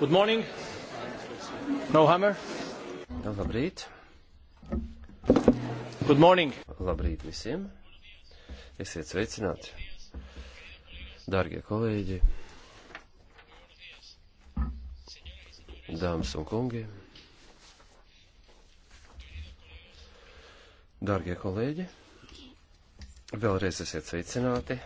Good morning. No hammer. Labrīt. Good morning. Labrīt visiem. Esiet sveicināti. Dārgie kolēģi. Dāmas un kungi. Dārgie kolēģi. Vēlreiz esiet sveicināti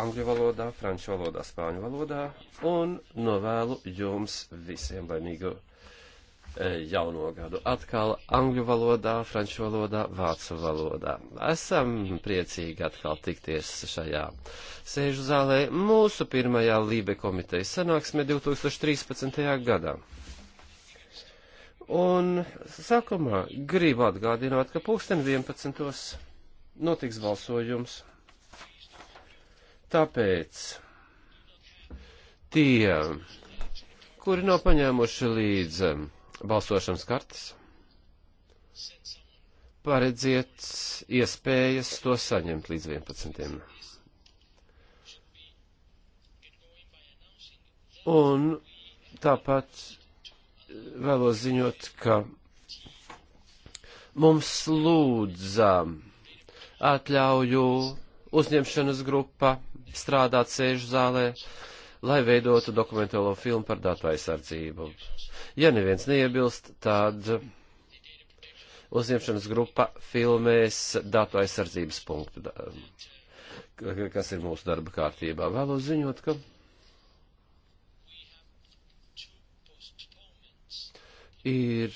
angļu valodā, franču valodā, spāņu valodā un novēlu jums visiem laimīgu e, jauno gadu. Atkal angļu valodā, franču valodā, vācu valodā. Esam priecīgi atkal tikties šajā sēžu zālē mūsu pirmajā Lībe komitejas sanāksmē 2013. gadā. Un sākumā gribu atgādināt, ka pulksten 11. notiks balsojums. Tāpēc tie, kuri nav paņēmuši līdz um, balsošanas kartes, paredziet iespējas to saņemt līdz 11. Un tāpat uh, vēlos ziņot, ka mums lūdza um, atļauju uzņemšanas grupa strādāt sēžu zālē, lai veidotu dokumentālo filmu par datu aizsardzību. Ja neviens neiebilst, tad uzņemšanas grupa filmēs datu aizsardzības punktu, kas ir mūsu darba kārtībā. Vēlos ziņot, ka ir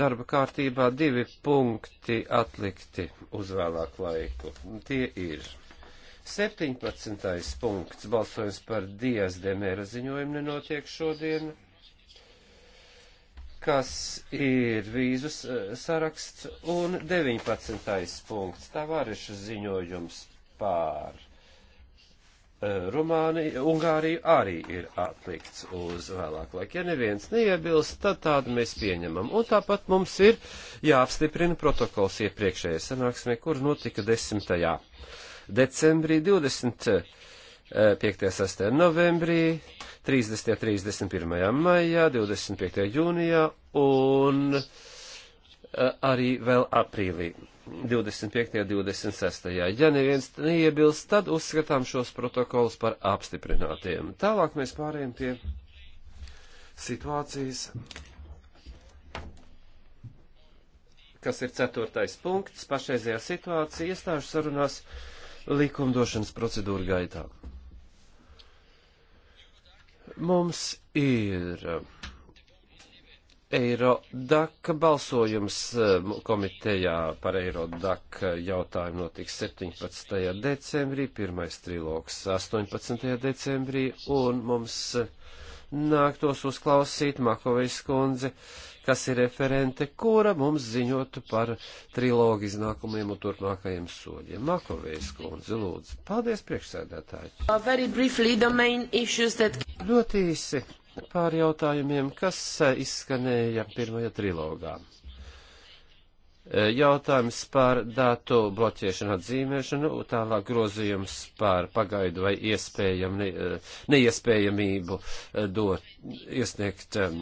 darba kārtībā divi punkti atlikti uz vēlāku laiku. Tie ir 17. punkts balsojums par Dijas Demēra ziņojumu nenotiek šodien, kas ir vīzus saraksts, un 19. punkts Tavareša ziņojums pār eh, Rumāniju, Ungāriju arī ir atlikts uz vēlāku laiku. Ja neviens neiebilst, tad tādu mēs pieņemam. Un tāpat mums ir jāapstiprina protokols iepriekšējai sanāksmē, kur notika 10 decembrī, 25. 6. Eh, novembrī, 30. 31. maijā, 25. jūnijā un eh, arī vēl aprīlī. 25. un 26. Ja neviens neiebilst, tad uzskatām šos protokolus par apstiprinātiem. Tālāk mēs pārējām pie situācijas, kas ir ceturtais punkts, pašreizējā situācija iestāžu sarunās likumdošanas procedūru gaitā. Mums ir uh, Eirodaka balsojums uh, komitejā par Eirodaka jautājumu notiks 17. decembrī, pirmais triloks 18. decembrī, un mums uh, nāktos uzklausīt Makovejs kundzi kas ir referente, kura mums ziņotu par trilogu iznākumiem un turpmākajiem soļiem. Makovējs kundze, lūdzu. Paldies, priekšsēdētāji. Uh, that... Ļoti īsi pār jautājumiem, kas uh, izskanēja pirmajā trilogā. Jautājums par datu bloķēšanu atzīmēšanu, tālāk grozījums par pagaidu vai iespējam, ne, neiespējamību eh, dot, iesniegt eh,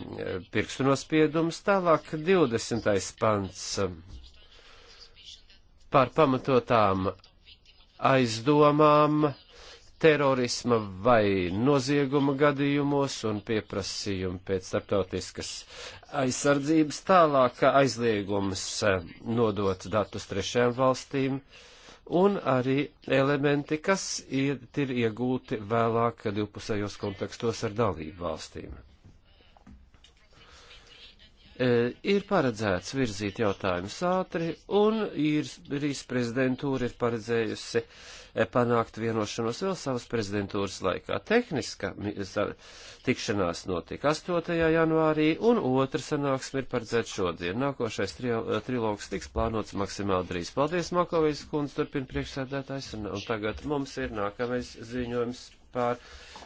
pirkstu nospiedumus, tālāk 20. pants eh, par pamatotām aizdomām terorisma vai nozieguma gadījumos un pieprasījumu pēc starptautiskas aizsardzības, tālāk aizliegums eh, nodot datus trešajām valstīm un arī elementi, kas ir, ir iegūti vēlāk divpusējos kontekstos ar dalību valstīm. Eh, ir paredzēts virzīt jautājumus ātri, un īrijas prezidentūra ir paredzējusi uh, Eh, panākt vienošanos vēl savas prezidentūras laikā. Tehniska tikšanās notika 8. janvārī, un otra sanāksme ir paredzēta šodien. Nākošais eh, trilogs tiks plānots maksimāli drīz. Paldies, Makovijas kundze, turpina priekšsēdētājs, un, un tagad mums ir nākamais ziņojums pār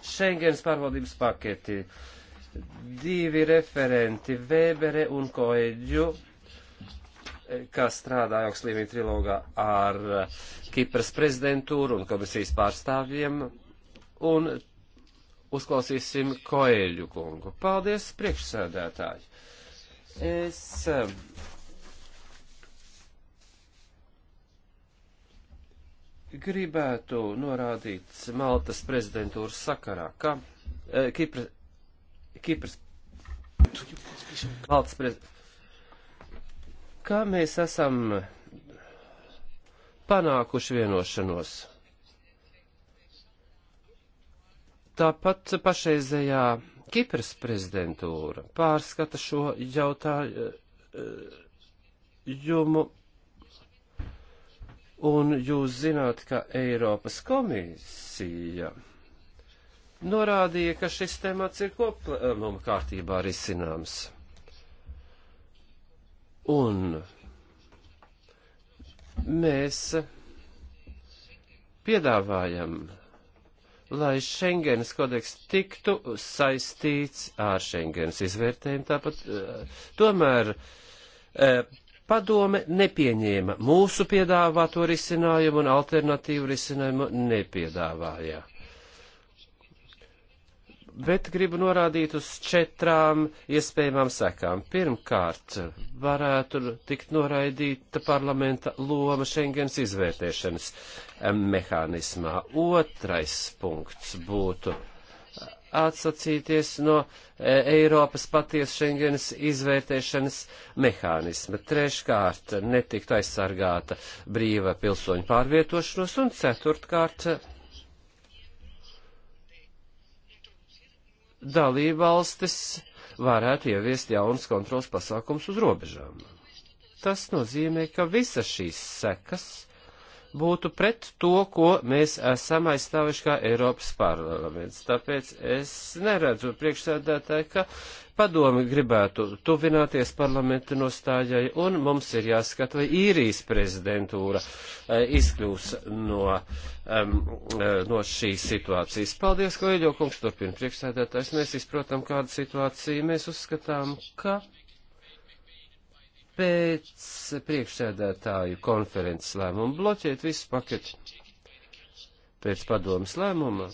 Schengens pārvaldības paketi. Divi referenti, Vēbere un Koeģu kas strādāja augstlīmenī trilogā ar Kipras prezidentūru un komisijas pārstāvjiem, un uzklausīsim Koeļu kungu. Paldies, priekšsēdētāji! Es um, gribētu norādīt Maltas prezidentūras sakarā, ka eh, Kipras, Kipras Maltas prezidentūras ka mēs esam panākuši vienošanos. Tāpat pašreizējā Kipras prezidentūra pārskata šo jautājumu, un jūs zināt, ka Eiropas komisija norādīja, ka šis temats ir koplēmuma kārtībā risināms. Un mēs piedāvājam, lai Schengenas kodeks tiktu saistīts ar Schengenas izvērtējumu. Tāpat eh, tomēr eh, padome nepieņēma mūsu piedāvāto risinājumu un alternatīvu risinājumu nepiedāvājā bet gribu norādīt uz četrām iespējamām sekām. Pirmkārt, varētu tikt noraidīta parlamenta loma Schengens izvērtēšanas mehānismā. Otrais punkts būtu atsacīties no e, Eiropas paties Schengenas izvērtēšanas mehānisma. Treškārt, netikt aizsargāta brīva pilsoņu pārvietošanos un ceturtkārt, dalībvalstis varētu ieviest jaunas kontrols pasākums uz robežām. Tas nozīmē, ka visas šīs sekas būtu pret to, ko mēs esam aizstāvuši kā Eiropas parlaments. Tāpēc es neredzu priekšsēdētāju, ka Padomi gribētu tuvināties parlamenta nostājai, un mums ir jāskat, vai īrijas prezidentūra e, izkļūs no, um, no šīs situācijas. Paldies, ko Eļokungs turpina priekšsēdētājs. Mēs izprotam, kādu situāciju mēs uzskatām, ka pēc priekšsēdētāju konferences lēmumu bloķēt visu paketi pēc padomas lēmuma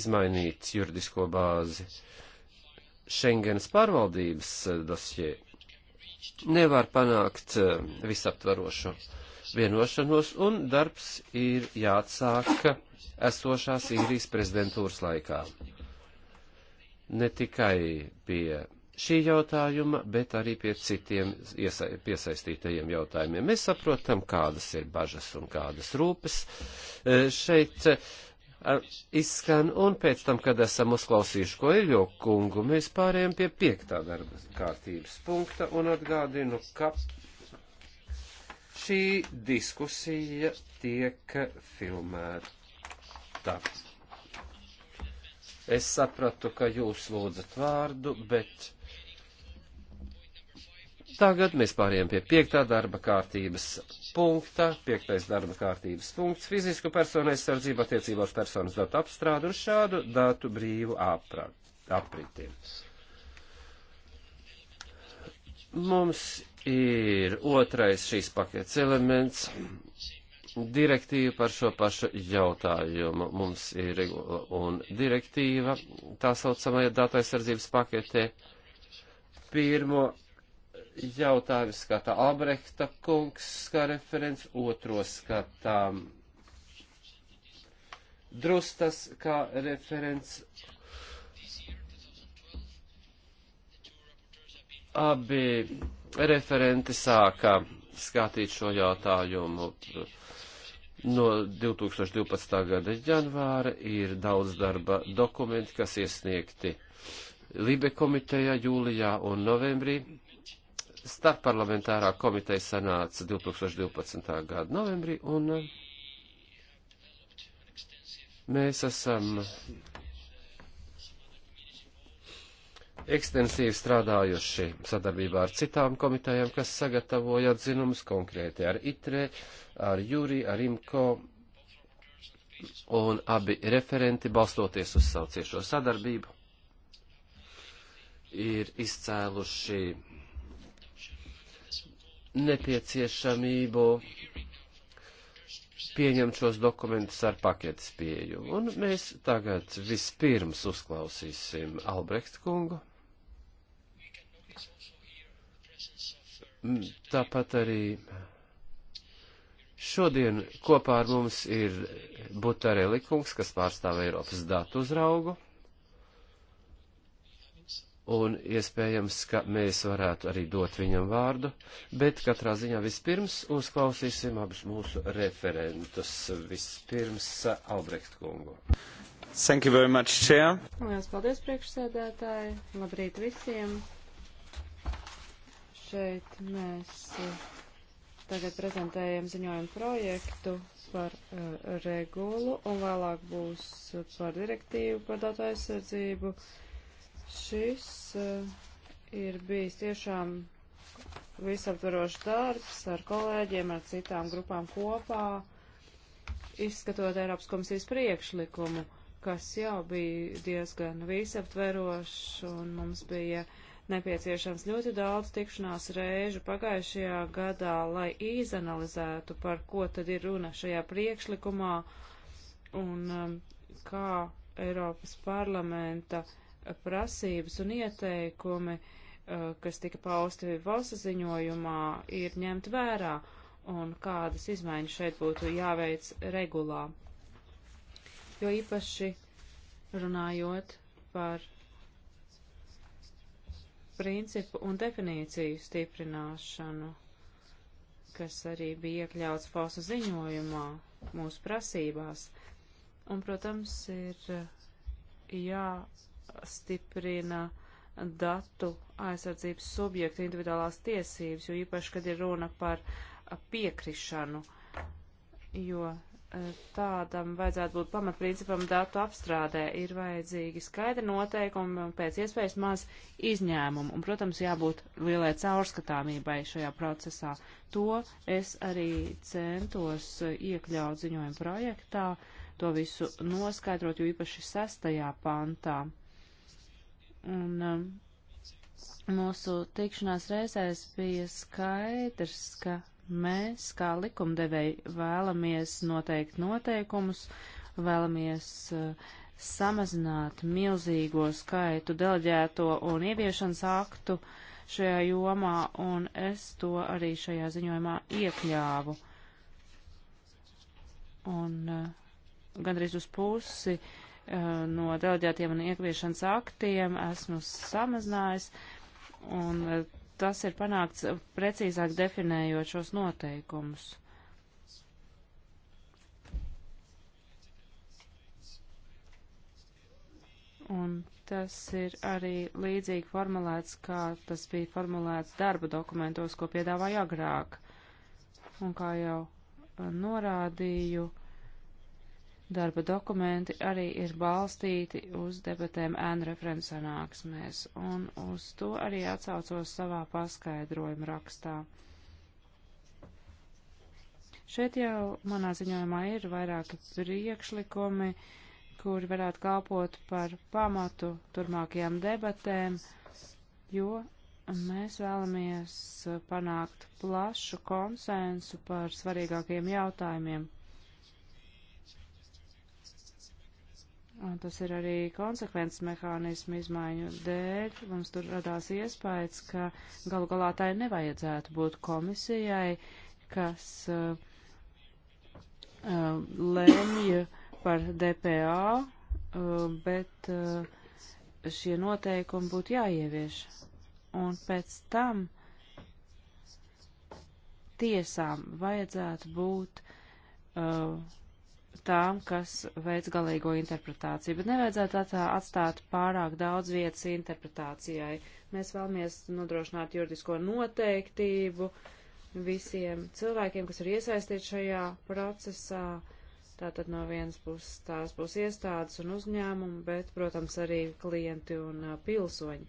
izmainīt juridisko bāzi Schengenas pārvaldības eh, dosjē nevar panākt eh, visaptvarošu vienošanos, un darbs ir jāatsāk esošās īrijas prezidentūras laikā. Ne tikai pie šī jautājuma, bet arī pie citiem iesa piesaistītajiem jautājumiem. Mēs saprotam, kādas ir bažas un kādas rūpes. Eh, šeit izskan, un pēc tam, kad esam uzklausījuši ko Eļo kungu, mēs pārējām pie piektā darba kārtības punkta un atgādinu, ka šī diskusija tiek filmēta. Es sapratu, ka jūs lūdzat vārdu, bet Tagad mēs pāriem pie piektā darba kārtības punkta, piektais darba kārtības punkts - fizisku personu aizsardzību attiecībā uz personas datu apstrādu un šādu datu brīvu apritiem. Mums ir otrais šīs paketes elements - direktīva par šo pašu jautājumu. Mums ir regula un direktīva tā saucamajā datu aizsardzības paketē. Pirmo jautājumu skatā Abrekta kungs, kā referents, otro skatā Drustas, kā referents. Abi referenti sāka skatīt šo jautājumu no 2012. gada janvāra. Ir daudz darba dokumenti, kas iesniegti Libe komitejā jūlijā un novembrī starpparlamentārā komiteja sanāca 2012. gada novembrī, un eh, mēs esam ekstensīvi strādājuši sadarbībā ar citām komitejām, kas sagatavoja atzinumus konkrēti ar ITRE, ar JURI, ar IMKO, un abi referenti, balstoties uz savu ciešo sadarbību, ir izcēluši nepieciešamību pieņemt šos dokumentus ar paketes pieju. Un mēs tagad vispirms uzklausīsim Albrecht kungu. Tāpat arī šodien kopā ar mums ir Butareli kungs, kas pārstāv Eiropas datu uzraugu un iespējams, ka mēs varētu arī dot viņam vārdu, bet katrā ziņā vispirms uzklausīsim abus mūsu referentus. Vispirms eh, Albrecht kungu. Thank you very much, Chair. Lielas paldies, priekšsēdētāji. Labrīt visiem. Šeit mēs eh, tagad prezentējam ziņojumu projektu par uh, regulu un vēlāk būs par direktīvu par datu aizsardzību. Uh, Šis eh, ir bijis tiešām visaptvarošs darbs ar kolēģiem, ar citām grupām kopā, izskatot Eiropas komisijas priekšlikumu, kas jau bija diezgan visaptverošs, un mums bija nepieciešams ļoti daudz tikšanās reižu pagājušajā gadā, lai izanalizētu, par ko tad ir runa šajā priekšlikumā, un um, kā Eiropas parlamenta uh, prasības un ieteikumi, eh, kas tika pausti valsts ziņojumā, ir ņemt vērā un kādas izmaiņas šeit būtu jāveic regulā. Jo īpaši runājot par principu un definīciju stiprināšanu, kas arī bija iekļauts FOSA ziņojumā mūsu prasībās. Un, protams, ir eh, jā jāstiprina datu aizsardzības subjektu individuālās tiesības, jo īpaši, kad ir runa par piekrišanu, jo e, tādam vajadzētu būt pamatprincipam datu apstrādē. Ir vajadzīgi skaidri noteikumi un pēc iespējas maz izņēmumu. Un, protams, jābūt lielai caurskatāmībai šajā procesā. To es arī centos iekļaut ziņojuma projektā, to visu noskaidrot, jo īpaši sestajā pantā Un um, mūsu tikšanās reizēs bija skaidrs, ka mēs, kā likumdevēji, vēlamies noteikt noteikumus, vēlamies uh, samazināt milzīgo skaitu deleģēto un ieviešanas aktu šajā jomā, un es to arī šajā ziņojumā iekļāvu. Un uh, gandrīz uz pusi uh, Eh, no deleģētiem un iekviešanas aktiem esmu samazinājis, un eh, tas ir panākts precīzāk definējot šos noteikumus. Un tas ir arī līdzīgi formulēts, kā tas bija formulēts darba dokumentos, ko piedāvāja agrāk. Un kā jau eh, norādīju, uh, Darba dokumenti arī ir balstīti uz debatēm ēnu referents sanāksmēs, un uz to arī atsaucos savā paskaidrojuma rakstā. Šeit jau manā ziņojumā ir vairāki priekšlikumi, kuri varētu kalpot par pamatu turmākajām debatēm, jo mēs vēlamies panākt plašu konsensu par svarīgākiem jautājumiem, Un tas ir arī konsekvences mehānismu izmaiņu dēļ. Mums tur radās iespējas, ka galu galā tai nevajadzētu būt komisijai, kas uh, uh, lēmj par DPA, uh, bet uh, šie noteikumi būtu jāievieš. Un pēc tam tiesām vajadzētu būt. Uh, tām, kas veids galīgo interpretāciju, bet nevajadzētu atstāt pārāk daudz vietas interpretācijai. Mēs vēlamies nodrošināt juridisko noteiktību visiem cilvēkiem, kas ir iesaistīti šajā procesā. Tātad no vienas puses tās būs iestādes un uzņēmumi, bet, protams, arī klienti un uh, pilsoņi.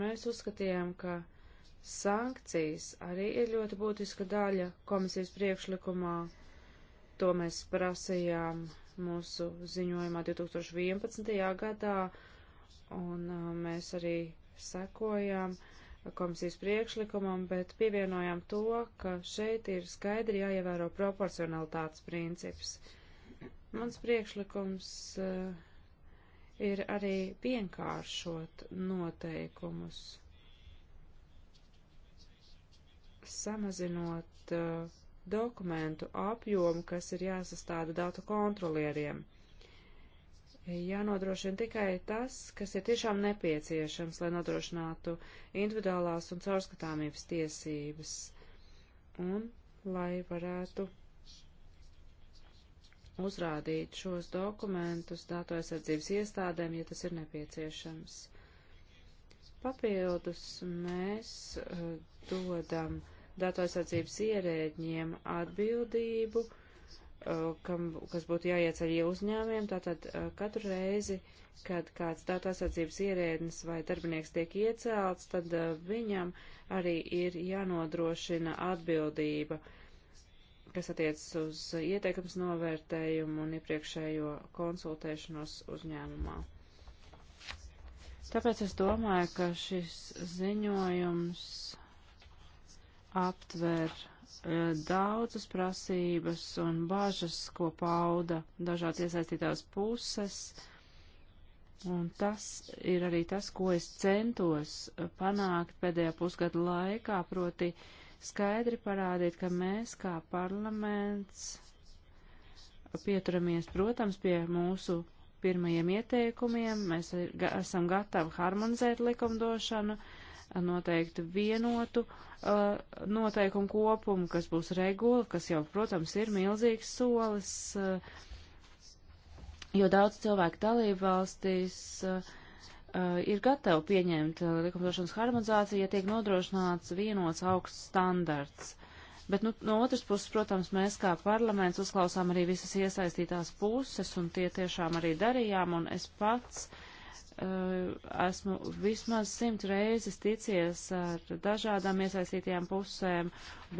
Mēs uzskatījām, ka Sankcijas arī ir ļoti būtiska daļa komisijas priekšlikumā. To mēs prasījām mūsu ziņojumā 2011. gadā, un uh, mēs arī sekojām komisijas priekšlikumam, bet pievienojām to, ka šeit ir skaidri jāievēro proporcionalitātes princips. Mans priekšlikums uh, ir arī vienkāršot noteikumus samazinot uh, dokumentu apjomu, kas ir jāsastāda datu kontrolieriem. Jānodrošina tikai tas, kas ir tiešām nepieciešams, lai nodrošinātu individuālās un caurskatāmības tiesības un lai varētu uzrādīt šos dokumentus datu aizsardzības iestādēm, ja tas ir nepieciešams. Papildus mēs uh, dodam uh, datu aizsardzības ierēģiem atbildību, uh, kam, kas būtu jāieceļ uzņēmiem. Tātad uh, katru reizi, kad kāds datu aizsardzības ierēdnis vai darbinieks tiek iecelts, tad uh, viņam arī ir jānodrošina atbildība kas attiecas uz ieteikums novērtējumu un iepriekšējo konsultēšanos uzņēmumā. Tāpēc es domāju, ka šis ziņojums aptver e, daudzas prasības un bažas, ko pauda dažādas iesaistītās puses. Un tas ir arī tas, ko es centos panākt pēdējā pusgada laikā, proti skaidri parādīt, ka mēs kā parlaments pieturamies, protams, pie mūsu pirmajiem ieteikumiem, mēs e, esam gatavi harmonizēt likumdošanu, uh, noteikti vienotu uh, noteikumu kopumu, kas būs regula, kas jau, protams, ir milzīgs solis, uh, jo daudz cilvēku dalību valstīs uh, uh ir gatavi pieņemt uh, likumdošanas harmonizāciju, ja tiek nodrošināts vienots augsts standarts. Bet nu, no otras puses, protams, mēs kā parlaments uzklausām arī visas iesaistītās puses, un tie tiešām arī darījām, un es pats uh, Eh, esmu vismaz simt reizes ticies ar dažādām iesaistītajām pusēm.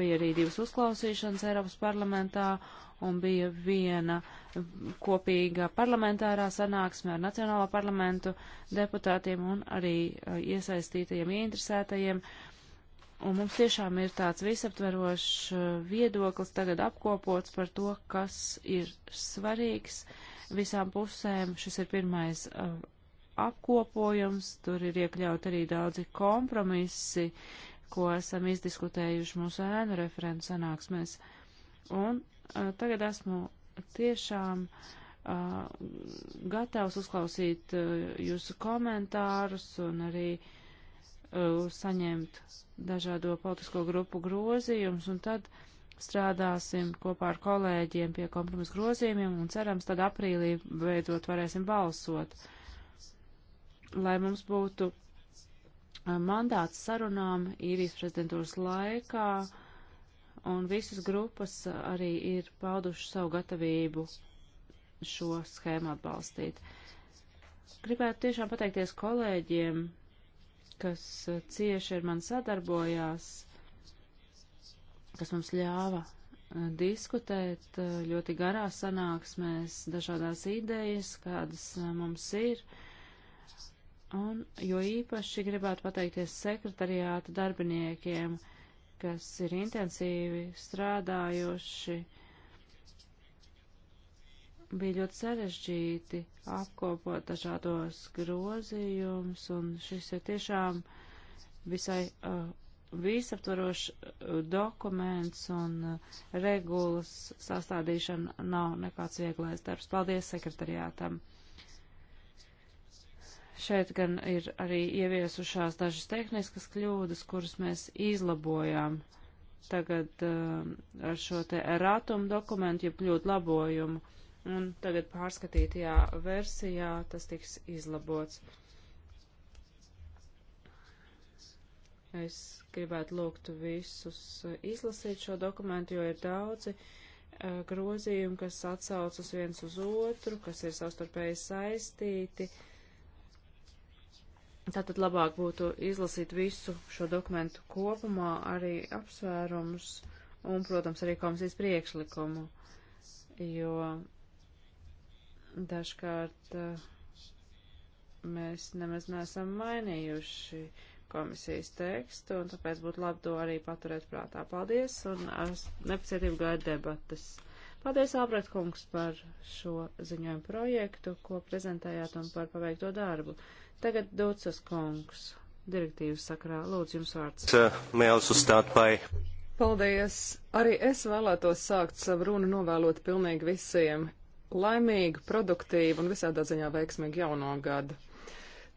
Bija arī divas uzklausīšanas Eiropas parlamentā un bija viena kopīga parlamentārā sanāksme ar Nacionālo parlamentu deputātiem un arī eh, iesaistītajiem ieinteresētajiem. Un mums tiešām ir tāds visaptverošs eh, viedoklis tagad apkopots par to, kas ir svarīgs visām pusēm. Šis ir pirmais apkopojums, tur ir iekļaut arī daudzi kompromisi, ko esam izdiskutējuši mūsu ēnu referentu sanāksmēs. Un uh, tagad esmu tiešām uh, gatavs uzklausīt uh, jūsu komentārus un arī uh, saņemt dažādo politisko grupu grozījumus, un tad strādāsim kopā ar kolēģiem pie kompromisu grozījumiem, un cerams, tad aprīlī beidzot varēsim balsot. Uh, lai mums būtu mandāts sarunām īrijas prezidentūras laikā, un visas grupas arī ir pauduši savu gatavību šo schēmu atbalstīt. Gribētu tiešām pateikties kolēģiem, kas cieši ar mani sadarbojās, kas mums ļāva diskutēt ļoti garā sanāksmēs dažādās idejas, kādas mums ir. Uh, Un jo īpaši gribētu pateikties sekretariāta darbiniekiem, kas ir intensīvi strādājuši. Bija ļoti sarežģīti apkopot dažādos grozījumus, un šis ir tiešām visai uh, visaptvarošs uh, dokuments, un uh, regulas sastādīšana nav nekāds vieglais darbs. Paldies sekretariātam! Šeit gan ir arī ieviesušās dažas tehniskas kļūdas, kuras mēs izlabojām tagad uh, ar šo te erātumu dokumentu, jeb kļūdu labojumu. Un tagad pārskatītajā versijā tas tiks izlabots. Es gribētu lūgt visus uh, izlasīt šo dokumentu, jo ir daudzi uh, grozījumi, kas atsaucas viens uz otru, kas ir savstarpēji saistīti. Uh, Tātad labāk būtu izlasīt visu šo dokumentu kopumā, arī apsvērumus un, protams, arī komisijas priekšlikumu, jo dažkārt eh, mēs nemaz neesam mainījuši komisijas tekstu, un tāpēc būtu labi to arī paturēt prātā. Paldies, un ar nepacietību gaidu debatas. Paldies, Ābret kungs, par šo ziņojumu projektu, ko prezentējāt un par paveikto darbu. Tagad Dūcas kungs, direktīvas sakarā, lūdzu jums vārds. Paldies! Arī es vēlētos sākt savu runu novēlot pilnīgi visiem laimīgu, produktīvu un visādā ziņā veiksmīgu jauno gadu.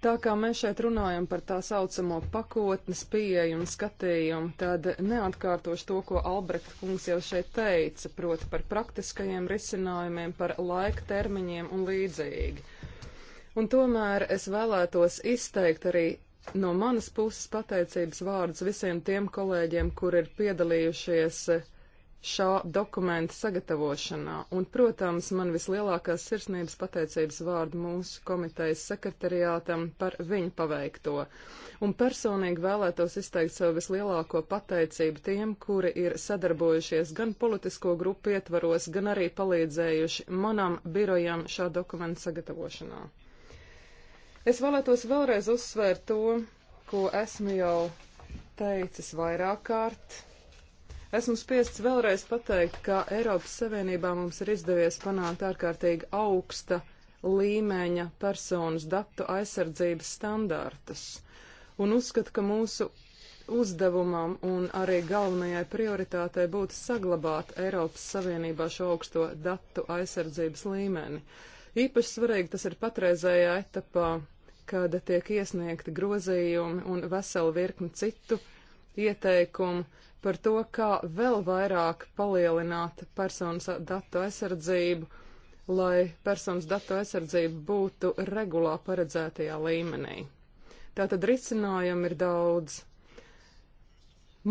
Tā kā mēs šeit runājam par tā saucamo pakotnes pieeju un skatījumu, tad neatkārtošu to, ko Albrecht kungs jau šeit teica, proti par praktiskajiem risinājumiem, par laika termiņiem un līdzīgi. Un tomēr es vēlētos izteikt arī no manas puses pateicības vārdus visiem tiem kolēģiem, kur ir piedalījušies uh, šā dokumenta sagatavošanā. Un, protams, man vislielākās sirsnības pateicības vārdu mūsu komitejas sekretariātam par viņu paveikto. Un personīgi vēlētos izteikt savu vislielāko pateicību tiem, kuri ir sadarbojušies gan politisko grupu ietvaros, gan arī palīdzējuši manam birojam šā dokumenta sagatavošanā. Es vēlētos vēlreiz uzsvērt to, ko esmu jau teicis vairāk kārt Esmu spiests vēlreiz pateikt, ka Eiropas Savienībā mums ir izdevies panākt ārkārtīgi augsta līmeņa personas datu aizsardzības standartus. Un uzskatu, ka mūsu uzdevumam un arī galvenajai prioritātei būtu saglabāt Eiropas Savienībā šo augsto datu aizsardzības līmeni. Īpaši svarīgi tas ir patreizējā etapā, kad tiek iesniegti grozījumi un vesela virkni citu ieteikumu, par to, kā vēl vairāk palielināt personas datu aizsardzību, lai personas datu aizsardzība būtu regulā paredzētajā līmenī. Tātad risinājumu ir daudz.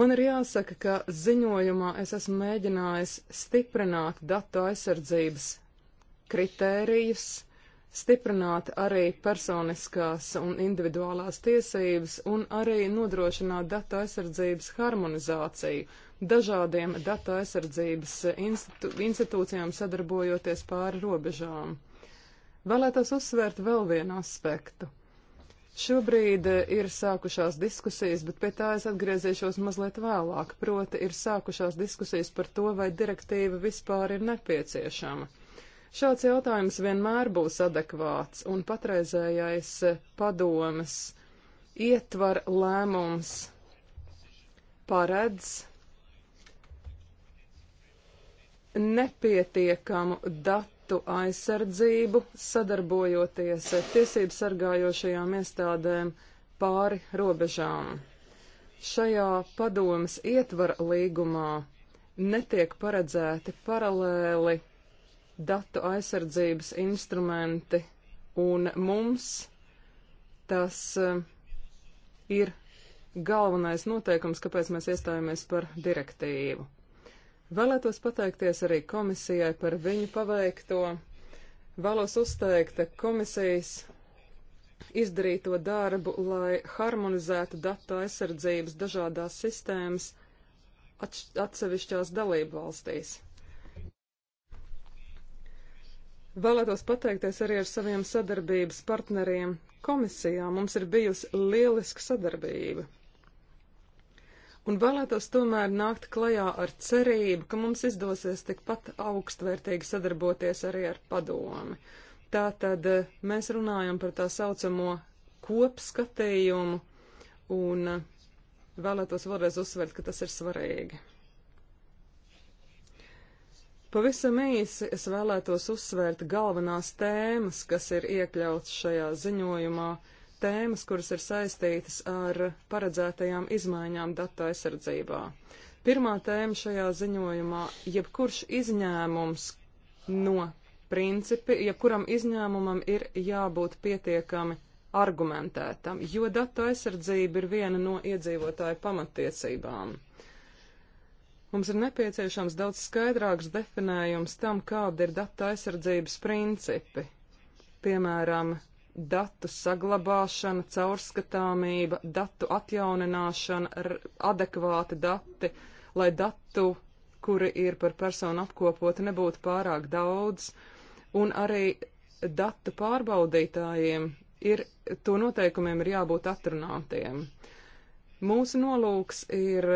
Man ir jāsaka, ka ziņojumā es esmu mēģinājis stiprināt datu aizsardzības kritērijus, stiprināt arī personiskās un individuālās tiesības un arī nodrošināt datu aizsardzības harmonizāciju dažādiem datu aizsardzības institū institūcijām sadarbojoties pāri robežām. Vēlētos uzsvērt vēl vienu aspektu. Šobrīd ir sākušās diskusijas, bet pie tā es atgriezīšos mazliet vēlāk. Proti, ir sākušās diskusijas par to, vai direktīva vispār ir nepieciešama. Šāds jautājums vienmēr būs adekvāts, un patreizējais padomas ietvar lēmums paredz nepietiekamu datu aizsardzību, sadarbojoties tiesību sargājošajām iestādēm pāri robežām. Šajā padomas ietvara līgumā netiek paredzēti paralēli datu aizsardzības instrumenti, un mums tas eh, ir galvenais noteikums, kāpēc mēs iestājāmies par direktīvu. Vēlētos pateikties arī komisijai par viņu paveikto. Vēlos uzteikt komisijas izdarīto darbu, lai harmonizētu datu aizsardzības dažādās sistēmas atsevišķās dalību valstīs. Vēlētos pateikties arī ar saviem sadarbības partneriem komisijā. Mums ir bijusi lieliska sadarbība. Un vēlētos tomēr nākt klajā ar cerību, ka mums izdosies tikpat augstvērtīgi sadarboties arī ar padomi. Tātad eh, mēs runājam par tā saucamo kopskatījumu un eh, vēlētos vēlreiz uzsvērt, ka tas ir svarīgi. Pavisam īsi es vēlētos uzsvērt galvenās tēmas, kas ir iekļauts šajā ziņojumā, tēmas, kuras ir saistītas ar paredzētajām izmaiņām datu aizsardzībā. Pirmā tēma šajā ziņojumā - jebkurš izņēmums no principi, jebkuram izņēmumam ir jābūt pietiekami argumentētam, jo datu aizsardzība ir viena no iedzīvotāju pamatiesībām. Mums ir nepieciešams daudz skaidrāks definējums tam, kāda ir data aizsardzības principi. Piemēram, datu saglabāšana, caurskatāmība, datu atjaunināšana, adekvāti dati, lai datu, kuri ir par personu apkopoti, nebūtu pārāk daudz, un arī datu pārbaudītājiem ir, to noteikumiem ir jābūt atrunātiem. Mūsu nolūks ir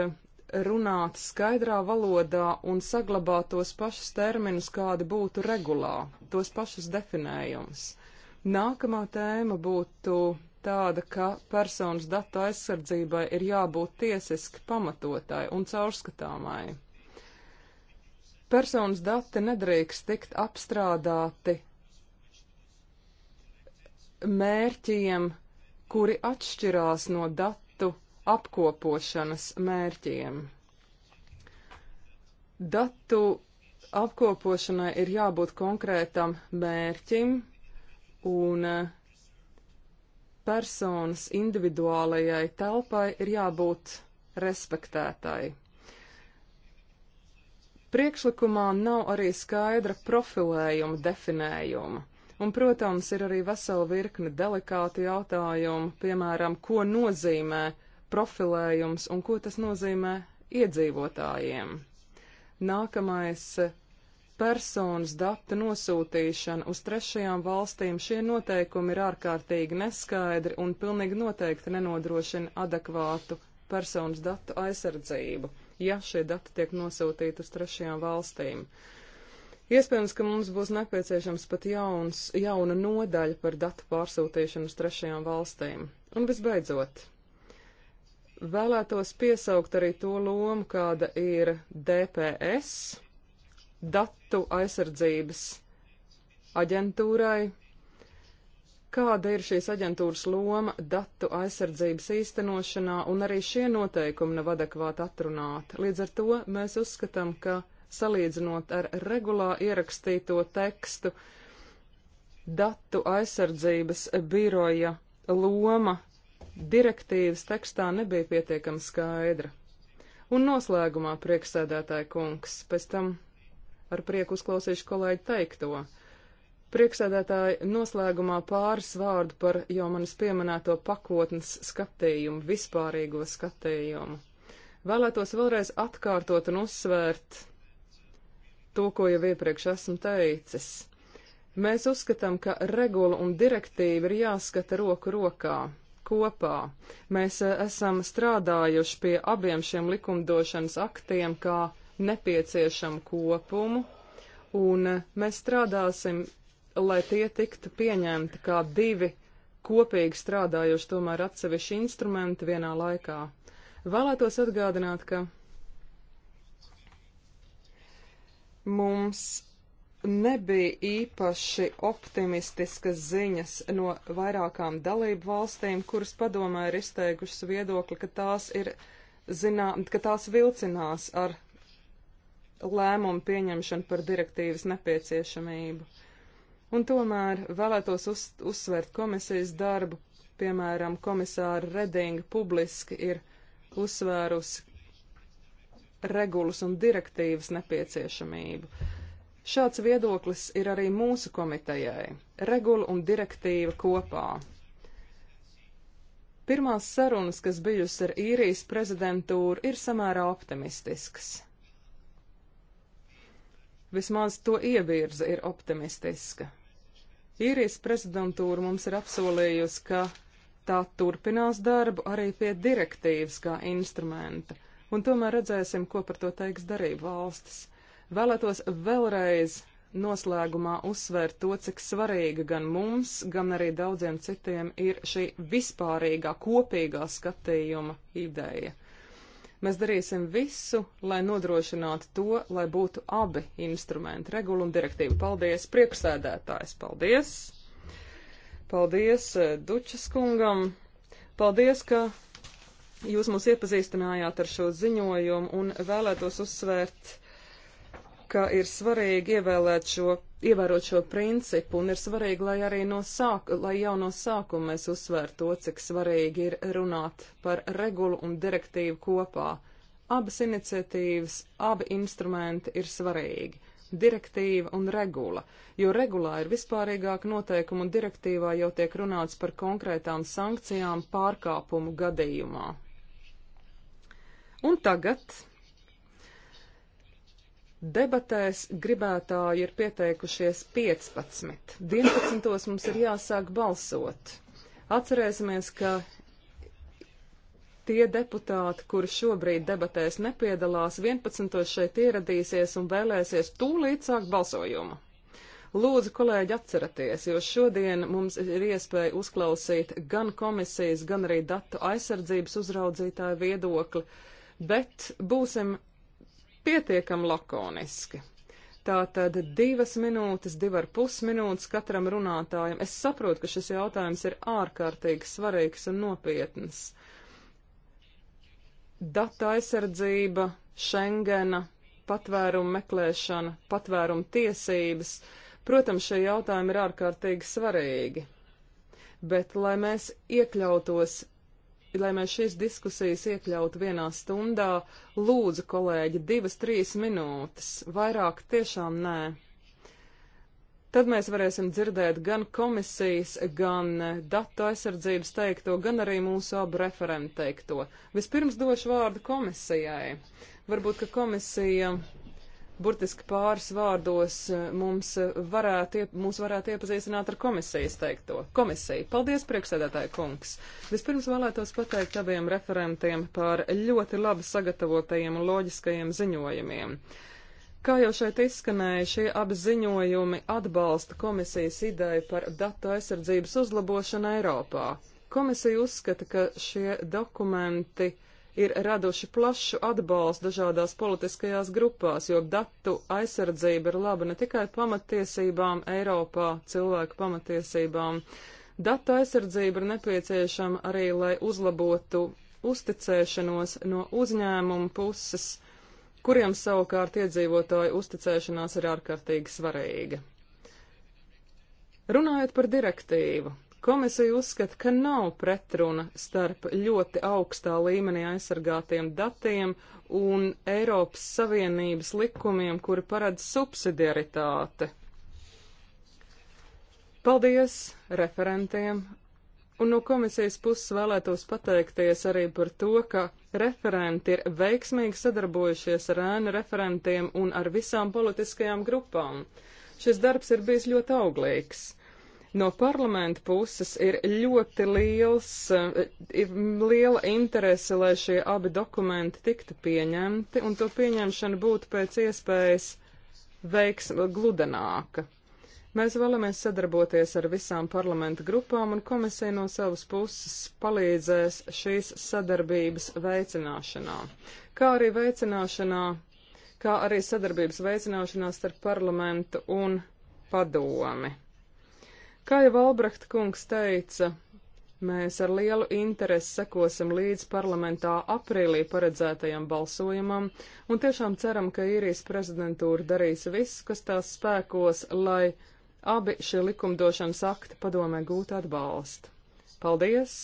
runāt skaidrā valodā un saglabāt tos pašus terminus, kādi būtu regulā, tos pašus definējumus. Nākamā tēma būtu tāda, ka personas datu aizsardzībai ir jābūt tiesiski pamatotai un caurskatāmai. Personas dati nedrīkst tikt apstrādāti mērķiem, kuri atšķirās no datu apkopošanas mērķiem. Datu apkopošanai ir jābūt konkrētam mērķim un eh, personas individuālajai telpai ir jābūt respektētai. Priekšlikumā nav arī skaidra profilējuma definējuma. Un, protams, ir arī vesela virkne delikāti jautājumu, piemēram, ko nozīmē profilējums un ko tas nozīmē iedzīvotājiem. Nākamais eh, personas datu nosūtīšana uz trešajām valstīm šie noteikumi ir ārkārtīgi neskaidri un pilnīgi noteikti nenodrošina adekvātu personas datu aizsardzību, ja šie dati tiek nosūtīti uz trešajām valstīm. Iespējams, ka mums būs nepieciešams pat jauns, jauna nodaļa par datu pārsūtīšanu uz trešajām valstīm. Un visbeidzot, Vēlētos piesaukt arī to lomu, kāda ir DPS, datu aizsardzības aģentūrai. Kāda ir šīs aģentūras loma datu aizsardzības īstenošanā, un arī šie noteikumi nav adekvāti atrunāti. Līdz ar to mēs uzskatām, ka salīdzinot ar regulā ierakstīto tekstu, datu aizsardzības biroja loma direktīvas tekstā nebija pietiekami skaidra. Un noslēgumā prieksēdētāja kungs, pēc tam ar prieku uzklausīšu kolēģi teikto. Prieksēdētāji noslēgumā pāris vārdu par jau manis pieminēto pakotnes skatījumu, vispārīgo skatījumu. Vēlētos vēlreiz atkārtot un uzsvērt to, ko jau iepriekš esmu teicis. Mēs uzskatām, ka regula un direktīva ir jāskata roku rokā kopā. Mēs eh, esam strādājuši pie abiem šiem likumdošanas aktiem kā nepieciešamu kopumu, un eh, mēs strādāsim, lai tie tiktu pieņemti kā divi kopīgi strādājuši tomēr atsevišķi instrumenti vienā laikā. Vēlētos atgādināt, ka mums nebija īpaši optimistiskas ziņas no vairākām dalību valstīm, kuras padomē ir izteigušas viedokli, ka tās ir zinā, ka tās vilcinās ar lēmumu pieņemšanu par direktīvas nepieciešamību. Un tomēr vēlētos uz, uzsvērt komisijas darbu, piemēram, komisāra Redinga publiski ir uzsvērusi regulas un direktīvas nepieciešamību. Šāds viedoklis ir arī mūsu komitejai - regula un direktīva kopā. Pirmās sarunas, kas bijusi ar īrijas prezidentūru, ir samērā optimistiskas. Vismaz to ievirze ir optimistiska. Īrijas prezidentūra mums ir apsolījusi, ka tā turpinās darbu arī pie direktīvas kā instrumenta, un tomēr redzēsim, ko par to teiks darību valstis. Vēlētos vēlreiz noslēgumā uzsvērt to, cik svarīga gan mums, gan arī daudziem citiem ir šī vispārīgā kopīgā skatījuma ideja. Mēs darīsim visu, lai nodrošinātu to, lai būtu abi instrumenti, regula un direktīva. Paldies, prieksēdētājs, paldies! Paldies eh, Dučas kungam! Paldies, ka jūs mūs iepazīstinājāt ar šo ziņojumu un vēlētos uzsvērt ka ir svarīgi ievēlēt šo, ievērot šo principu, un ir svarīgi, lai arī no sāk, lai jau no sākuma mēs uzsvērtu to, cik svarīgi ir runāt par regulu un direktīvu kopā. Abas iniciatīvas, abi instrumenti ir svarīgi - direktīva un regula, jo regulā ir vispārīgāk noteikumi un direktīvā jau tiek runāts par konkrētām sankcijām pārkāpumu gadījumā. Un tagad Debatēs gribētāji ir pieteikušies 15. 12. mums ir jāsāk balsot. Atcerēsimies, ka tie deputāti, kuri šobrīd debatēs nepiedalās, 11. šeit ieradīsies un vēlēsies tūlīt sākt balsojumu. Lūdzu, kolēģi, atceraties, jo šodien mums ir iespēja uzklausīt gan komisijas, gan arī datu aizsardzības uzraudzītāju viedokli, bet būsim pietiekam lakoniski. Tātad divas minūtes, divi ar pus minūtes katram runātājam. Es saprotu, ka šis jautājums ir ārkārtīgi svarīgs un nopietns. Data aizsardzība, Schengena, patvērumu meklēšana, patvērumu tiesības. Protams, šie jautājumi ir ārkārtīgi svarīgi. Bet, lai mēs iekļautos lai mēs šīs diskusijas iekļautu vienā stundā, lūdzu, kolēģi, divas, trīs minūtes, vairāk tiešām nē. Tad mēs varēsim dzirdēt gan komisijas, gan datu aizsardzības teikto, gan arī mūsu abu referentu teikto. Vispirms došu vārdu komisijai. Varbūt, ka komisija burtiski pāris vārdos eh, mums eh, varētu, mums varētu iepazīstināt ar komisijas teikto. Komisija, paldies priekšsēdētāji kungs. Vispirms vēlētos pateikt abiem referentiem par ļoti labi sagatavotajiem un loģiskajiem ziņojumiem. Kā jau šeit izskanēja, šie apziņojumi atbalsta komisijas ideju par datu aizsardzības uzlabošanu Eiropā. Komisija uzskata, ka šie dokumenti uh, ir raduši plašu atbalstu dažādās politiskajās grupās, jo datu aizsardzība ir laba ne tikai pamatiesībām Eiropā, cilvēku pamatiesībām. Data aizsardzība ir nepieciešama arī, lai uzlabotu uzticēšanos no uzņēmumu puses, kuriem savukārt iedzīvotāju uzticēšanās ir ārkārtīgi svarīga. Runājot par direktīvu, Komisija uzskata, ka nav pretruna starp ļoti augstā līmenī aizsargātiem datiem un Eiropas Savienības likumiem, kuri paredz subsidiaritāti. Paldies referentiem! Un no komisijas puses vēlētos pateikties arī par to, ka referenti ir veiksmīgi sadarbojušies ar ēnu referentiem un ar visām politiskajām grupām. Šis darbs ir bijis ļoti auglīgs. No parlamenta puses ir ļoti liels, eh, ir liela interese, lai šie abi dokumenti tiktu pieņemti, un to pieņemšana būtu pēc iespējas veiksma gludenāka. Mēs vēlamies sadarboties ar visām parlamenta grupām, un komisija no savas puses palīdzēs šīs sadarbības veicināšanā, kā arī veicināšanā, kā arī sadarbības veicināšanā starp parlamentu un padomi. Kā jau Albrecht kungs teica, mēs ar lielu interesi sekosim līdz parlamentā aprīlī paredzētajam balsojumam un tiešām ceram, ka īrijas prezidentūra darīs visu, kas tās spēkos, lai abi šie likumdošanas akti padomē gūtu atbalstu. Paldies!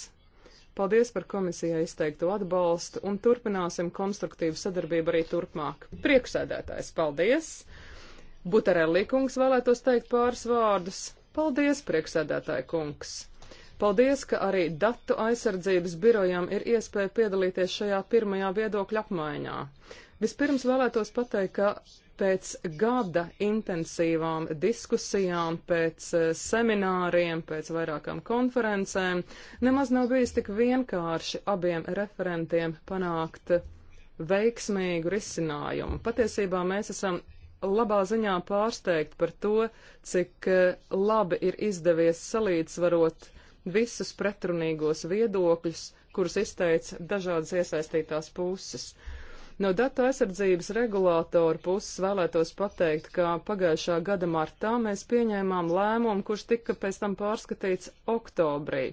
Paldies par komisijai izteikto atbalstu un turpināsim konstruktīvu sadarbību arī turpmāk. Priekšsēdētājs, paldies! Butarelli kungs vēlētos teikt pāris vārdus. Paldies, priekšsēdētāja kungs! Paldies, ka arī datu aizsardzības birojam ir iespēja piedalīties šajā pirmajā viedokļa apmaiņā. Vispirms vēlētos pateikt, ka pēc gada intensīvām diskusijām, pēc eh, semināriem, pēc vairākām konferencēm nemaz nav bijis tik vienkārši abiem referentiem panākt veiksmīgu risinājumu. Patiesībā mēs esam labā ziņā pārsteigti par to, cik eh, labi ir izdevies salīdzvarot visus pretrunīgos viedokļus, kurus izteica dažādas iesaistītās puses. No datu aizsardzības regulātora puses vēlētos pateikt, ka pagājušā gada martā mēs pieņēmām lēmumu, kurš tika pēc tam pārskatīts oktobrī.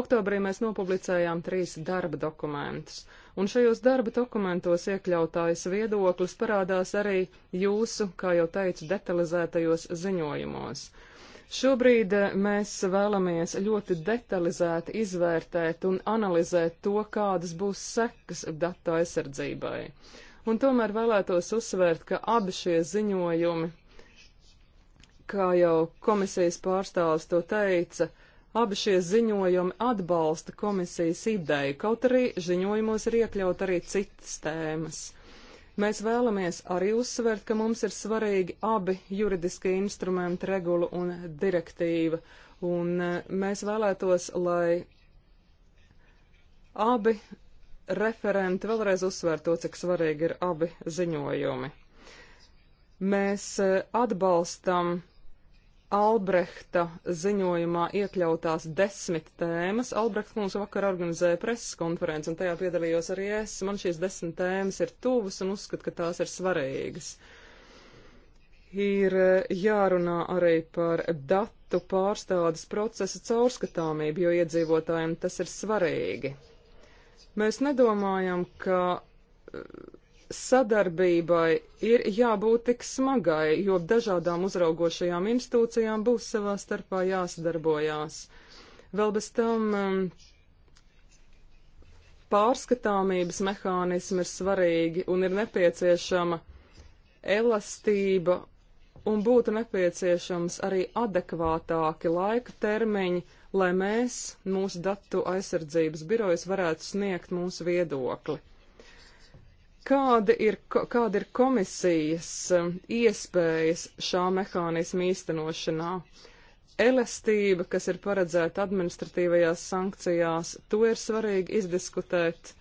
Oktobrī mēs nopublicējām trīs darba dokumentus. Un šajos darba dokumentos iekļautājs viedoklis parādās arī jūsu, kā jau teicu, detalizētajos ziņojumos. Šobrīd eh, mēs vēlamies ļoti detalizēti izvērtēt un analizēt to, kādas būs sekas datu aizsardzībai. Un tomēr vēlētos uzsvērt, ka abi šie ziņojumi, kā jau komisijas pārstāvis to teica, uh, Abi šie ziņojumi atbalsta komisijas ideju, kaut arī ziņojumos ir iekļaut arī citas tēmas. Mēs vēlamies arī uzsvērt, ka mums ir svarīgi abi juridiskie instrumenti, regula un direktīva, un e, mēs vēlētos, lai abi referenti vēlreiz uzsvērt to, cik svarīgi ir abi ziņojumi. Mēs e, atbalstam Albrehta ziņojumā iekļautās desmit tēmas. Albrehts mums vakar organizēja preses konferenci, un tajā piedalījos arī es. Man šīs desmit tēmas ir tuvas un uzskatu, ka tās ir svarīgas. Ir e, jārunā arī par datu pārstādes procesa caurskatāmību, jo iedzīvotājiem tas ir svarīgi. Mēs nedomājam, ka e, sadarbībai ir jābūt tik smagai, jo dažādām uzraugošajām institūcijām būs savā starpā jāsadarbojās. Vēl bez tam um, pārskatāmības mehānismi ir svarīgi un ir nepieciešama elastība un būtu nepieciešams arī adekvātāki laika termiņi, lai mēs, mūsu datu aizsardzības birojas, varētu sniegt mūsu viedokli. Kāda ir, kāda ir komisijas um, iespējas šā mehānisma īstenošanā? Elastība, kas ir paredzēta administratīvajās sankcijās, to ir svarīgi izdiskutēt,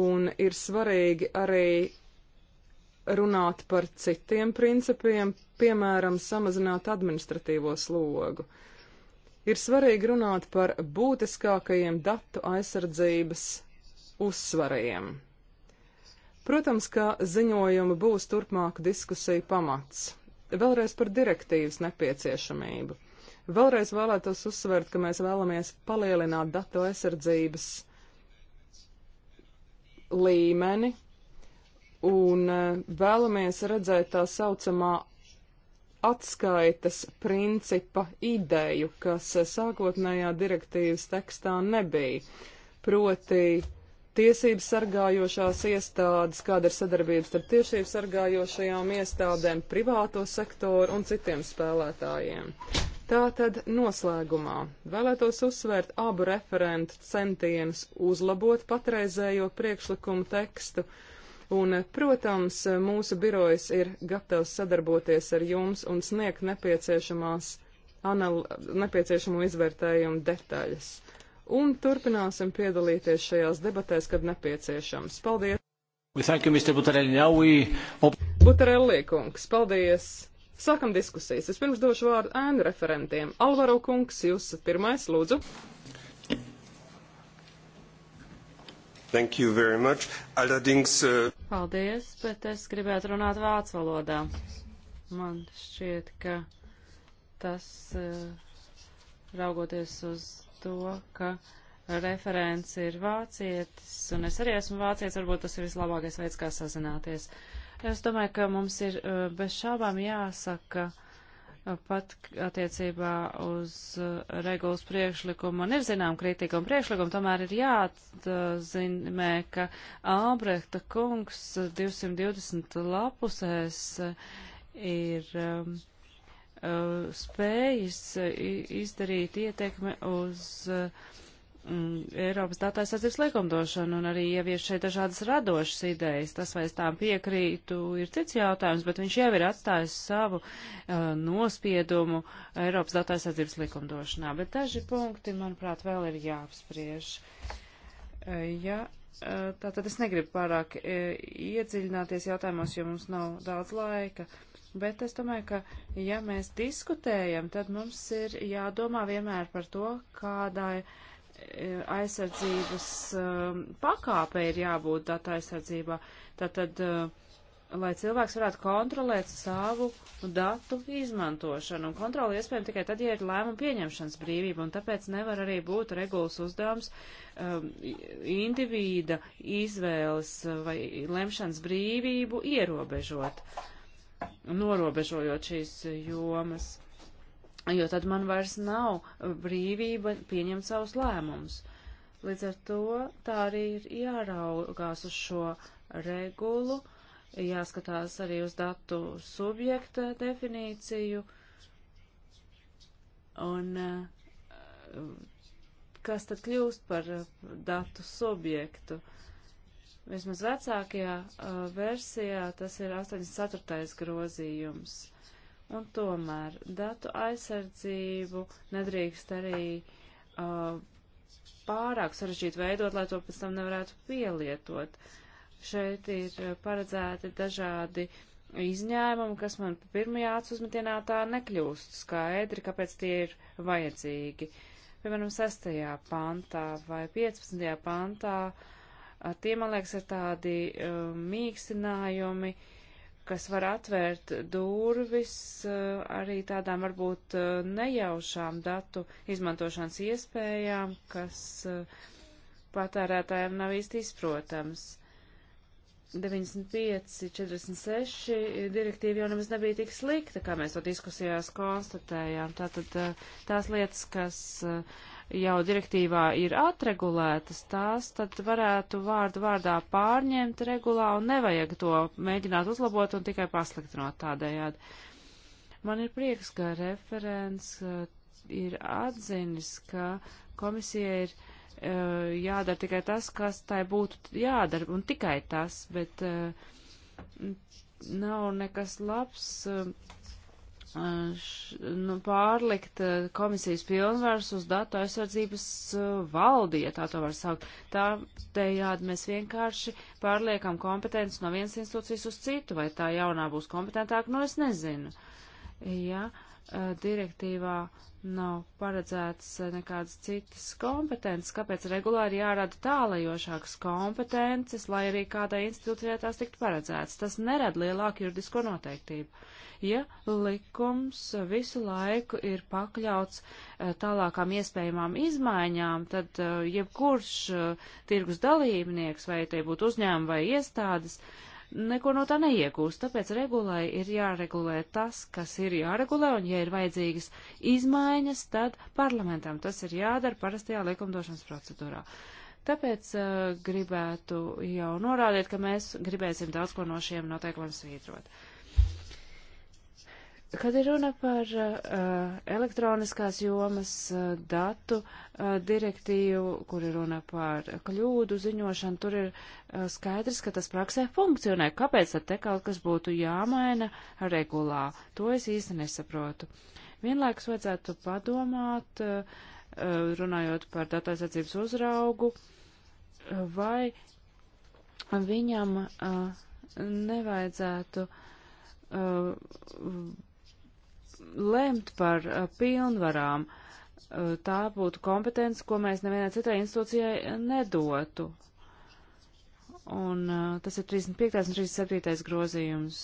un ir svarīgi arī runāt par citiem principiem, piemēram, samazināt administratīvo slogu. Ir svarīgi runāt par būtiskākajiem datu aizsardzības uzsvariem. Protams, ka ziņojumi būs turpmāku diskusiju pamats. Vēlreiz par direktīvas nepieciešamību. Vēlreiz vēlētos uzsvērt, ka mēs vēlamies palielināt datu aizsardzības līmeni un e, vēlamies redzēt tā saucamā atskaitas principa ideju, kas e, sākotnējā direktīvas tekstā nebija. Proti, tiesības sargājošās iestādes, kāda ir sadarbības starp tiešību sargājošajām iestādēm, privāto sektoru un citiem spēlētājiem. Tātad noslēgumā vēlētos uzsvērt abu referentu centienus uzlabot patreizējo priekšlikumu tekstu, un, protams, mūsu birojs ir gatavs sadarboties ar jums un sniegt nepieciešamās anal nepieciešamo izvērtējumu detaļas un turpināsim piedalīties šajās debatēs, kad nepieciešams. Paldies! Butarelli kungs, paldies! Sākam diskusijas. Es pirms došu vārdu ēnu referentiem. Alvaro kungs, jūs pirmais, lūdzu. Thank you very much. Allerdings. Uh... Paldies, bet es gribētu runāt vācu valodā. Man šķiet, ka tas, uh, raugoties uz to, ka referents ir vācietis, un es arī esmu vācietis, varbūt tas ir vislabākais veids, kā sazināties. Es domāju, ka mums ir eh, bez šābām jāsaka, eh, pat attiecībā uz eh, regulas priekšlikumu, un ir zinām kritika un priekšlikumu, tomēr ir jāatzīmē, ka Albrehta kungs 220 lapusēs ir. Um, Uh, spējas uh, izdarīt ietekme uz uh, mm, Eiropas datu aizsardzības likumdošanu un arī ievies šeit dažādas radošas idejas. Tas, vai es tām piekrītu, ir cits jautājums, bet viņš jau ir atstājis savu uh, nospiedumu Eiropas datu aizsardzības likumdošanā. Bet daži punkti, manuprāt, vēl ir jāapspriež. Uh, ja Tātad es negribu pārāk iedziļināties jautājumos, jo mums nav daudz laika. Bet es domāju, ka ja mēs diskutējam, tad mums ir jādomā vienmēr par to, kādai e, aizsardzības e, pakāpe ir jābūt datu aizsardzībā. Tātad, e, lai cilvēks varētu kontrolēt savu datu izmantošanu. Un kontroli iespējams tikai tad, ja ir lēmuma pieņemšanas brīvība, un tāpēc nevar arī būt regulas uzdevums um, individa izvēles vai lemšanas brīvību ierobežot. Uh, norobežojot šīs jomas, jo tad man vairs nav brīvība pieņemt savus lēmumus. Līdz ar to tā arī ir jāraugās uz šo regulu, jāskatās arī uz datu subjekta definīciju, un eh, kas tad kļūst par datu subjektu. Uh, Vismaz vecākajā uh, versijā tas ir 84. grozījums. Un tomēr datu aizsardzību nedrīkst arī uh, pārāk sarežģīt veidot, lai to pēc tam nevarētu pielietot. Šeit ir uh, paredzēti dažādi izņēmumi, kas man pirmajā acu uzmetienā tā nekļūst skaidri, kāpēc tie ir vajadzīgi. Piemēram, 6. pantā vai 15. pantā uh, Tie, man liekas, ir tādi uh, mīkstinājumi, kas var atvērt durvis uh, arī tādām varbūt uh, nejaušām datu izmantošanas iespējām, kas uh, patērētājiem nav īsti izprotams. 95, 46 direktīva jau nemaz nebija tik slikta, kā mēs to diskusijās konstatējām. Tātad uh, tās lietas, kas uh, jau direktīvā ir atregulētas, tās tad varētu vārdu vārdā pārņemt regulā un nevajag to mēģināt uzlabot un tikai pasliktinot tādējādi. Man ir prieks, ka referents uh, ir atzinis, ka komisija ir uh, jādara tikai tas, kas tai būtu jādara, un tikai tas, bet uh, nav nekas labs. Uh, š, nu, pārlikt eh, komisijas pilnvars uz datu aizsardzības eh, valdi, ja tā to var saukt. Tādējādi mēs vienkārši pārliekam kompetences no vienas institūcijas uz citu, vai tā jaunā būs kompetentāka, nu es nezinu. Ja eh, direktīvā nav paredzētas nekādas citas kompetences, kāpēc regulāri jārada tālajošākas kompetences, lai arī kādai institūcijai tās tiktu paredzētas. Tas nerada lielāku juridisko noteiktību ja likums visu laiku ir pakļauts eh, tālākām iespējamām izmaiņām, tad eh, jebkurš eh, tirgus dalībnieks, vai tie būtu uzņēmumi vai iestādes, neko no tā neiegūst. Tāpēc regulai ir jāregulē tas, kas ir jāregulē, un ja ir vajadzīgas izmaiņas, tad parlamentam tas ir jādara parastajā likumdošanas procedūrā. Tāpēc uh, gribētu jau norādīt, ka mēs gribēsim daudz ko no šiem noteikumiem svītrot. Uh, Kad ir runa par uh, elektroniskās jomas uh, datu uh, direktīvu, kur ir runa par kļūdu ziņošanu, tur ir uh, skaidrs, ka tas praksē funkcionē. Kāpēc tad te kaut kas būtu jāmaina regulā? To es īsti nesaprotu. Vienlaikus vajadzētu padomāt, uh, runājot par datu aizsardzības uzraugu, uh, vai viņam uh, nevajadzētu. Uh, lemt par uh, pilnvarām. Uh, tā būtu kompetence, ko mēs nevienai citai institūcijai nedotu. Un uh, tas ir 35. un 37. grozījums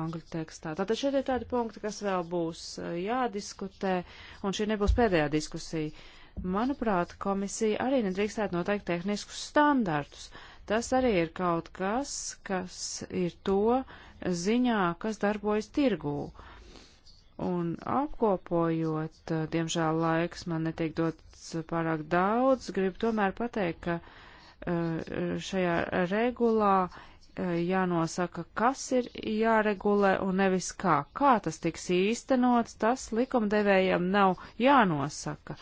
angļu tekstā. Tātad šeit ir tādi punkti, kas vēl būs jādiskutē, un šī nebūs pēdējā diskusija. Manuprāt, komisija arī nedrīkstētu noteikt tehniskus standartus. Tas arī ir kaut kas, kas ir to ziņā, kas darbojas tirgū. Uh, Un apkopojot, eh, diemžēl laiks man netiek dots pārāk daudz, gribu tomēr pateikt, ka eh, šajā regulā eh, jānosaka, kas ir jāregulē un nevis kā. Kā tas tiks īstenots, tas likumdevējiem nav jānosaka.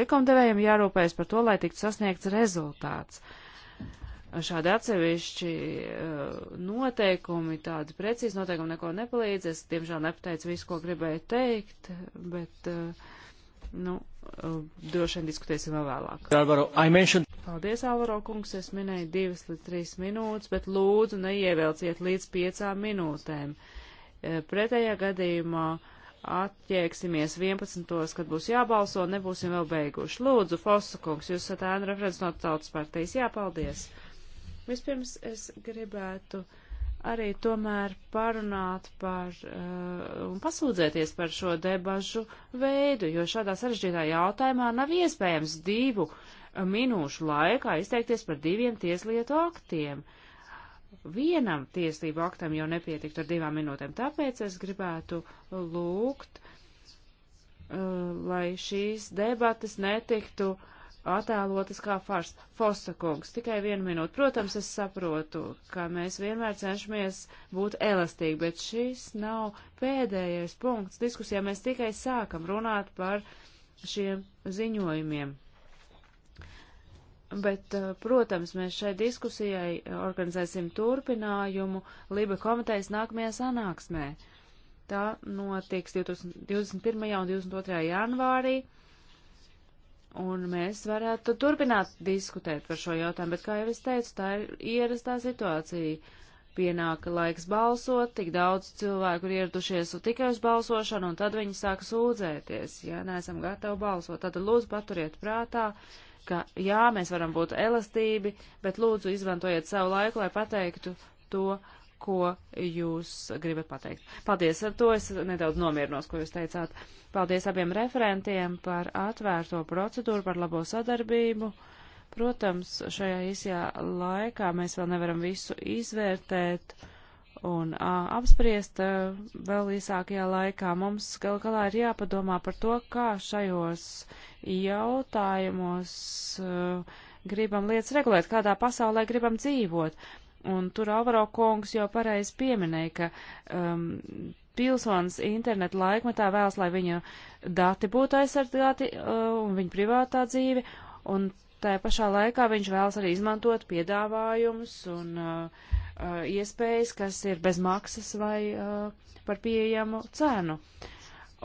Likumdevējiem jārūpējas par to, lai tiktu sasniegts rezultāts. Uh, šādi atsevišķi uh, noteikumi, tādi precīzi noteikumi neko nepalīdz. Es, diemžēl, nepateicu visu, ko gribēju teikt, bet, uh, nu, uh, droši vien diskutēsim vēl vēlāk. Alvaro, mentioned... Paldies, Alvaro kungs, es minēju divas līdz trīs minūtes, bet lūdzu neievēlciet līdz piecām minūtēm. Pretējā gadījumā atķēksimies 11. kad būs jābalso, nebūsim vēl beiguši. Lūdzu, Fosu kungs, jūs esat ēna referents no Tautas partijas. Jā, paldies! Vispirms es gribētu arī tomēr parunāt par uh, un pasūdzēties par šo debažu veidu, jo šādā sarežģītā jautājumā nav iespējams divu eh, minūšu laikā izteikties par diviem tieslietu aktiem. Vienam tieslību aktam jau nepietiktu ar divām minūtēm, tāpēc es gribētu lūgt, uh, lai šīs debatas netiktu uh, attēlotas kā fars. Fosa kungs, tikai vienu minūti. Protams, es saprotu, ka mēs vienmēr cenšamies būt elastīgi, bet šis nav pēdējais punkts diskusijā. Mēs tikai sākam runāt par šiem ziņojumiem. Bet, eh, protams, mēs šai diskusijai organizēsim turpinājumu Liba komitejas nākamajā sanāksmē. Tā notiks 20, 21. un 22. janvārī. Un mēs varētu turpināt diskutēt par šo jautājumu, bet, kā jau es teicu, tā ir ierastā situācija. Pienāka laiks balsot, tik daudz cilvēku ir ieradušies tikai uz balsošanu, un tad viņi sāk sūdzēties, ja neesam gatavi balsot. Tad lūdzu paturiet prātā, ka jā, mēs varam būt elastībi, bet lūdzu izmantojiet savu laiku, lai pateiktu to ko jūs gribat pateikt. Paldies, ar to es nedaudz nomierinos, ko jūs teicāt. Paldies abiem referentiem par atvērto procedūru, par labo sadarbību. Protams, šajā īsajā laikā mēs vēl nevaram visu izvērtēt un a, apspriest a, vēl īsākajā laikā. Mums gal galā ir jāpadomā par to, kā šajos jautājumos a, gribam lietas regulēt, kādā pasaulē gribam dzīvot. Un tur Alvaro kungs jau pareizi pieminēja, ka um, pilsonis internetu laikmetā vēlas, lai viņa dati būtu aizsargāti uh, un viņa privātā dzīve, un tā pašā laikā viņš vēlas arī izmantot piedāvājumus un uh, uh, iespējas, kas ir bez maksas vai uh, par pieejamu cenu.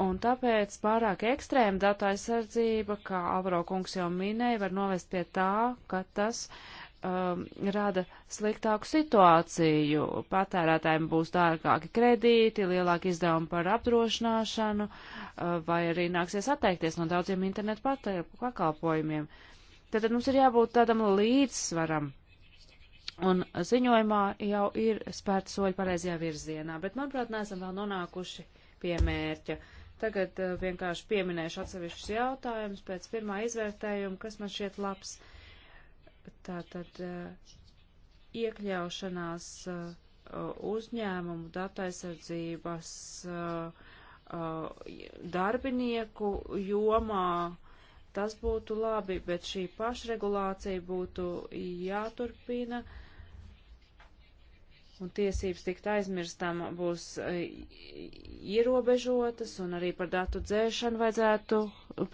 Un tāpēc pārāk ekstrēma datu aizsardzība, kā Avro kungs jau minēja, var novest pie tā, ka tas uh, um, rada sliktāku situāciju. Patērētājiem būs dārgāki kredīti, lielāki izdevumi par apdrošināšanu, uh, vai arī nāksies atteikties no daudziem internetu pakalpojumiem. Tātad mums ir jābūt tādam līdzsvaram. Un ziņojumā jau ir spērta soļi pareizajā virzienā, bet, manuprāt, neesam vēl nonākuši pie mērķa. Tagad uh, vienkārši pieminēšu atsevišķus jautājumus pēc pirmā izvērtējuma, kas man šķiet labs. Uh, tātad eh, iekļaušanās eh, uzņēmumu datu aizsardzības eh, darbinieku jomā tas būtu labi, bet šī pašregulācija būtu jāturpina. Un tiesības tikt aizmirstam būs ierobežotas, un arī par datu dzēšanu vajadzētu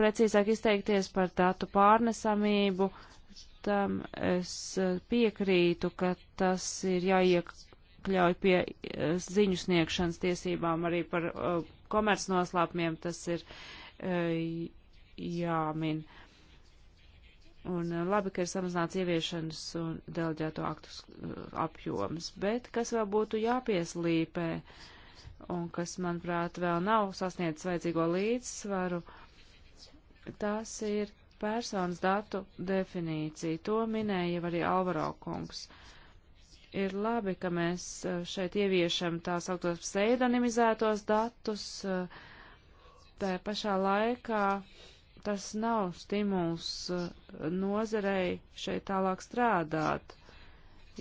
precīzāk izteikties par datu pārnesamību. Uh, tam es e, piekrītu, ka tas ir jāiekļauj pie e, ziņu sniegšanas tiesībām arī par e, komercnoslēpumiem, tas ir jāmin. Un labi, ka ir samazināts ieviešanas un deleģēto aktu apjoms, bet kas vēl būtu jāpieslīpē un kas, manuprāt, vēl nav sasniedzis vajadzīgo līdzsvaru, tas ir personas datu definīciju. To minēja arī Alvaro kungs. Ir labi, ka mēs eh, šeit ieviešam tā sauktos pseidonimizētos datus. Eh, tā pašā laikā tas nav stimuls eh, nozarei šeit tālāk strādāt,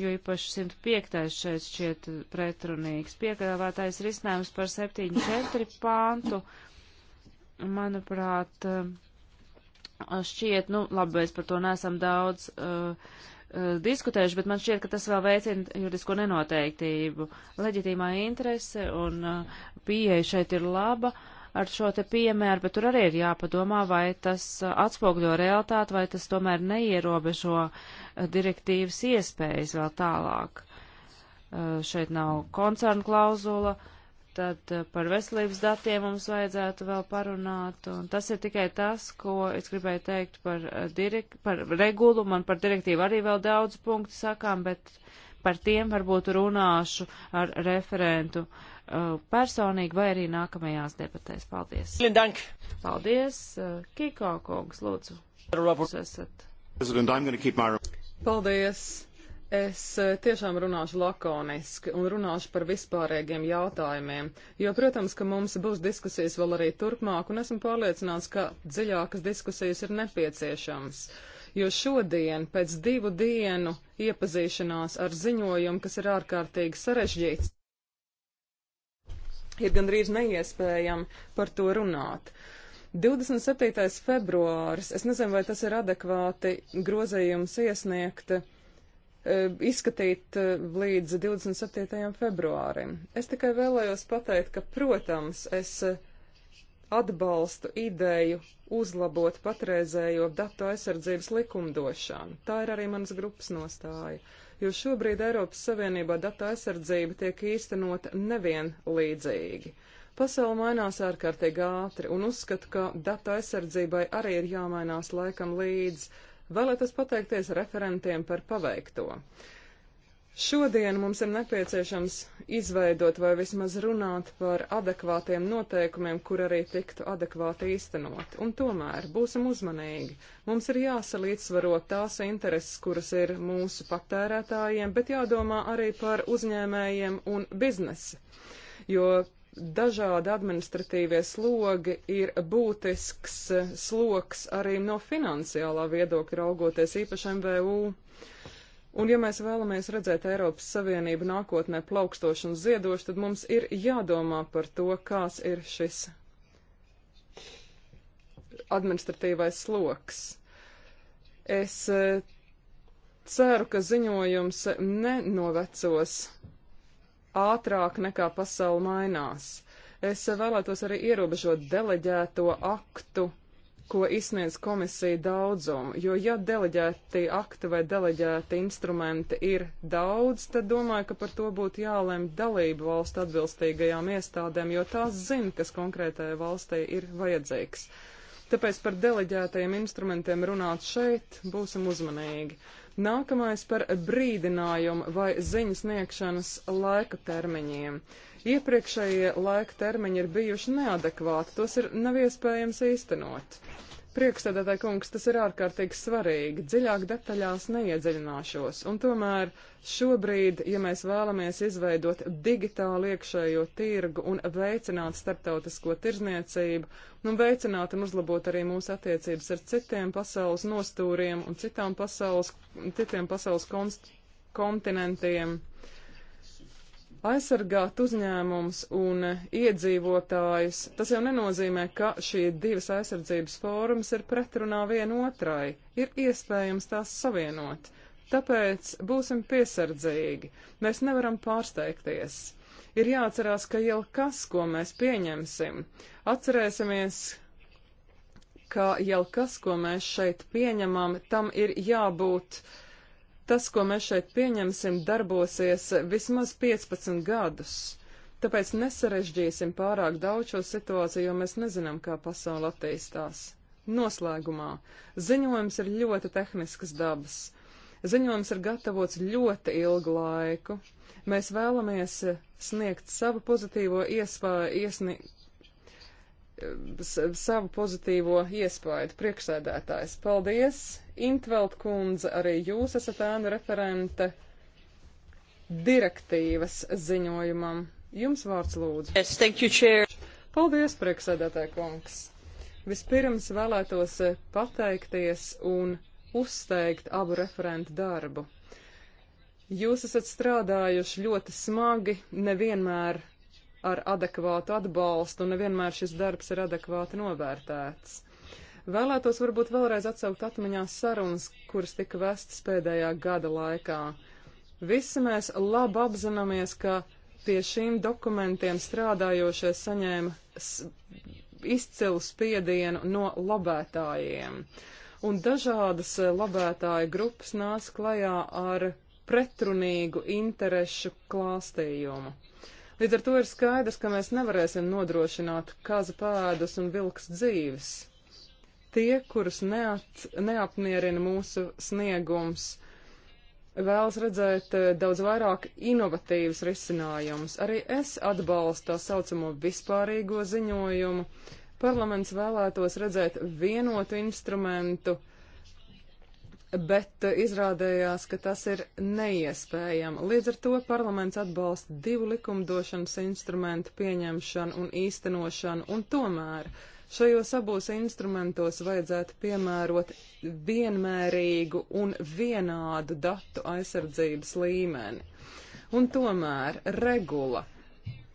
jo īpaši 105. šeit šķiet pretrunīgs. Piekāvētais risinājums par 7.4 pāntu, manuprāt, uh, šķiet, nu, labi, mēs par to nesam daudz uh, uh, diskutējuši, bet man šķiet, ka tas vēl veicina juridisko nenoteiktību. Leģitīmā interese un uh, pieeja šeit ir laba ar šo te piemēru, bet tur arī ir jāpadomā, vai tas uh, atspogļo realitāti, vai tas tomēr neierobežo uh, direktīvas iespējas vēl tālāk. Uh, šeit nav koncernu klauzula, uh, Tad eh, par veselības datiem mums vajadzētu vēl parunāt, un tas ir tikai tas, ko es gribēju teikt par, eh, direkt, par regulu, man par direktīvu arī vēl daudz punktu sakām, bet par tiem varbūt runāšu ar referentu uh, personīgi vai arī nākamajās debatēs. Paldies! Lindank. Paldies! Uh, Kiko kungs, lūdzu! Jūs esat! Paldies! Es eh, tiešām runāšu lakoniski un runāšu par vispārīgiem jautājumiem, jo, protams, ka mums būs diskusijas vēl arī turpmāk, un esmu pārliecināts, ka dziļākas diskusijas ir nepieciešams. Jo šodien, pēc divu dienu iepazīšanās ar ziņojumu, kas ir ārkārtīgi sarežģīts, ir gandrīz neiespējami par to runāt. 27. februāris, es nezinu, vai tas ir adekvāti grozējums iesniegt E, izskatīt e, līdz 27. februārim. Es tikai vēlējos pateikt, ka, protams, es e, atbalstu ideju uzlabot patreizējo datu aizsardzības likumdošanu. Tā ir arī manas grupas nostāja, jo šobrīd Eiropas Savienībā datu aizsardzība tiek īstenota nevienlīdzīgi. Pasaule mainās ārkārtīgi ātri, un uzskatu, ka datu aizsardzībai arī ir jāmainās laikam līdzi Vēlētos pateikties referentiem par paveikto. Šodien mums ir nepieciešams izveidot vai vismaz runāt par adekvātiem noteikumiem, kur arī tiktu adekvāti īstenot. Un tomēr būsim uzmanīgi. Mums ir jāsalīdzvaro tās intereses, kuras ir mūsu patērētājiem, bet jādomā arī par uzņēmējiem un biznesi. Jo dažādi administratīvie slogi ir būtisks sloks arī no finansiālā viedokļa raugoties īpaši MVU. Un ja mēs vēlamies redzēt Eiropas Savienību nākotnē plaukstošu un ziedošu, tad mums ir jādomā par to, kāds ir šis administratīvais sloks. Es eh, ceru, ka ziņojums nenovecos ātrāk nekā pasauli mainās. Es vēlētos arī ierobežot deleģēto aktu, ko izsniedz komisija daudzumu, jo ja deleģēti akti vai deleģēti instrumenti ir daudz, tad domāju, ka par to būtu jālem dalību valstu atbilstīgajām iestādēm, jo tās zina, kas konkrētajai valstī ir vajadzīgs. Tāpēc par deleģētajiem instrumentiem runāt šeit būsim uzmanīgi. Nākamais par brīdinājumu vai ziņas sniegšanas laika termiņiem. Iepriekšējie laika termiņi ir bijuši neadekvāti, tos ir nav iespējams īstenot. Priekšsēdētāji kungs, tas ir ārkārtīgi svarīgi. Dziļāk detaļās neiedziļināšos. Un tomēr šobrīd, ja mēs vēlamies izveidot digitālu iekšējo tirgu un veicināt starptautisko tirzniecību, nu veicināt un uzlabot arī mūsu attiecības ar citiem pasaules nostūriem un citām pasaules, citiem pasaules konst, kontinentiem, uh, Aizsargāt uzņēmums un iedzīvotājus, tas jau nenozīmē, ka šie divas aizsardzības formas ir pretrunā vienotrai, ir iespējams tās savienot. Tāpēc būsim piesardzīgi, mēs nevaram pārsteigties. Ir jāatcerās, ka jau kas, ko mēs pieņemsim, atcerēsimies, ka jau kas, ko mēs šeit pieņemam, tam ir jābūt uh, tas, ko mēs šeit pieņemsim, darbosies vismaz 15 gadus. Tāpēc nesarežģīsim pārāk daudz šo situāciju, jo mēs nezinām, kā pasaule attīstās. Noslēgumā ziņojums ir ļoti tehniskas dabas. Ziņojums ir gatavots ļoti ilgu laiku. Mēs vēlamies sniegt savu pozitīvo iespēju, iesni, savu pozitīvo iespēju priekšsēdētājs. Paldies! Intvelt kundze, arī jūs esat ēnu referente direktīvas ziņojumam. Jums vārds lūdzu. Yes, thank you, chair. Paldies, prieksēdētāji kungs. Vispirms vēlētos eh, pateikties un uzteikt abu referentu darbu. Jūs esat strādājuši ļoti smagi, nevienmēr ar adekvātu atbalstu, un nevienmēr šis darbs ir adekvāti novērtēts. Vēlētos varbūt vēlreiz atsaukt atmiņās sarunas, kuras tika vestas pēdējā gada laikā. Visi mēs labi apzināmies, ka pie šīm dokumentiem strādājošie saņēma izcilu spiedienu no lobētājiem. Un dažādas e, lobētāju grupas nāca klajā ar pretrunīgu interešu klāstījumu. Līdz ar to ir skaidrs, ka mēs nevarēsim nodrošināt kaza pēdas un vilks dzīves tie, kurus neat, neapmierina mūsu sniegums, vēlas redzēt eh, daudz vairāk inovatīvas risinājumus. Arī es atbalstu tā saucamo vispārīgo ziņojumu. Parlaments vēlētos redzēt vienotu instrumentu, bet eh, izrādējās, ka tas ir neiespējami. Līdz ar to parlaments atbalsta divu likumdošanas instrumentu pieņemšanu un īstenošanu, un tomēr Šajos abos instrumentos vajadzētu piemērot vienmērīgu un vienādu datu aizsardzības līmeni. Un tomēr regula.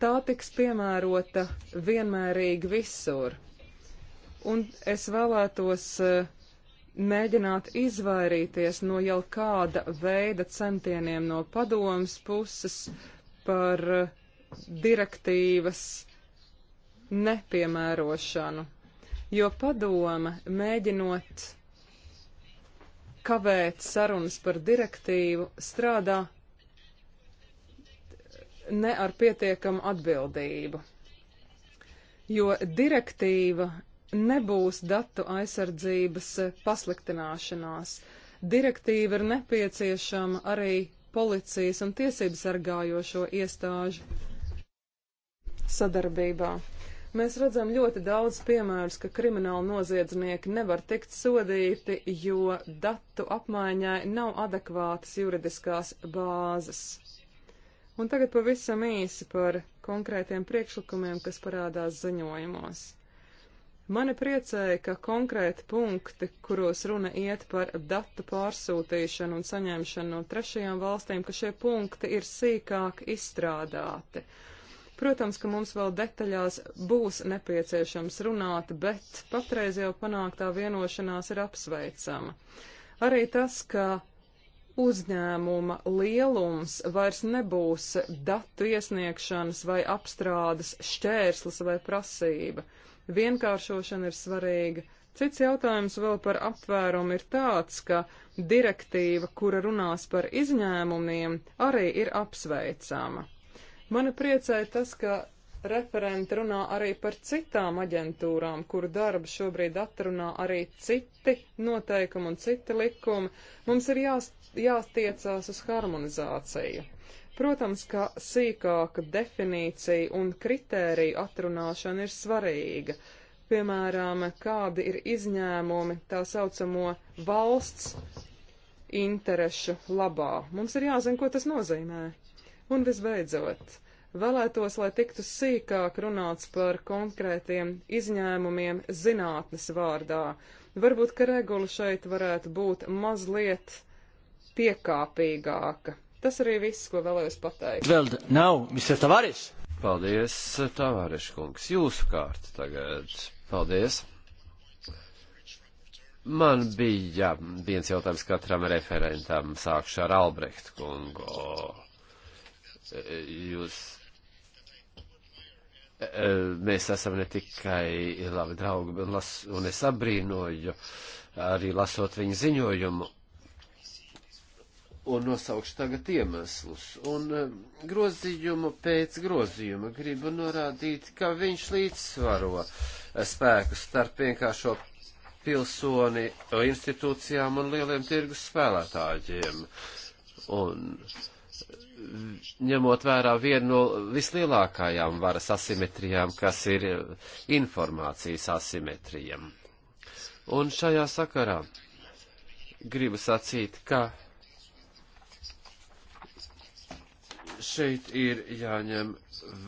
Tā tiks piemērota vienmērīgi visur. Un es vēlētos uh, mēģināt izvairīties no jau kāda veida centieniem no padomas puses par eh, direktīvas nepiemērošanu, jo padome mēģinot kavēt sarunas par direktīvu strādā ne ar pietiekamu atbildību, jo direktīva nebūs datu aizsardzības pasliktināšanās. Direktīva ir nepieciešama arī policijas un tiesības sargājošo iestāžu sadarbībā. Mēs redzam ļoti daudz piemērus, ka krimināli noziedznieki nevar tikt sodīti, jo datu apmaiņai nav adekvātas juridiskās bāzes. Un tagad pavisam īsi par konkrētiem priekšlikumiem, kas parādās ziņojumos. Mani priecēja, ka konkrēti punkti, kuros runa iet par datu pārsūtīšanu un saņemšanu no trešajām valstīm, ka šie punkti ir sīkāk izstrādāti. Protams, ka mums vēl detaļās būs nepieciešams runāt, bet patreiz jau panāktā vienošanās ir apsveicama. Arī tas, ka uzņēmuma lielums vairs nebūs datu iesniegšanas vai apstrādes šķērslis vai prasība. Vienkāršošana ir svarīga. Cits jautājums vēl par aptvērumu ir tāds, ka direktīva, kura runās par izņēmumiem, arī ir apsveicama. Mani priecēja tas, ka referenti runā arī par citām aģentūrām, kuru darbu šobrīd atrunā arī citi noteikumi un citi likumi. Mums ir jās, jāstiecās uz harmonizāciju. Protams, ka sīkāka definīcija un kritērija atrunāšana ir svarīga. Piemēram, kādi ir izņēmumi tā saucamo valsts interešu labā. Mums ir jāzina, ko tas nozīmē. Un visbeidzot, vēlētos, lai tiktu sīkāk runāts par konkrētiem izņēmumiem zinātnes vārdā. Varbūt, ka regula šeit varētu būt mazliet piekāpīgāka. Tas arī viss, ko vēlējos pateikt. Vēl nav, Mr. Tavares. Paldies, Tavares kungs. Jūsu kārta tagad. Paldies. Man bija viens jautājums katram referentam. Sākšu ar Albrehtu kungu. Jūs e, e, mēs esam ne tikai labi draugi, bet las, un es apbrīnoju arī lasot viņu ziņojumu. Un nosaukšu tagad iemeslus. Un e, grozījumu pēc grozījuma gribu norādīt, ka viņš līdzsvaro spēku starp vienkāršo pilsoni institūcijām un lieliem tirgus spēlētājiem. Un uh, ņemot vērā vienu no vislielākajām varas asimetrijām, kas ir informācijas asimetrijam. Un šajā sakarā gribu sacīt, ka šeit ir jāņem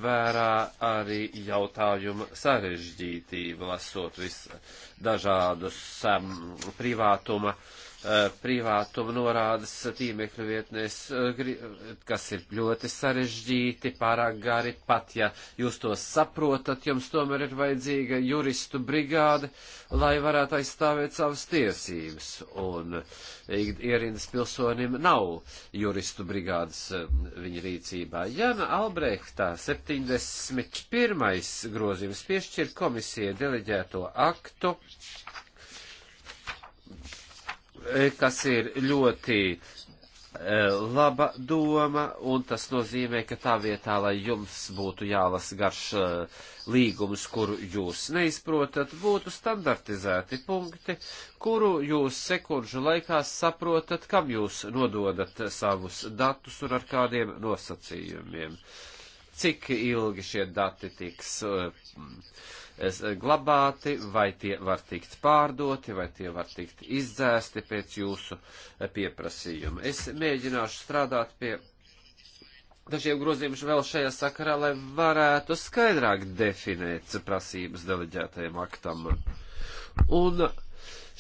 vērā arī jautājuma sarežģītība, lasot visdažādus um, privātuma uh, Eh, privātuma norādes tīmekļu vietnēs, eh, eh, kas ir ļoti sarežģīti, pārāk gari, pat ja jūs tos saprotat, jums tomēr ir vajadzīga juristu brigāde, lai varētu aizstāvēt savas tiesības. Un ierindas pilsonim nav juristu brigādes viņa rīcībā. Jana Albrehtā 71. grozījums piešķir komisijai deleģēto aktu Eh, kas ir ļoti eh, laba doma, un tas nozīmē, ka tā vietā, lai jums būtu jālasa garš eh, līgums, kuru jūs neizprotat, būtu standartizēti punkti, kuru jūs sekundžu laikā saprotat, kam jūs nododat savus datus un ar kādiem nosacījumiem. Cik ilgi šie dati tiks. Uh, Eh, glabāti, vai tie var tikt pārdoti, vai tie var tikt izdzēsti pēc jūsu eh, pieprasījuma. Es mēģināšu strādāt pie dažiem grozījumiem vēl šajā sakarā, lai varētu skaidrāk definēt prasības deleģētajam aktam. Un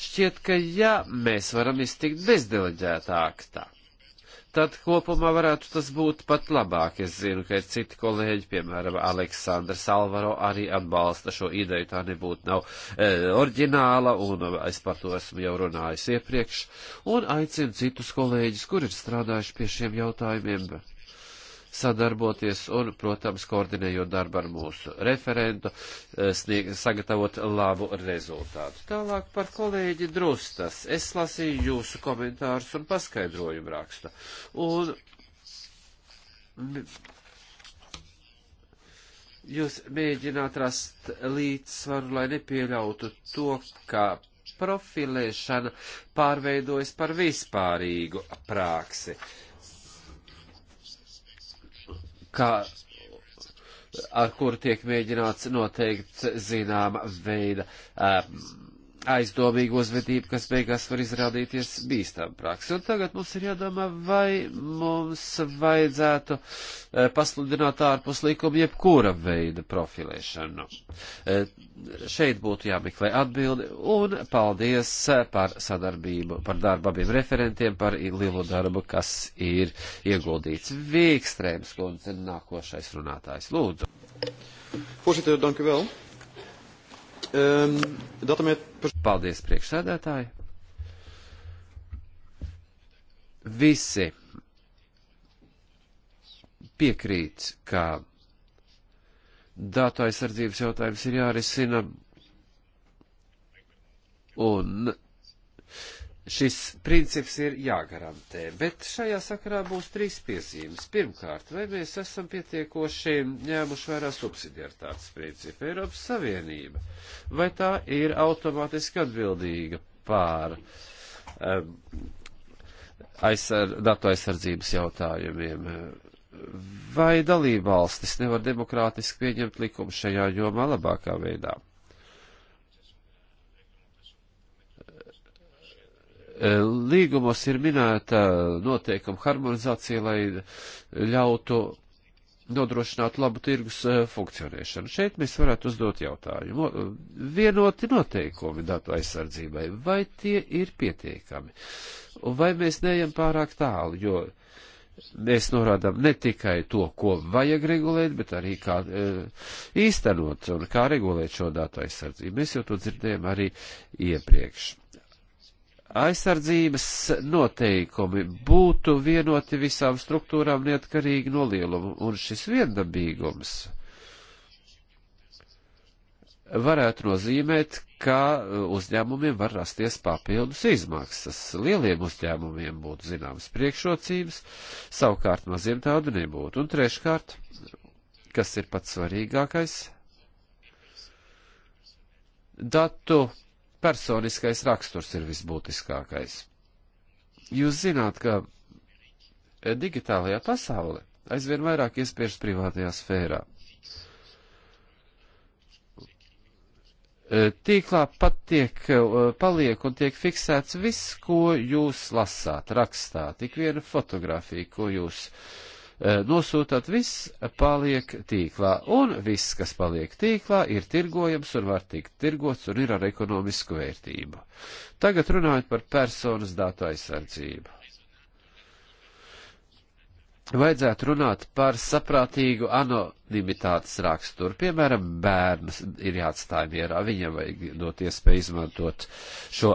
šķiet, ka ja mēs varam iztikt bez deleģētā aktā, tad kopumā varētu tas būt pat labāk. Es zinu, ka ir citi kolēģi, piemēram, Aleksandrs Alvaro arī atbalsta šo ideju, tā nebūtu nav e, oriģināla, un es par to esmu jau runājis iepriekš, un aicinu citus kolēģis, kur ir strādājuši pie šiem jautājumiem, sadarboties un, protams, koordinējot darbu ar mūsu referentu, eh, snieg, sagatavot labu rezultātu. Tālāk par kolēģi Drustas. Es lasīju jūsu komentārus un paskaidrojumu rakstu. Un jūs mēģināt rast līdzsvaru, lai nepieļautu to, ka profilēšana pārveidojas par vispārīgu praksi. Uh, kā ar kuru tiek mēģināts noteikt zināma veida um, aizdomīgu uzvedību, kas beigās var izrādīties bīstama praksa. Un tagad mums ir jādomā, vai mums vajadzētu e, pasludināt ārpus likuma jebkura veida profilēšanu. E, šeit būtu jāmeklē atbildi, un paldies eh, par sadarbību, par darbu abiem referentiem, par lielo darbu, kas ir ieguldīts. Vīkstrēms, kundze, nākošais runātājs, lūdzu. Voorzitter, dank u wel um, ehm, datumiet er par. Paldies, priekšsēdētāji. Visi piekrīt, ka datu aizsardzības jautājums ir jārisina un šis princips ir jāgarantē. Bet šajā sakarā būs trīs piezīmes. Pirmkārt, vai mēs esam pietiekoši ņēmuši vērā subsidiaritātes principu Eiropas Savienība, vai tā ir automātiski atbildīga pār um, aizsar, datu aizsardzības jautājumiem. Vai dalībvalstis nevar demokrātiski pieņemt likumu šajā jomā labākā veidā? Eh, līgumos ir minēta noteikuma harmonizācija, lai ļautu nodrošināt labu tirgus eh, funkcionēšanu. Šeit mēs varētu uzdot jautājumu. Vienoti noteikumi datu aizsardzībai, vai tie ir pietiekami? Vai mēs neejam pārāk tālu, jo mēs norādām ne tikai to, ko vajag regulēt, bet arī kā e, īstenot un kā regulēt šo datu aizsardzību. Mēs jau to dzirdējām arī iepriekš aizsardzības noteikumi būtu vienoti visām struktūrām neatkarīgi no lieluma, un šis viendabīgums varētu nozīmēt, ka uzņēmumiem var rasties papildus izmaksas. Lieliem uzņēmumiem būtu zināmas priekšrocības, savukārt maziem tādu nebūtu. Un treškārt, kas ir pats svarīgākais, datu personiskais raksturs ir visbūtiskākais. Jūs zināt, ka digitālajā pasaulē aizvien vairāk iespiež privātajā sfērā. E, tīklā pat tiek, e, paliek un tiek fiksēts viss, ko jūs lasāt, rakstāt, ik viena fotografija, ko jūs uh, Eh, nosūtot, viss paliek tīklā, un viss, kas paliek tīklā, ir tirgojams un var tikt tirgots un ir ar ekonomisku vērtību. Tagad runājot par personas datu aizsardzību vajadzētu runāt par saprātīgu anonimitātes raksturu. Piemēram, bērns ir jāatstāj mierā, viņam vajag dot iespēju izmantot šo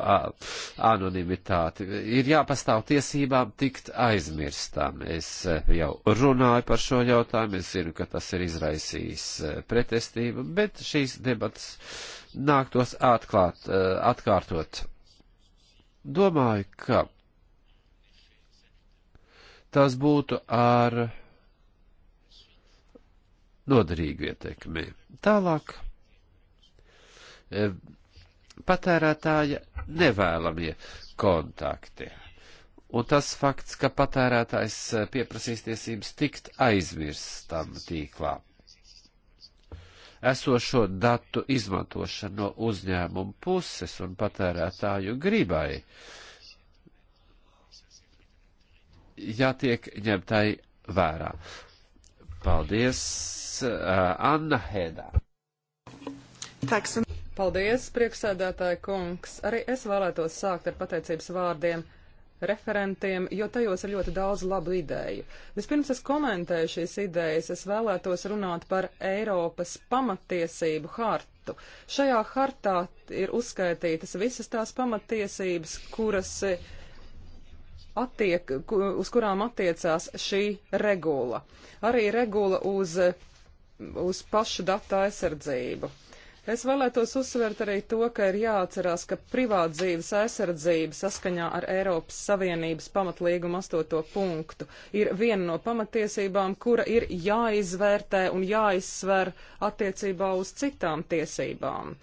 anonimitāti. Ir jāpastāv tiesībām tikt aizmirstām. Es e, jau runāju par šo jautājumu, es zinu, ka tas ir izraisījis e, pretestību, bet šīs debatas nāktos atklāt, e, atkārtot. Domāju, ka tas būtu ar noderīgu ietekmi. Tālāk e, patērētāja nevēlamie kontakti. Un tas fakts, ka patērētājs e, pieprasīs tiesības tikt aizmirstam tīklā. Esošo datu izmantošana no uzņēmuma puses un patērētāju gribai uh, jātiek ņemtai vērā. Paldies, Anna Hedā. Paldies, prieksēdētāja kungs. Arī es vēlētos sākt ar pateicības vārdiem referentiem, jo tajos ir ļoti daudz labu ideju. Vispirms es komentēju šīs idejas, es vēlētos runāt par Eiropas pamatiesību hartu. Šajā hartā ir uzskaitītas visas tās pamatiesības, kuras uh, attiek, uz kurām attiecās šī regula. Arī regula uz, uz pašu datu aizsardzību. Es vēlētos uzsvērt arī to, ka ir jāatcerās, ka privātdzīves aizsardzība saskaņā ar Eiropas Savienības pamatlīguma 8. punktu ir viena no pamatiesībām, kura ir jāizvērtē un jāizsver attiecībā uz citām tiesībām.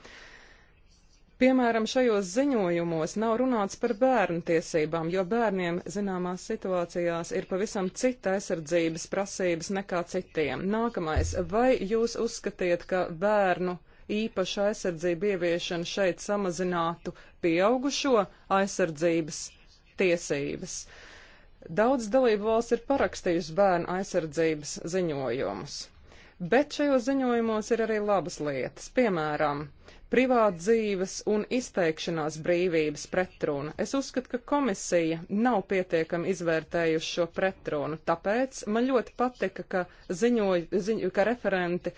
Piemēram, šajos ziņojumos nav runāts par bērnu tiesībām, jo bērniem zināmās situācijās ir pavisam cita aizsardzības prasības nekā citiem. Nākamais, vai jūs uzskatiet, ka bērnu īpaša aizsardzība ieviešana šeit samazinātu pieaugušo aizsardzības tiesības? Daudz dalību valsts ir parakstījusi bērnu aizsardzības ziņojumus. Bet šajos ziņojumos ir arī labas lietas. Piemēram, privātdzīves un izteikšanās brīvības pretruna. Es uzskatu, ka komisija nav pietiekami izvērtējusi šo pretrunu, tāpēc man ļoti patika, ka, ziņoju, ziņo, ka referenti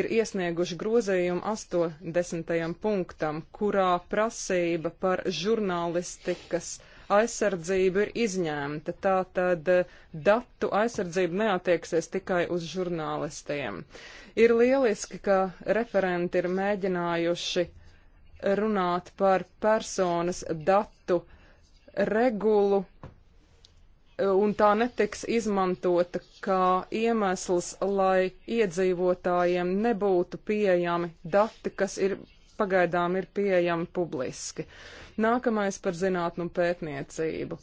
ir iesnieguši grozījumu 80. punktam, kurā prasība par žurnālistikas aizsardzība ir izņemta. Tātad eh, datu aizsardzība neatieksies tikai uz žurnālistiem. Ir lieliski, ka referenti ir mēģinājuši runāt par personas datu regulu, eh, un tā netiks izmantota kā iemesls, lai iedzīvotājiem nebūtu pieejami dati, kas ir pagaidām ir pieejami publiski. Nākamais par zinātnu un pētniecību.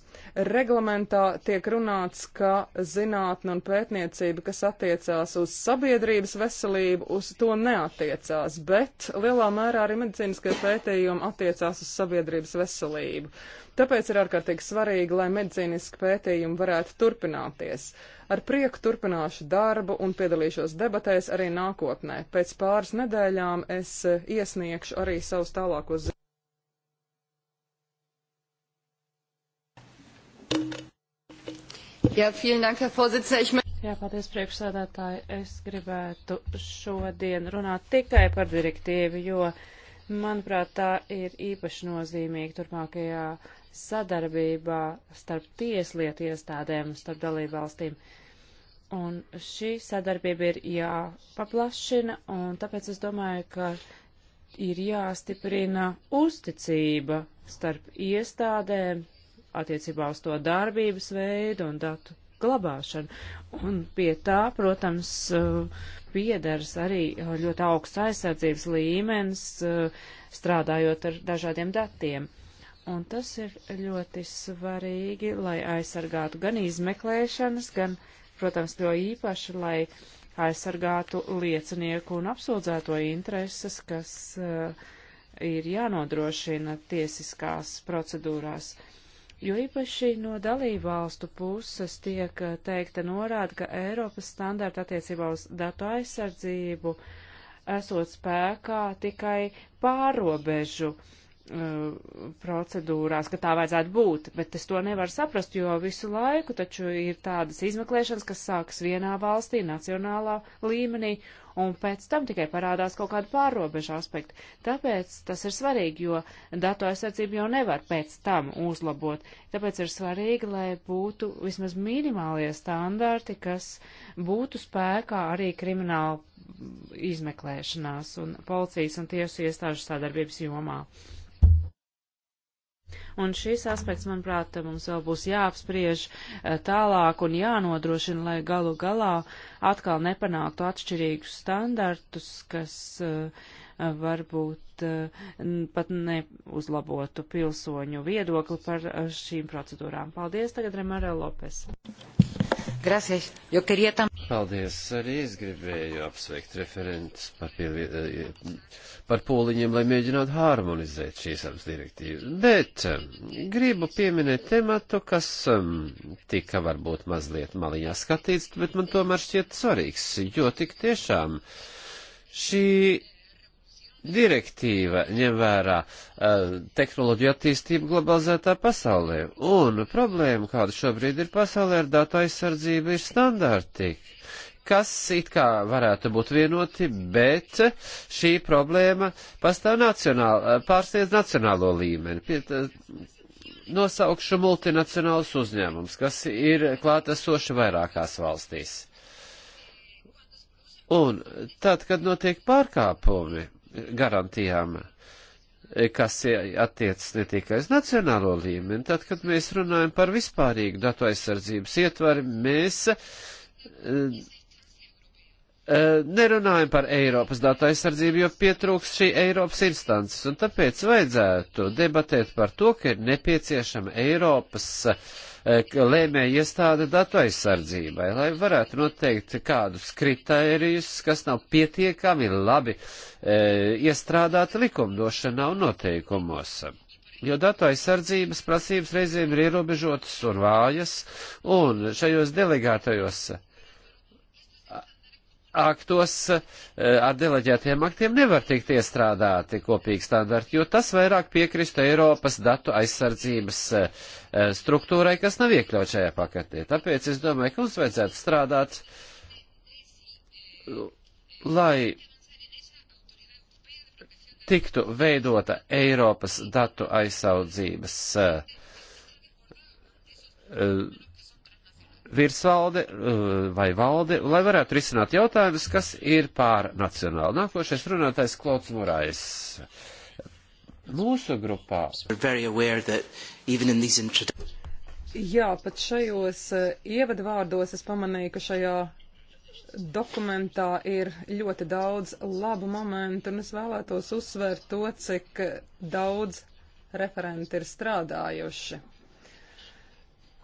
Reglamentā tiek runāts, ka zinātna un pētniecība, kas attiecās uz sabiedrības veselību, uz to neatiecās, bet lielā mērā arī medicīniskie pētījumi attiecās uz sabiedrības veselību. Tāpēc ir ārkārtīgi svarīgi, lai medicīniski pētījumi varētu turpināties. Ar prieku turpināšu darbu un piedalīšos debatēs arī nākotnē. Pēc pāris nedēļām es iesniegšu arī savus tālākos. Jā, dank, Jā, paldies priekšsēdētāji. Es gribētu šodien runāt tikai par direktīvu, jo, manuprāt, tā ir īpaši nozīmīga turpmākajā sadarbībā starp tieslietu iestādēm un starp dalībvalstīm. Un šī sadarbība ir jāpaplašina, un tāpēc es domāju, ka ir jāstiprina uzticība starp iestādēm, attiecībā uz to darbības veidu un datu glabāšanu. Un pie tā, protams, eh, piedars arī eh, ļoti augsts aizsardzības līmenis, eh, strādājot ar dažādiem datiem. Un tas ir ļoti svarīgi, lai aizsargātu gan izmeklēšanas, gan, protams, ļoti īpaši, lai aizsargātu liecinieku un apsūdzēto intereses, kas uh, ir jānodrošina tiesiskās procedūrās. Uh, jo īpaši no dalību valstu puses tiek eh, teikta norāda, ka Eiropas standārta attiecībā uz datu aizsardzību esot spēkā tikai pārobežu uh, procedūrās, ka tā vajadzētu būt, bet es to nevaru saprast, jo visu laiku taču ir tādas izmeklēšanas, kas sākas vienā valstī, nacionālā līmenī, un pēc tam tikai parādās kaut kāda pārrobeža aspekta. Tāpēc tas ir svarīgi, jo datu aizsardzību jau nevar pēc tam uzlabot. Tāpēc ir svarīgi, lai būtu vismaz minimālie standarti, kas būtu spēkā arī krimināla izmeklēšanās un policijas un tiesu iestāžu sadarbības jomā. Un šis aspekts, manuprāt, mums vēl būs jāapspriež eh, tālāk un jānodrošina, lai galu galā atkal nepanāktu atšķirīgus standartus, kas eh, varbūt eh, pat neuzlabotu pilsoņu viedokli par šīm procedūrām. Paldies, tagad Remara Lopes. Gracias. Yo quería tam... Paldies. Arī es gribēju apsveikt referentus par, pielie... Eh, par pūliņiem, lai mēģinātu harmonizēt šīs abas direktīvas. Bet eh, gribu pieminēt tematu, kas eh, tika varbūt mazliet maliņā skatīts, bet man tomēr šķiet svarīgs, jo tik tiešām šī direktīva ņem vērā uh, tehnoloģiju attīstību globalizētā pasaulē. Un problēma, kāda šobrīd ir pasaulē ar datu aizsardzību, ir standarti, kas it kā varētu būt vienoti, bet šī problēma pastāv nacionāli, pārsniedz nacionālo līmeni. Pie, nosaukšu multinacionālus uzņēmumus, kas ir klātesoši vairākās valstīs. Un tad, kad notiek pārkāpumi, garantijām, kas attiecas ne tikai uz nacionālo līmeni. Tad, kad mēs runājam par vispārīgu datu aizsardzības ietvari, mēs eh, eh, nerunājam par Eiropas datu aizsardzību, jo pietrūks šī Eiropas instances, un tāpēc vajadzētu debatēt par to, ka ir nepieciešama Eiropas uh, lēmēja iestāde datu aizsardzībai, lai varētu noteikt kādus kritērijus, kas nav pietiekami labi e, iestrādāti likumdošanā un noteikumos. Jo datu aizsardzības prasības reizēm ir ierobežotas un vājas, un šajos delegātajos aktos eh, ar deleģētiem aktiem nevar tikt iestrādāti kopīgi standarti, jo tas vairāk piekristu Eiropas datu aizsardzības eh, struktūrai, kas nav iekļaut šajā paketē. Tāpēc es domāju, ka mums vajadzētu strādāt, lai tiktu veidota Eiropas datu aizsardzības uh, virsvalde eh, vai valde, lai varētu risināt jautājumus, kas ir pārnacionāli. Nākošais runātais Klauds Morais. Mūsu grupā. Jā, pat šajos eh, ievadvārdos es pamanīju, ka šajā dokumentā ir ļoti daudz labu momentu, un es vēlētos uzsvērt to, cik daudz referenti ir strādājuši.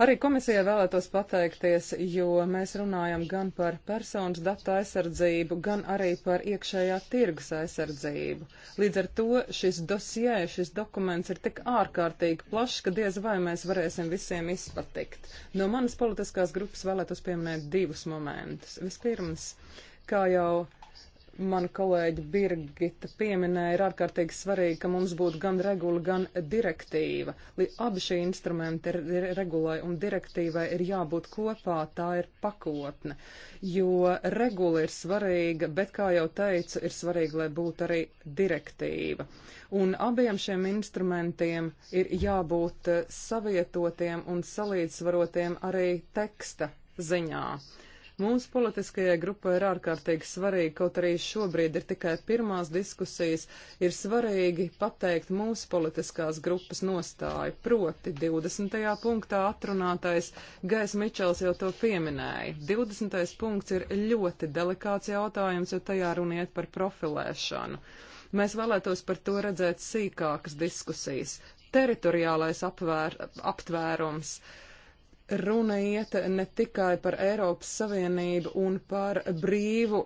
Arī komisijai vēlētos pateikties, jo mēs runājam gan par personas datu aizsardzību, gan arī par iekšējā tirgus aizsardzību. Līdz ar to šis dosie, šis dokuments ir tik ārkārtīgi plašs, ka diez vai mēs varēsim visiem izpatikt. No manas politiskās grupas vēlētos pieminēt divus momentus. Vispirms, kā jau mana kolēģa Birgita pieminēja, ir ārkārtīgi svarīgi, ka mums būtu gan regula, gan direktīva. Li abi šī instrumenti ir, ir regulai un direktīvai ir jābūt kopā, tā ir pakotne. Jo regula ir svarīga, bet, kā jau teicu, ir svarīgi, lai būtu arī direktīva. Un abiem šiem instrumentiem ir jābūt eh, savietotiem un salīdzvarotiem arī teksta ziņā. Uh, Mums politiskajai grupai ir ārkārtīgi svarīgi, kaut arī šobrīd ir tikai pirmās diskusijas, ir svarīgi pateikt mūsu politiskās grupas nostāju. Proti 20. punktā atrunātais Gais Mičels jau to pieminēja. 20. punkts ir ļoti delikāts jautājums, jo tajā runiet par profilēšanu. Mēs vēlētos par to redzēt sīkākas diskusijas. Teritoriālais apvēr, aptvērums. Uh, runa iet ne tikai par Eiropas Savienību un par brīvu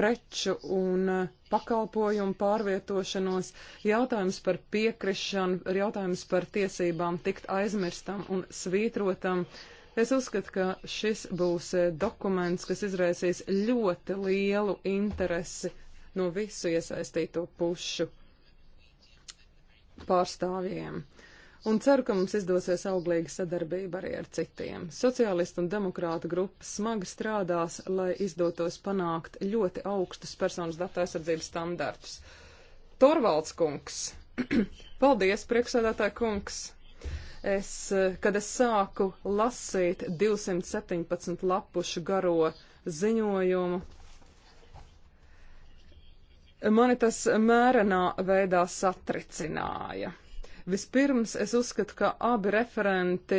preču un pakalpojumu pārvietošanos, jautājums par piekrišanu, jautājums par tiesībām tikt aizmirstam un svītrotam. Es uzskatu, ka šis būs eh, dokuments, kas izraisīs ļoti lielu interesi no visu iesaistīto pušu pārstāvjiem. Uh, un ceru, ka mums izdosies auglīga sadarbība arī ar citiem. Sociālistu un demokrātu grupa smagi strādās, lai izdotos panākt ļoti augstus personas datu aizsardzības standartus. Torvalds kungs, paldies, priekšsēdētāja kungs! Es, kad es sāku lasīt 217 lapušu garo ziņojumu, mani tas mērenā veidā satricināja. Vispirms es uzskatu, ka abi referenti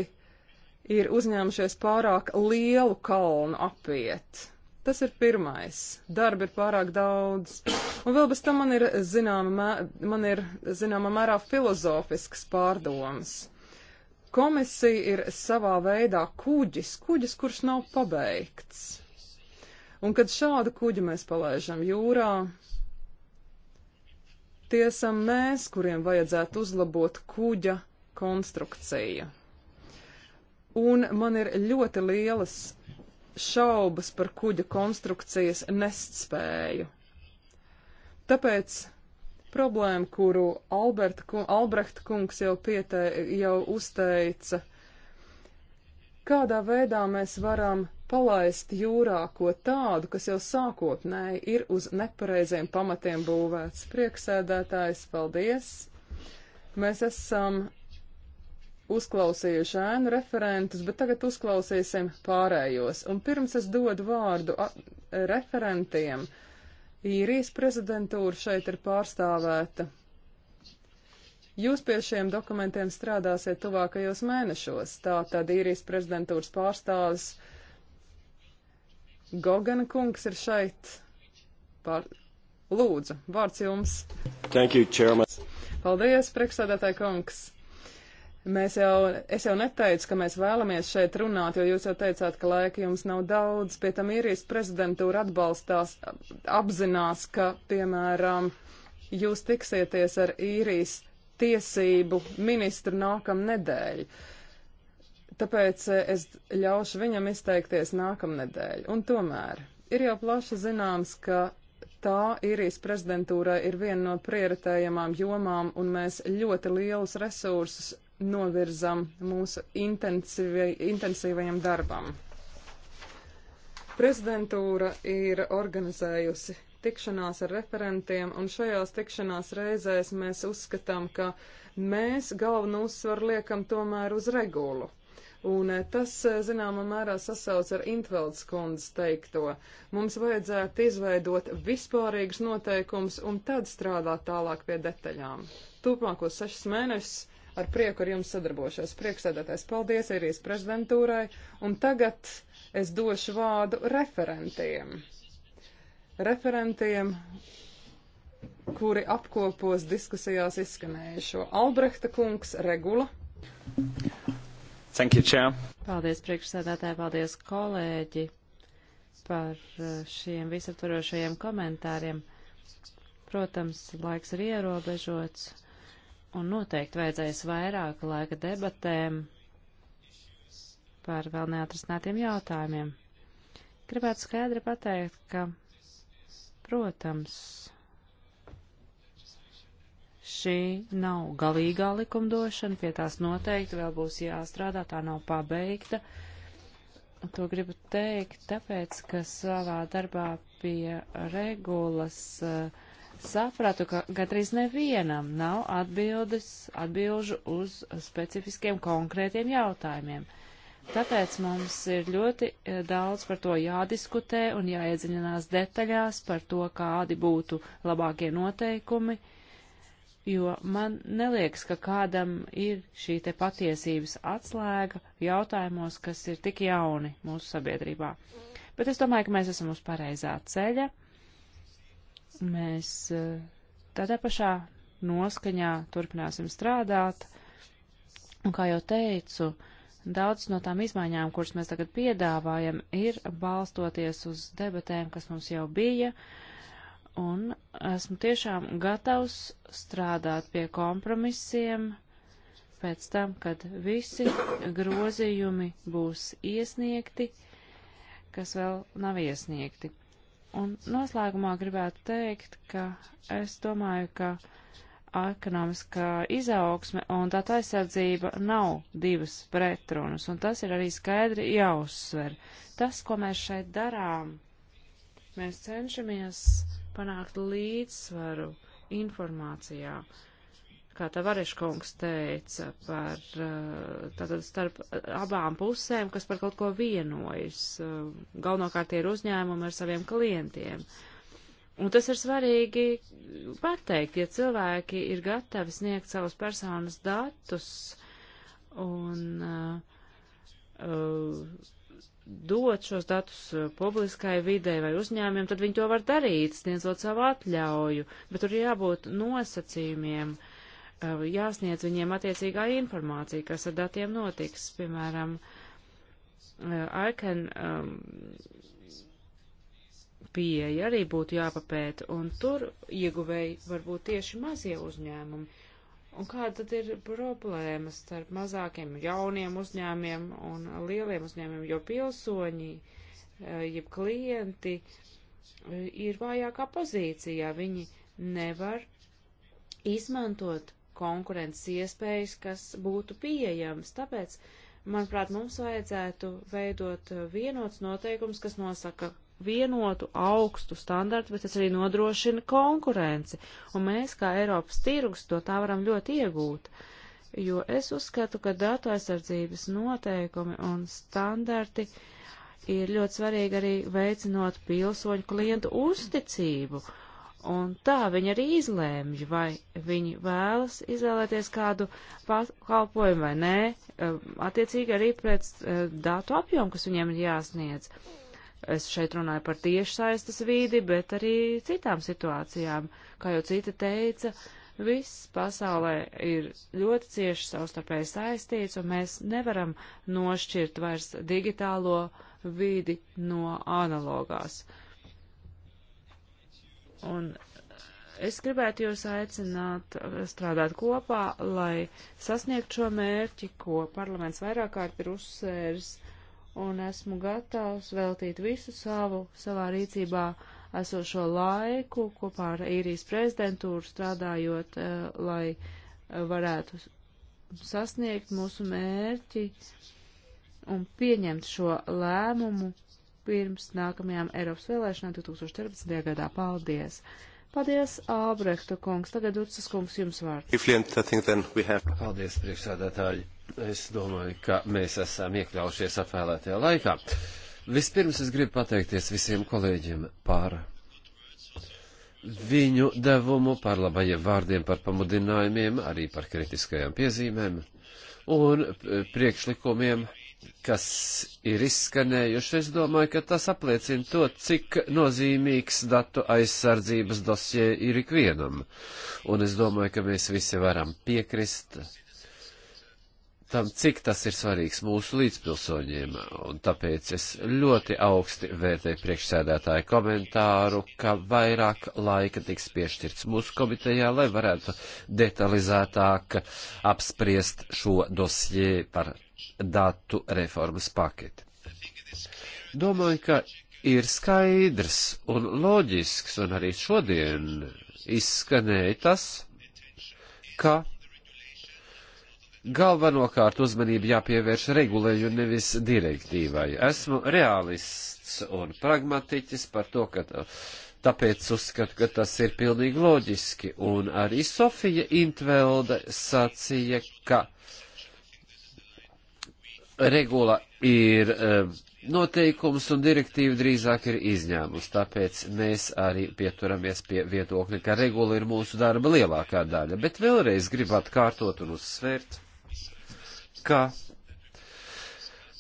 ir uzņēmušies pārāk lielu kalnu apiet. Tas ir pirmais. Darba ir pārāk daudz. Un vēl bez tam man ir zināma, man ir, zināma mērā filozofisks pārdoms. Komisija ir savā veidā kuģis, kuģis, kurš nav pabeigts. Un kad šādu kuģi mēs palaižam jūrā, Tie esam mēs, kuriem vajadzētu uzlabot kuģa konstrukciju. Un man ir ļoti lielas šaubas par kuģa konstrukcijas nestspēju. Tāpēc problēma, kuru Alberta, kun, Albrehta kungs jau, pietē, jau uzteica, kādā veidā mēs varam palaist jūrā ko tādu, kas jau sākotnēji ir uz nepareiziem pamatiem būvēts. Prieksēdētājs, paldies! Mēs esam uzklausījuši ēnu referentus, bet tagad uzklausīsim pārējos. Un pirms es dodu vārdu referentiem, īrijas prezidentūra šeit ir pārstāvēta. Jūs pie šiem dokumentiem strādāsiet tuvākajos mēnešos, tā tad īrijas prezidentūras pārstāvis uh, Gogana kungs ir šeit. Pār... Lūdzu, vārds jums. Thank you, chairman. Paldies, priekšsēdētāji kungs. Mēs jau, es jau neteicu, ka mēs vēlamies šeit runāt, jo jūs jau teicāt, ka laika jums nav daudz. Pie tam īrijas prezidentūra atbalstās, apzinās, ka, piemēram, jūs tiksieties ar īrijas tiesību ministru nākam nedēļu. Tāpēc eh, es ļaušu viņam izteikties nākamnedēļ. Un tomēr ir jau plaši zināms, ka tā īrijas prezidentūrai ir viena no prioritējamām jomām, un mēs ļoti lielus resursus novirzam mūsu intensīvajam darbam. Prezidentūra ir organizējusi tikšanās ar referentiem, un šajās tikšanās reizēs mēs uzskatām, ka mēs galvenu uzsvaru liekam tomēr uz regulu. Un eh, tas, eh, zināmā mērā, sasauc ar Intveldes kundzes teikto. Mums vajadzētu izveidot vispārīgus noteikumus un tad strādāt tālāk pie detaļām. Turpmākos sešas mēnešus ar prieku ar jums sadarbošos. Priekšsēdētājs paldies Irijas prezidentūrai. Un tagad es došu vārdu referentiem. Referentiem kuri apkopos diskusijās izskanējušo. Albrehta kungs, regula. Thank you, Chair. Paldies, priekšsēdētāji, paldies, kolēģi, par uh, šiem visaptvarošajiem komentāriem. Protams, laiks ir ierobežots, un noteikti vajadzēs vairāk laika debatēm par vēl neatrastinātiem jautājumiem. Gribētu skaidri pateikt, ka, protams, Šī nav galīgā likumdošana, pie tās noteikti vēl būs jāstrādā, tā nav pabeigta. To gribu teikt, tāpēc, ka savā darbā pie regulas eh, sapratu, ka gandrīz nevienam nav atbildes, atbilžu uz specifiskiem konkrētiem jautājumiem. Tāpēc mums ir ļoti eh, daudz par to jādiskutē un jāiedziļinās detaļās par to, kādi būtu labākie noteikumi, jo man neliekas, ka kādam ir šī te patiesības atslēga jautājumos, kas ir tik jauni mūsu sabiedrībā. Bet es domāju, ka mēs esam uz pareizā ceļa. Mēs eh, tādā pašā noskaņā turpināsim strādāt. Un kā jau teicu, daudz no tām izmaiņām, kuras mēs tagad piedāvājam, ir balstoties uz debatēm, kas mums jau bija. Uh, un esmu tiešām gatavs strādāt pie kompromisiem pēc tam, kad visi grozījumi būs iesniegti, kas vēl nav iesniegti. Un noslēgumā gribētu teikt, ka es domāju, ka ekonomiskā izaugsme un tā aizsardzība nav divas pretrunas, un tas ir arī skaidri jāuzsver. Tas, ko mēs šeit darām, mēs cenšamies uh, panākt līdzsvaru informācijā, kā Tavareš kungs teica, par eh, tātad starp abām pusēm, kas par kaut ko vienojas. Eh, galvenokārt ir uzņēmumi ar saviem klientiem. Un tas ir svarīgi pateikt, ja cilvēki ir gatavi sniegt savus personas datus un uh, uh, dot šos datus uh, publiskai vidē vai uzņēmiem, tad viņi to var darīt, sniedzot savu atļauju, bet tur jābūt nosacījumiem, uh, jāsniedz viņiem attiecīgā informācija, kas ar datiem notiks. Piemēram, uh, ICAN um, pieeja arī būtu jāpapēta, un tur ieguvēji varbūt tieši mazie uzņēmumi, Un kāda tad ir problēmas starp mazākiem jauniem uzņēmiem un lieliem uzņēmiem, jo pilsoņi, eh, jeb klienti eh, ir vājākā pozīcijā, viņi nevar izmantot konkurences iespējas, kas būtu pieejamas. Tāpēc, manuprāt, mums vajadzētu veidot eh, vienots noteikums, kas nosaka vienotu augstu standartu, bet tas arī nodrošina konkurenci. Un mēs, kā Eiropas tirgus, to tā varam ļoti iegūt. Jo es uzskatu, ka datu aizsardzības noteikumi un standarti ir ļoti svarīgi arī veicinot pilsoņu klientu uzticību. Un tā viņi arī izlēmj, vai viņi vēlas izvēlēties kādu pakalpojumu vai nē, um, attiecīgi arī pēc uh, datu apjomu, kas viņiem ir jāsniedz. Uh, Es šeit runāju par tiešsaistes vīdi, bet arī citām situācijām. Kā jau cita teica, viss pasaulē ir ļoti cieši savstarpēji saistīts, un mēs nevaram nošķirt vairs digitālo vīdi no analogās. Un es gribētu jūs aicināt strādāt kopā, lai sasniegtu šo mērķi, ko parlaments vairāk kārt ir uzsēris un esmu gatavs veltīt visu savu savā rīcībā esošo laiku kopā ar īrijas prezidentūru strādājot, eh, lai eh, varētu sasniegt mūsu mērķi un pieņemt šo lēmumu pirms nākamajām Eiropas vēlēšanām 2014. gadā. Paldies! Paldies, Ābrehta kungs. Tagad Utsas kungs jums vārds. Paldies, priekšsādātāji. Es domāju, ka mēs esam iekļaujušies atvēlētajā laikā. Vispirms es gribu pateikties visiem kolēģiem par viņu devumu, par labajiem vārdiem, par pamudinājumiem, arī par kritiskajām piezīmēm un priekšlikumiem, kas ir izskanējuši. Es domāju, ka tas apliecina to, cik nozīmīgs datu aizsardzības dosie ir ikvienam. Un es domāju, ka mēs visi varam piekrist tam, cik tas ir svarīgs mūsu līdzpilsoņiem, un tāpēc es ļoti augsti vērtēju priekšsēdētāju komentāru, ka vairāk laika tiks piešķirts mūsu komitejā, lai varētu detalizētāk apspriest šo dosie par datu reformas paketi. Domāju, ka ir skaidrs un loģisks, un arī šodien izskanēja tas, ka galvenokārt uzmanība jāpievērš regulēju nevis direktīvai. Esmu realists un pragmatiķis par to, ka tāpēc uzskatu, ka tas ir pilnīgi loģiski. Un arī Sofija Intvelda sacīja, ka regula ir eh, noteikums un direktīva drīzāk ir izņēmums, tāpēc mēs arī pieturamies pie viedokļa, ka regula ir mūsu darba lielākā daļa. Bet vēlreiz gribu atkārtot un uzsvērt ka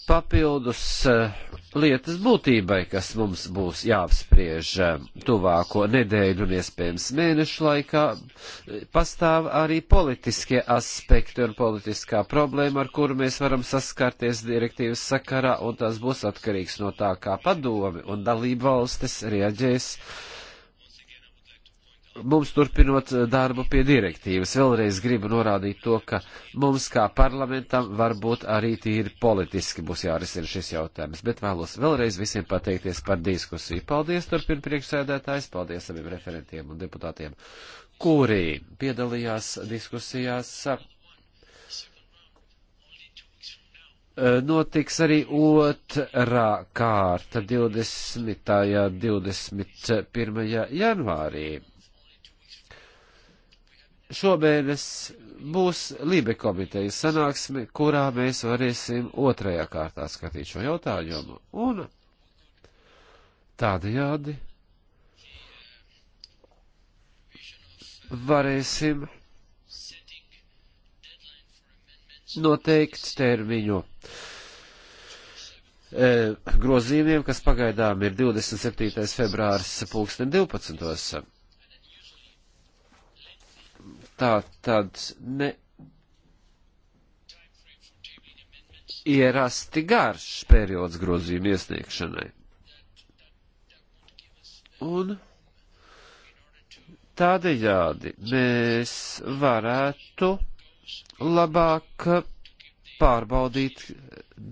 papildus eh, lietas būtībai, kas mums būs jāapspriež eh, tuvāko nedēļu un iespējams mēnešu laikā, eh, pastāv arī politiskie aspekti un politiskā problēma, ar kuru mēs varam saskarties direktīvas sakarā, un tas būs atkarīgs no tā, kā padomi un dalība valstis rieģēs mums turpinot eh, darbu pie direktīvas, vēlreiz gribu norādīt to, ka mums kā parlamentam varbūt arī tīri politiski būs jārisina šis jautājums, bet vēlos vēlreiz visiem pateikties par diskusiju. Paldies, turpin priekšsēdētājs, paldies abiem referentiem un deputātiem, kuri piedalījās diskusijās. Eh, notiks arī otrā kārta 20. un 21. janvārī šomēnes būs Lībe komitejas sanāksme, kurā mēs varēsim otrajā kārtā skatīt šo jautājumu. Un tādajādi varēsim noteikt termiņu e, grozījumiem, kas pagaidām ir 27. februāris 2012 tā tad ne ierasti garš periods grozījuma iesniegšanai. Un tādējādi mēs varētu labāk pārbaudīt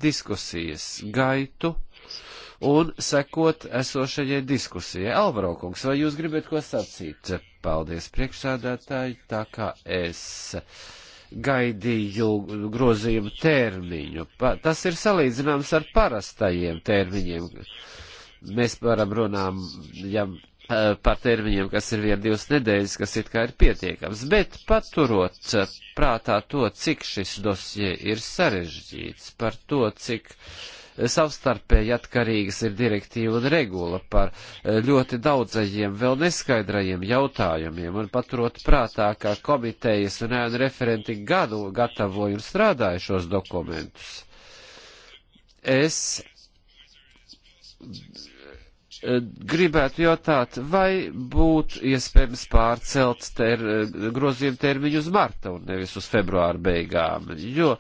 diskusijas gaitu un sekot esošajai diskusijai. Alvaro kungs, vai jūs gribat ko sacīt? Paldies priekšsēdētāji, tā kā es gaidīju grozījumu termiņu. Pa, tas ir salīdzināms ar parastajiem termiņiem. Mēs varam runām ja, eh, par termiņiem, kas ir vien divas nedēļas, kas it kā ir pietiekams, bet paturot prātā to, cik šis dosie ir sarežģīts, par to, cik uh, savstarpēji atkarīgas ir direktīva un regula par e, ļoti daudzajiem vēl neskaidrajiem jautājumiem un paturot prātā, ka komitejas un ēnu referenti gadu gatavoju un strādāju šos dokumentus. Es gribētu jautāt, vai būtu iespējams pārcelt ter, grozījumu termiņu uz marta un nevis uz februāra beigām. Jo,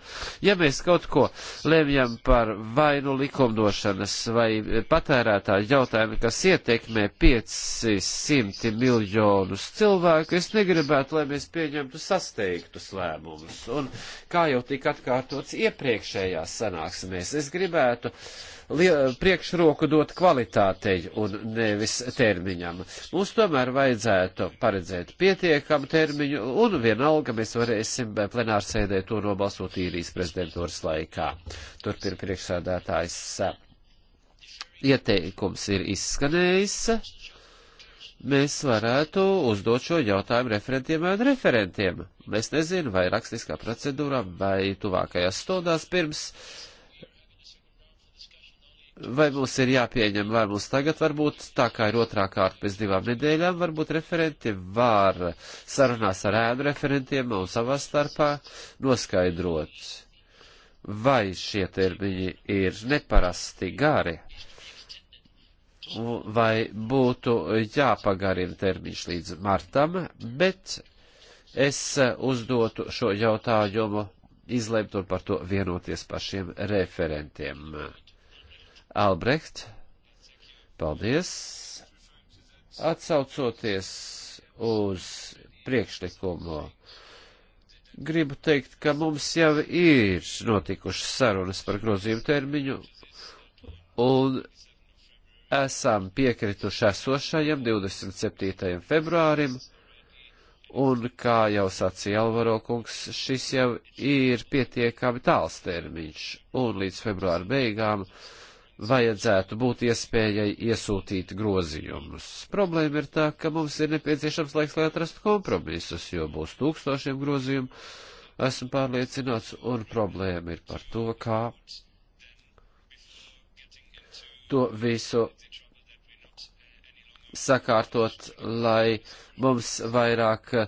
ja mēs kaut ko lemjam par vainu likumdošanas vai patērētāju jautājumu, kas ietekmē 500 miljonus cilvēku, es negribētu, lai mēs pieņemtu sasteigtus lēmumus. Un kā jau tika atkārtots iepriekšējās sanāksmēs, es gribētu uh, priekšroku dot kvalitātei un nevis termiņam. Mums tomēr vajadzētu paredzēt pietiekamu termiņu un vienalga mēs varēsim plenārsēdē to nobalsot īrijas prezidentūras laikā. Turpin priekšsādātājs ieteikums ir izskanējis. Mēs varētu uzdot šo jautājumu referentiem un referentiem. Es nezinu, vai rakstiskā procedūrā vai tuvākajās stundās pirms uh, vai mums ir jāpieņem lēmums tagad, varbūt tā kā ir otrā kārta pēc divām nedēļām, varbūt referenti var sarunās ar ēnu referentiem un savā starpā noskaidrot, vai šie termiņi ir neparasti gari, vai būtu jāpagarina termiņš līdz martam, bet es uzdotu šo jautājumu izlemt un par to vienoties pašiem referentiem. Albrecht, paldies. Atsaucoties uz priekšlikumu, gribu teikt, ka mums jau ir notikušas sarunas par grozījumu termiņu, un esam piekrituši esošajam 27. februārim, un, kā jau sacīja Alvaro kungs, šis jau ir pietiekami tāls termiņš, un līdz februāra beigām uh, vajadzētu būt iespējai iesūtīt grozījumus. Problēma ir tā, ka mums ir nepieciešams laiks, lai atrastu kompromisus, jo būs tūkstošiem grozījumu, esmu pārliecināts, un problēma ir par to, kā to visu sakārtot, lai mums vairāk uh,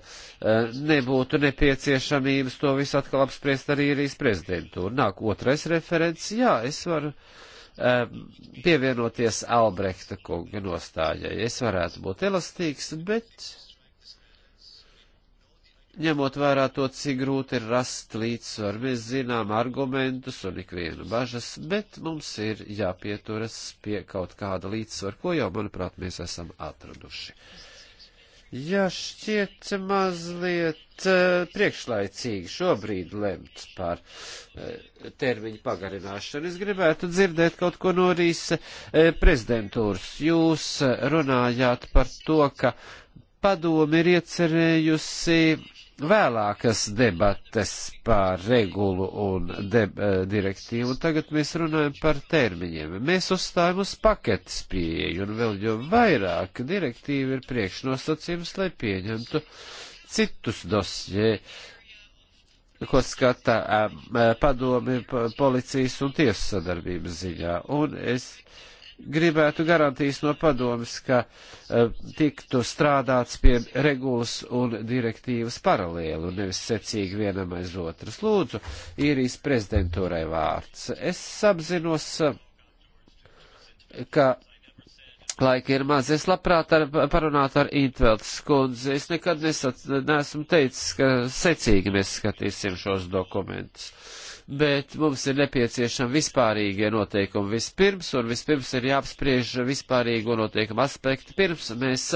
nebūtu nepieciešamības to visu atkal apspriest arī Irijas prezidentūru. Nāk otrais referents, jā, es varu. Uh, Ehm, pievienoties Albrehta kunga nostājai. Es varētu būt elastīgs, bet ņemot vērā to, cik grūti ir rast līdzsvaru, mēs zinām argumentus un ikvienu bažas, bet mums ir jāpieturas pie kaut kāda līdzsvara, ko jau, manuprāt, mēs esam atraduši. Ja šķiet mazliet uh, priekšlaicīgi šobrīd lemt par uh, termiņu pagarināšanu, es gribētu dzirdēt kaut ko no Rīs uh, prezidentūras. Jūs runājāt par to, ka padomi ir iecerējusi vēlākas debates par regulu un eh, direktīvu, un tagad mēs runājam par termiņiem. Mēs uzstājam uz paketes pieeju, un vēl jo vairāk direktīva ir priekšnosacījums, lai pieņemtu citus dosjē, ko skata um, padomi policijas un tiesu sadarbības ziņā. Un es, uh, gribētu garantijas no padomas, ka uh, tiktu strādāts pie regulas un direktīvas paralēli un nevis secīgi vienam aiz otras. Lūdzu, īrijas prezidentūrai vārds. Es apzinos, ka laika ir maz. Es labprāt ar, parunātu ar Intveltas kundzi. Es nekad nesat, neesmu teicis, ka secīgi mēs skatīsim šos dokumentus. Uh, bet mums ir nepieciešami vispārīgie noteikumi vispirms, un vispirms ir jāapspriež vispārīgo noteikumu aspektu, pirms mēs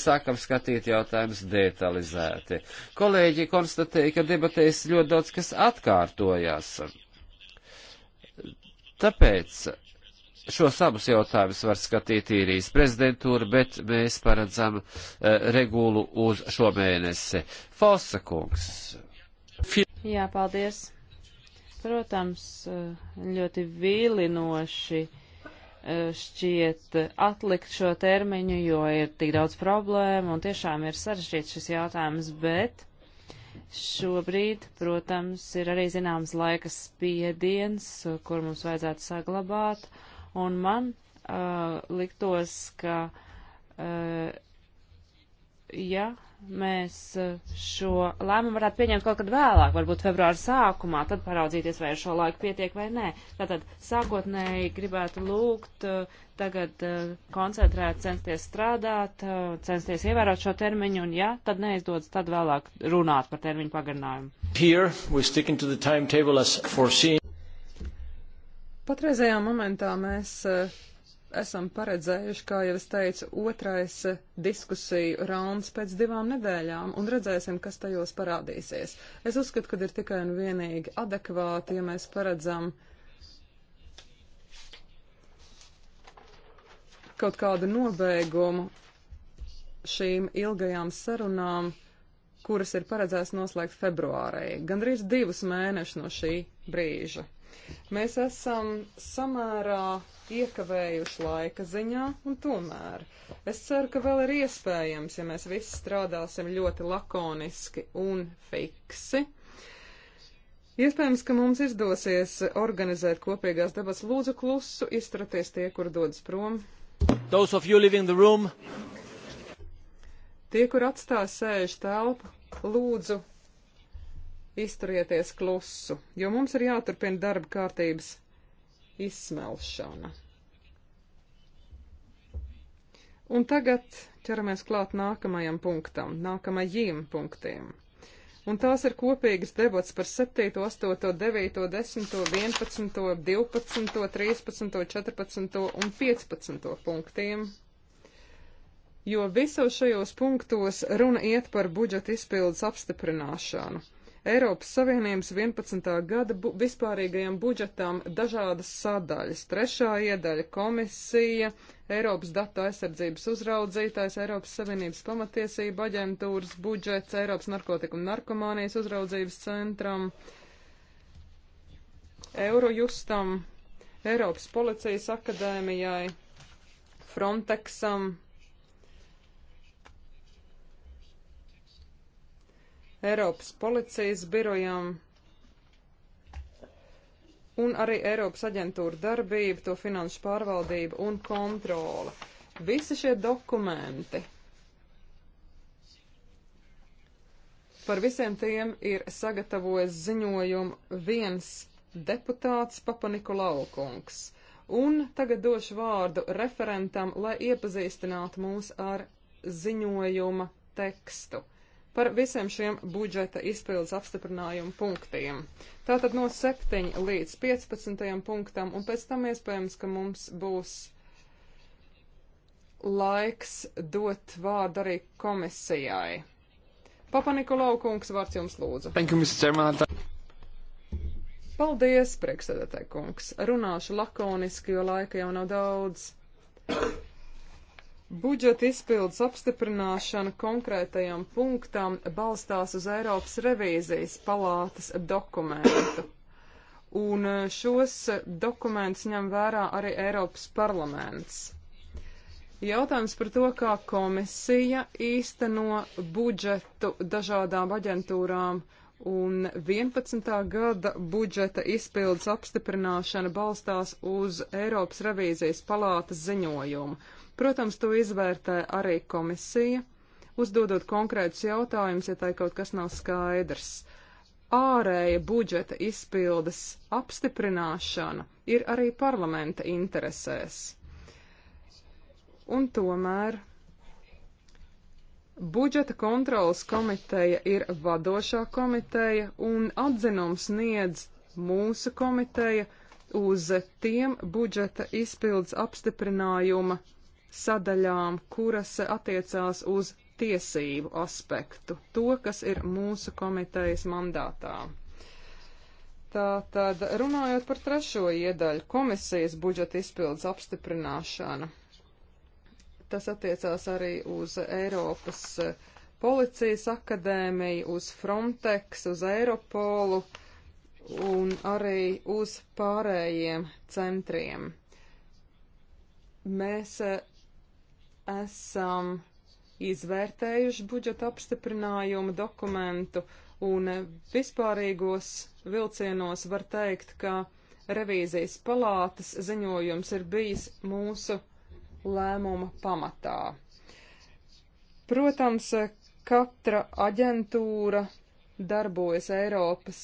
sākam skatīt jautājumus detalizēti. Kolēģi konstatēja, ka debatēs ļoti daudz kas atkārtojās. Tāpēc šos abus jautājumus var skatīt īrijas prezidentūra, bet mēs paredzam uh, regulu uz šo mēnesi. Fosa kungs. Jā, paldies protams, eh, ļoti vīlinoši eh, šķiet atlikt šo termiņu, jo ir tik daudz problēmu un tiešām ir sarežģīts šis jautājums, bet šobrīd, protams, ir arī zināms laika spiediens, kur mums vajadzētu saglabāt, un man uh, liktos, ka, uh, ja mēs eh, šo lēmumu varētu pieņemt kaut kad vēlāk, varbūt februāra sākumā, tad paraudzīties, vai ar šo laiku pietiek vai nē. Tātad sākotnēji gribētu lūgt eh, tagad eh, koncentrēt, censties strādāt, censties ievērot šo termiņu, un ja tad neizdodas, tad vēlāk runāt par termiņu pagarinājumu. Patreizajā momentā mēs esam paredzējuši, kā jau es teicu, otrais eh, diskusiju rauns pēc divām nedēļām un redzēsim, kas tajos parādīsies. Es uzskatu, ka ir tikai un vienīgi adekvāti, ja mēs paredzam kaut kādu nobeigumu šīm ilgajām sarunām, kuras ir paredzēts noslēgt februārī, gandrīz divus mēnešus no šī brīža. Mēs esam samērā iekavējuši laika ziņā, un tomēr es ceru, ka vēl ir iespējams, ja mēs visi strādāsim ļoti lakoniski un fiksi. Iespējams, ka mums izdosies organizēt kopīgās debats. Lūdzu, klusu, izturieties tie, kur dodas prom. Room, tie, kur atstāja sēžu telpu, lūdzu, izturieties klusu, jo mums ir jāturpina darba kārtības izsmelšana. Un tagad ķeramies klāt nākamajam punktam, nākamajiem punktiem. Un tās ir kopīgas debats par 7, 8, 9, 10, 11, 12, 13, 14 un 15 punktiem. Jo visos šajos punktos runa iet par budžeta izpildes apstiprināšanu. Eiropas Savienības 11. gada bu vispārīgajam budžetam dažādas sadaļas. Trešā iedaļa - komisija, Eiropas datu aizsardzības uzraudzītājs, Eiropas Savienības pamatiesība aģentūras budžets, Eiropas narkotiku un narkomānijas uzraudzības centram, Eurojustam, Eiropas policijas akadēmijai, Frontexam, Eiropas policijas birojam un arī Eiropas aģentūra darbība, to finanšu pārvaldība un kontrola. Visi šie dokumenti par visiem tiem ir sagatavojis ziņojumu viens deputāts Papa Nikolaukungs. Un tagad došu vārdu referentam, lai iepazīstinātu mūs ar ziņojuma tekstu par visiem šiem budžeta izpildes apstiprinājumu punktiem. Tātad no 7 līdz 15 punktam, un pēc tam iespējams, ka mums būs laiks dot vārdu arī komisijai. Papa Nikolau kungs, vārds jums lūdzu. Thank you, Mr. Chairman. Paldies, priekšsēdētāji kungs. Runāšu lakoniski, jo laika jau nav daudz. Budžeta izpildes apstiprināšana konkrētajam punktam balstās uz Eiropas revīzijas palātas dokumentu. Un e, šos dokumentus ņem vērā arī Eiropas parlaments. Jautājums par to, kā komisija īsteno budžetu dažādām aģentūrām un 11. gada budžeta izpildes apstiprināšana balstās uz Eiropas revīzijas palātas ziņojumu Protams, to izvērtē arī komisija, uzdodot konkrētus jautājumus, ja tai kaut kas nav skaidrs. Ārēja budžeta izpildes apstiprināšana ir arī parlamenta interesēs. Un tomēr Budžeta kontrolas komiteja ir vadošā komiteja un atzinums sniedz mūsu komiteja uz tiem budžeta izpildes apstiprinājuma sadaļām, kuras attiecās uz tiesību aspektu, to, kas ir mūsu komitejas mandātā. Tātad, runājot par trešo iedaļu, komisijas budžeta izpildes apstiprināšana, tas attiecās arī uz Eiropas eh, policijas akadēmiju, uz Frontex, uz Eiropolu un arī uz pārējiem centriem. Mēs eh, esam izvērtējuši budžeta apstiprinājumu dokumentu un vispārīgos vilcienos var teikt, ka revīzijas palātas ziņojums ir bijis mūsu lēmuma pamatā. Protams, katra aģentūra darbojas Eiropas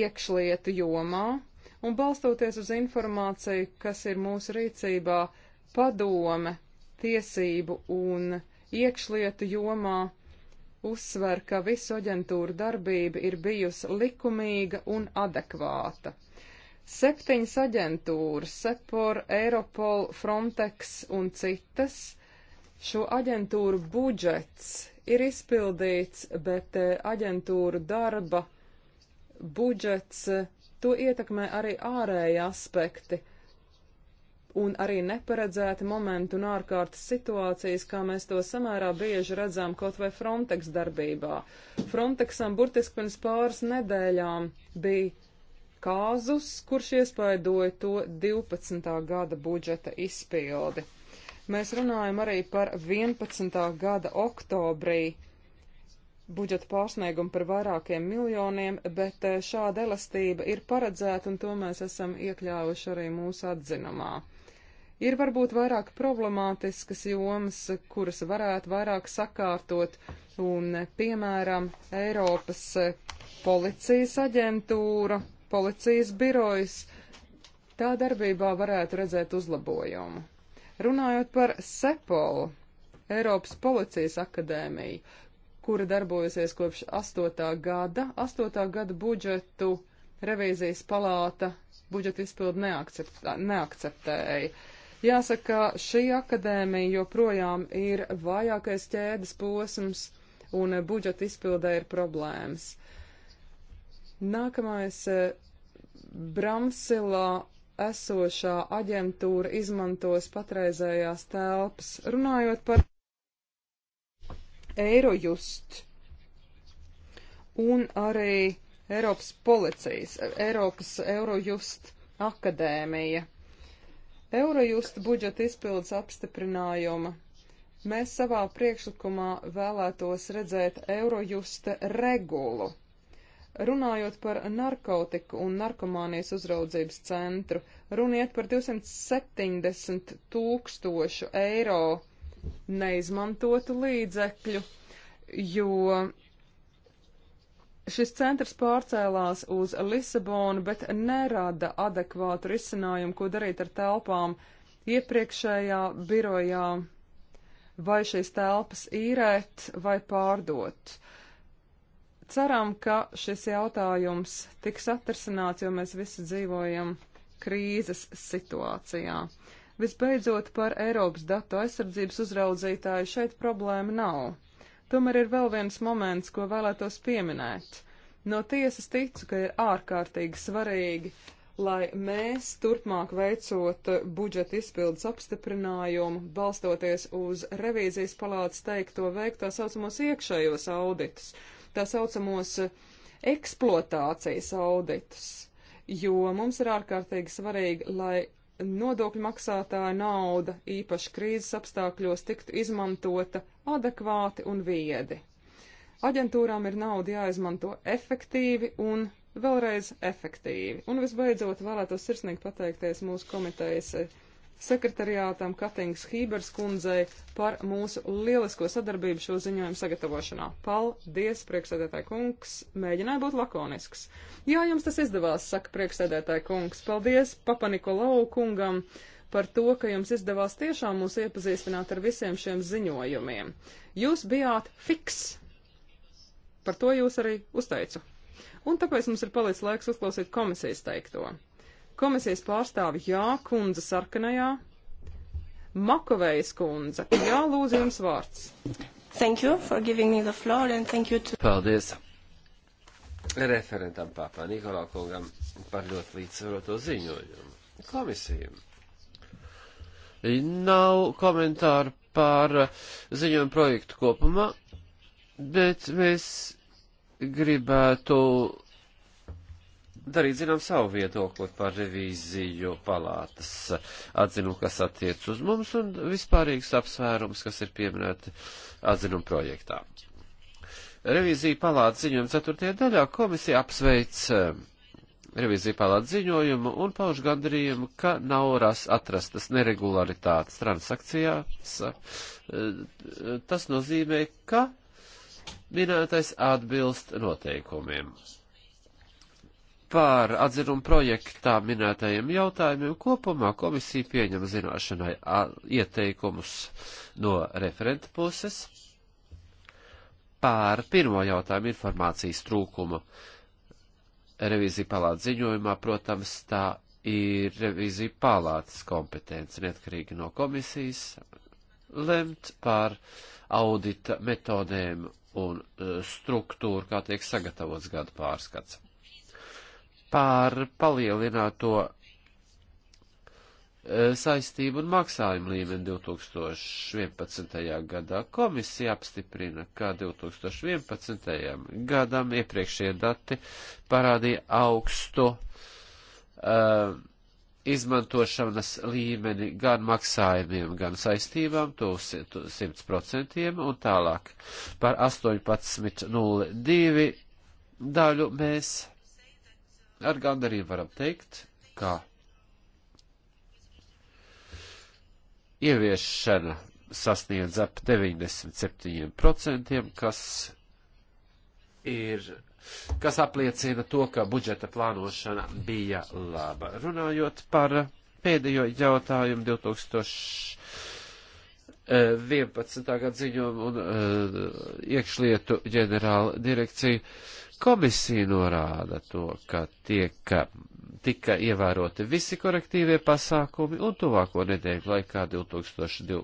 iekšlietu jomā, un balstoties uz informāciju, kas ir mūsu rīcībā, padome tiesību un iekšlietu jomā uzsver, ka visu aģentūru darbība ir bijusi likumīga un adekvāta. Septiņas aģentūras, Sepor, Europol, Frontex un citas, šo aģentūru budžets ir izpildīts, bet eh, aģentūru darba budžets, eh, to ietekmē arī ārēji aspekti, un arī neparedzēti momenti un ārkārtas situācijas, kā mēs to samērā bieži redzam kaut vai Frontex darbībā. Frontexam burtiski pirms pāris nedēļām bija kāzus, kurš iespaidoja to 12. gada budžeta izpildi. Mēs runājam arī par 11. gada oktobrī budžeta pārsniegumu par vairākiem miljoniem, bet eh, šāda elastība ir paredzēta un to mēs esam iekļāvuši arī mūsu atzinumā. Ir varbūt vairāk problemātiskas jomas, kuras varētu vairāk sakārtot, un, piemēram, Eiropas eh, policijas aģentūra, policijas birojas, tā darbībā varētu redzēt uzlabojumu. Runājot par SEPOL, Eiropas policijas akadēmiju, kura darbojasies kopš 8. gada. 8. gada budžetu revīzijas palāta budžetu izpildu neakceptēja. Jāsaka, šī akadēmija joprojām ir vājākais ķēdes posms un budžeta izpildē ir problēmas. Nākamais eh, Bramsilā esošā aģentūra izmantos patreizējās telpas. Runājot par Eirojust un arī Eiropas policijas, Eiropas Eurojust akadēmija. Eurojust budžeta izpildes apstiprinājuma. Mēs savā priekšlikumā vēlētos redzēt Eurojusta regulu. Runājot par narkotiku un narkomānijas uzraudzības centru, runiet par 270 tūkstošu eiro neizmantotu līdzekļu, jo Šis centrs pārcēlās uz Lisabonu, bet nerada adekvātu risinājumu, ko darīt ar telpām iepriekšējā birojā, vai šīs telpas īrēt vai pārdot. Ceram, ka šis jautājums tiks atrasināts, jo mēs visi dzīvojam krīzes situācijā. Visbeidzot, par Eiropas datu aizsardzības uzraudzītāju šeit problēma nav Tomēr ir vēl viens moments, ko vēlētos pieminēt. No tiesas ticu, ka ir ārkārtīgi svarīgi, lai mēs turpmāk veicot budžeta izpildes apstiprinājumu, balstoties uz revīzijas palātas teikto veikt tā saucamos iekšējos auditus, tā saucamos eksploatācijas auditus, jo mums ir ārkārtīgi svarīgi, lai nodokļu maksātāja nauda, īpaši krīzes apstākļos, tiktu izmantota adekvāti un viedi. Aģentūrām ir nauda jāizmanto efektīvi un vēlreiz efektīvi. Un visbeidzot, vēlētos sirsnīgi pateikties mūsu komitejas sekretariātam Katings Hībers kundzei par mūsu lielisko sadarbību šo ziņojumu sagatavošanā. Paldies, prieksēdētāji kungs! Mēģināju būt lakonisks. Jā, jums tas izdevās, saka prieksēdētāji kungs. Paldies Papanikolau kungam par to, ka jums izdevās tiešām mūs iepazīstināt ar visiem šiem ziņojumiem. Jūs bijāt fiks! Par to jūs arī uzteicu. Un tāpēc mums ir palicis laiks uzklausīt komisijas teikto. Komisijas pārstāvi Jā, kundze sarkanajā. Makovejas kundze. Jā, lūdzu jums vārds. Thank you for giving me the floor and thank you to... Paldies referentam papā Nikolā kungam par ļoti līdzsvaroto ziņojumu. Komisijam. Nav komentāru par ziņojumu projektu kopumā, bet mēs gribētu darīt zinām savu viedokli par revīziju palātas atzinumu, kas attiec uz mums un vispārīgs apsvērums, kas ir pieminēti atzinumu projektā. Revīzija palāta ziņojuma 4. daļā komisija apsveic eh, revīzija palāta ziņojumu un pauž gandarījumu, ka nav ras atrastas neregularitātes transakcijās. Eh, tas nozīmē, ka minētais atbilst noteikumiem par atzinumu projektā minētajiem jautājumiem kopumā komisija pieņem zināšanai ieteikumus no referenta puses par pirmo jautājumu informācijas trūkumu. Revizija palāta ziņojumā, protams, tā ir revizija palātas kompetence, neatkarīgi no komisijas, lemt par audita metodēm un e, struktūru, kā tiek sagatavots gada pārskats pār palielināto e, saistību un maksājumu līmeni 2011. gadā. Komisija apstiprina, ka 2011. gadam iepriekšējie dati parādīja augstu uh, izmantošanas līmeni gan maksājumiem, gan saistībām, to 100% un tālāk par 18.02 daļu mēs Ar gandarību varam teikt, ka ieviešana sasniedz ap 97%, kas ir kas apliecina to, ka budžeta plānošana bija laba. Runājot par pēdējo jautājumu 2011. Eh, gada ziņojumu un uh, iekšlietu ģenerāla direkciju, Komisija norāda to, ka tiek tika ievēroti visi korektīvie pasākumi un tuvāko nedēļu laikā 2002.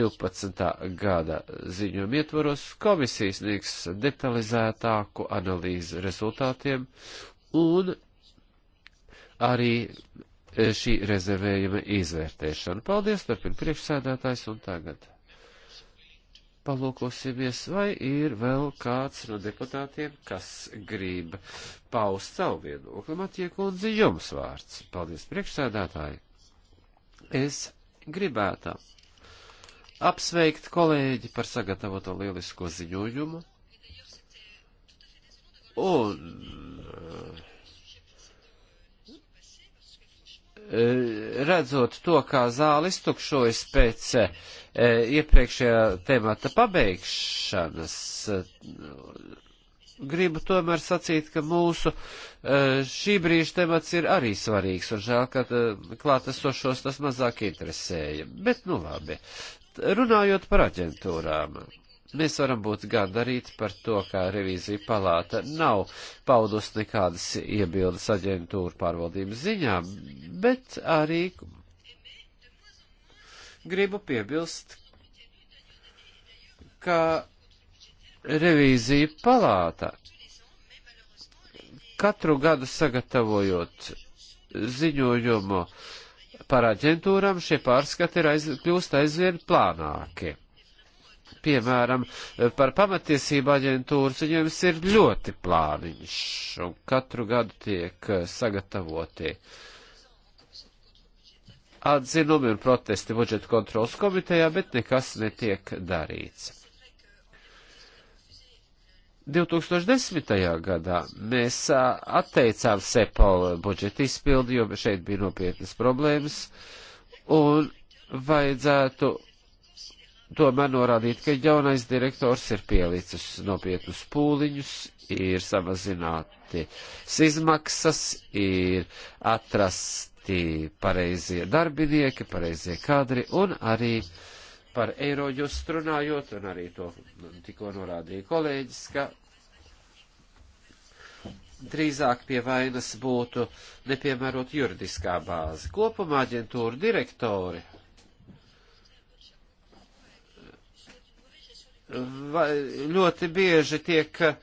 12. gada ziņojuma ietvaros komisijas sniegs detalizētāku analīzi rezultātiem un arī šī rezervējuma izvērtēšana. Paldies, turpin priekšsēdētājs un tagad palūkosimies, vai ir vēl kāds no deputātiem, kas grib paust savu viedokli. Matie kundze, jums vārds. Paldies, priekšsēdētāji. Es gribētu apsveikt kolēģi par sagatavoto lielisko ziņojumu. Un eh, redzot to, kā zāle iztukšojas pēc eh, E, iepriekšējā temata pabeigšanas gribu tomēr sacīt, ka mūsu e, šī brīža temats ir arī svarīgs, un žēl, ka e, klātesošos tas mazāk interesēja. Bet, nu labi, runājot par aģentūrām. Mēs varam būt gandarīti par to, ka revīzija palāta nav paudus nekādas iebildes aģentūru pārvaldības ziņā, bet arī Gribu piebilst, ka revīzija palāta katru gadu sagatavojot ziņojumu par aģentūram, šie pārskati ir aiz, kļūst aizvien plānāki. Piemēram, par pamatiesību aģentūras viņiem ir ļoti plāniņš, un katru gadu tiek sagatavotie uh, atzinumi un protesti budžeta kontrolas komitejā, bet nekas netiek darīts. 2010. gadā mēs atteicām SEPOL budžeta izpildi, jo šeit bija nopietnas problēmas, un vajadzētu tomēr norādīt, ka jaunais direktors ir pielicis nopietnus pūliņus, ir samazināti izmaksas, ir atrast iesaistīti pareizie darbinieki, pareizie kadri un arī par Eirojust runājot, un arī to tikko norādīja kolēģis, ka drīzāk pie vainas būtu nepiemērot juridiskā bāze. Kopumā aģentūra direktori vai, ļoti bieži tiek uh,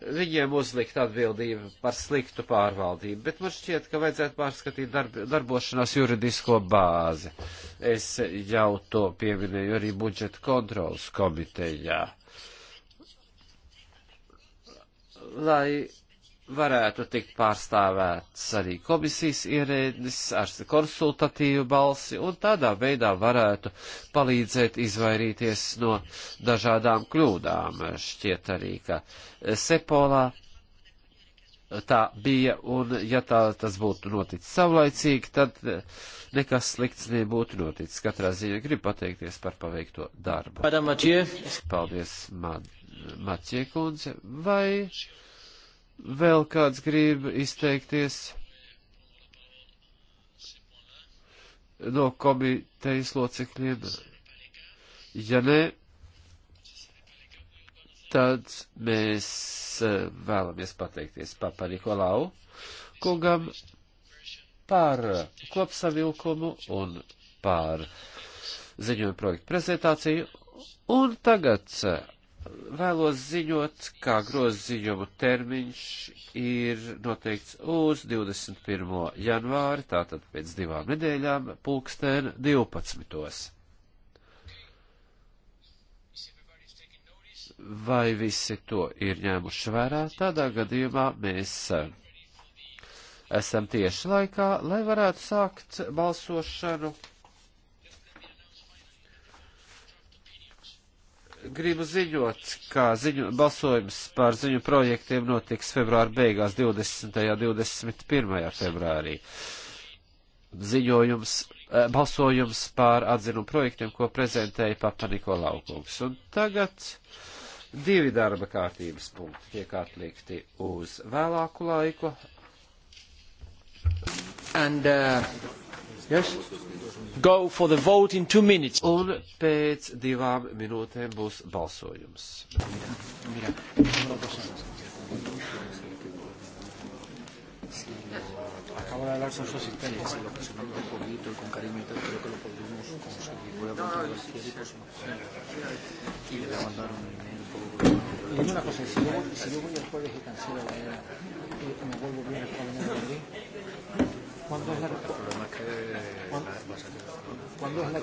viņiem uzlikt atbildību par sliktu pārvaldību, bet man šķiet, ka vajadzētu pārskatīt darb, darbošanās juridisko bāzi. Es jau to pieminēju arī budžeta kontrolas komitejā. Lai varētu tikt pārstāvēts arī komisijas ierēdnis ar konsultatīvu balsi, un tādā veidā varētu palīdzēt izvairīties no dažādām kļūdām. Šķiet arī, ka Sepolā tā bija, un ja tā, tas būtu noticis savlaicīgi, tad nekas slikts nebūtu noticis. Katrā ziņā gribu pateikties par paveikto darbu. Paldies, Maķie kundze, vai Vēl kāds grib izteikties no komitejas locekļiem? Ja nē, tad mēs eh, vēlamies pateikties Papa Nikolau kungam par kopsavilkumu un par ziņojumu projektu prezentāciju. Un tagad eh, vēlos ziņot, kā grozījumu termiņš ir noteikts uz 21. janvāri, tātad pēc divām nedēļām, pulkstēn 12. Vai visi to ir ņēmuši vērā? Tādā gadījumā mēs eh, esam tieši laikā, lai varētu sākt balsošanu gribu ziņot, ka ziņu, balsojums par ziņu projektiem notiks februāra beigās, 20. un 21. februārī. Ziņojums, eh, balsojums par atzinu projektiem, ko prezentēja Papa Nikolau kungs. Un tagad divi darba kārtības punkti tiek atlikti uz vēlāku laiku. And, uh... Yes? Go for the vote in two minutes. Un pēc divām minūtēm būs balsojums. Mira, mira. Acabo de hablar con su asistente. Si lo presionamos un poquito y con cariño y tal, creo que lo podemos conseguir. Voy a preguntar a los físicos y le voy a mandar un email un poco. Y dime una cosa, si yo, si yo voy el jueves y cancelo la era, eh, ¿me vuelvo bien el jueves de Madrid? ¿Cuándo es la, ¿cuándo es la,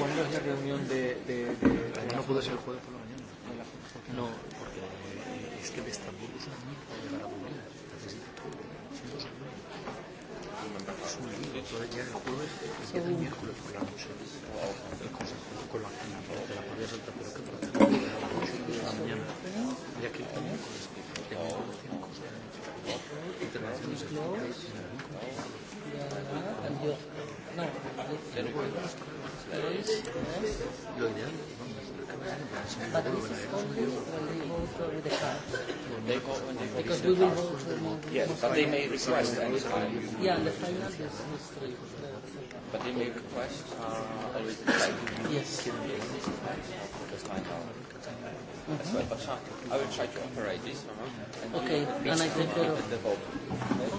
¿cuándo es la reunión de, de, de, de No pudo ser el jueves por la mañana. No, porque es que de Estambul es una mierda llegar a Bulgaria. Necesita todo. Es un lío. Entonces ya el jueves, es el miércoles por la noche. El consejo con la cena, porque la podía soltar, pero que por la noche de la mañana. Y aquí el miércoles. El miércoles tiene cosas internacionales. But this is only when they vote with the card. They go, when they vote because we will vote with the Yes, but they may request any time. Yeah, and the final is history. But they may request uh, a reply. Yes. Just find out. Mm-hmm. Well, but I will try to operate this. Uh-huh. Okay, and I take care of the vote.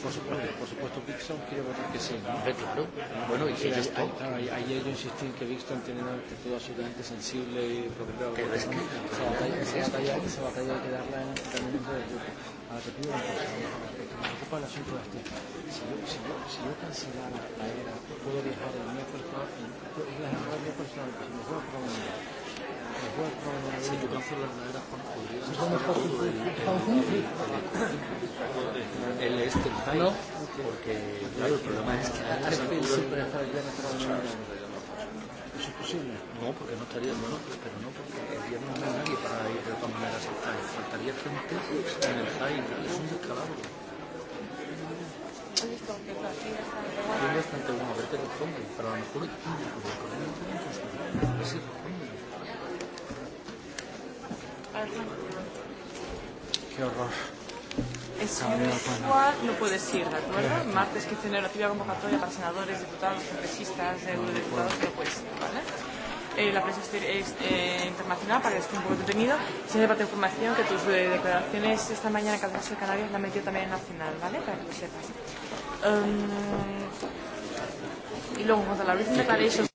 por supuesto, por supuesto Bixon quiere votar que sí, ¿no? Hombre, claro. Bueno, y que ya está. Ahí hay que insistir que Bixon tiene una actitud absolutamente sensible y preocupada. Pero es que... Esa batalla, esa, batalla, esa batalla hay que darla en, también dentro del grupo. Ahora te pido una cosa, que me preocupa el asunto este. Si yo, si yo, si yo cancelara la era, puedo viajar el miércoles, puedo viajar el miércoles, me voy a programar. Me voy a programar. Si yo cancelo la era, Juan, Él es del país, ¿No? porque claro, el problema es que antes el siempre estaba ya ¿Eso es posible? No, porque no estaría, bueno, pero no, porque el día no hay nadie para ir de todas maneras al país. Faltaría gente en el país, es un descalabro. Tiene bastante bueno, a ver qué responde, pero a lo mejor el problema no tiene que responder, a ver si responde. Alejandro qué horror. Es Sua, no puedes ir, ¿de acuerdo? ¿Qué? Martes 15 de enero, activa convocatoria para senadores, diputados, congresistas, eurodiputados, no puedes ir, ¿vale? eh, la prensa es, eh, internacional para que esté un poco detenido. Si hay parte de información que tus eh, declaraciones esta mañana que has de Canarias la metió también en Nacional, ¿vale? Para que lo sepas. Um, y luego, en cuanto a la Written Declaration...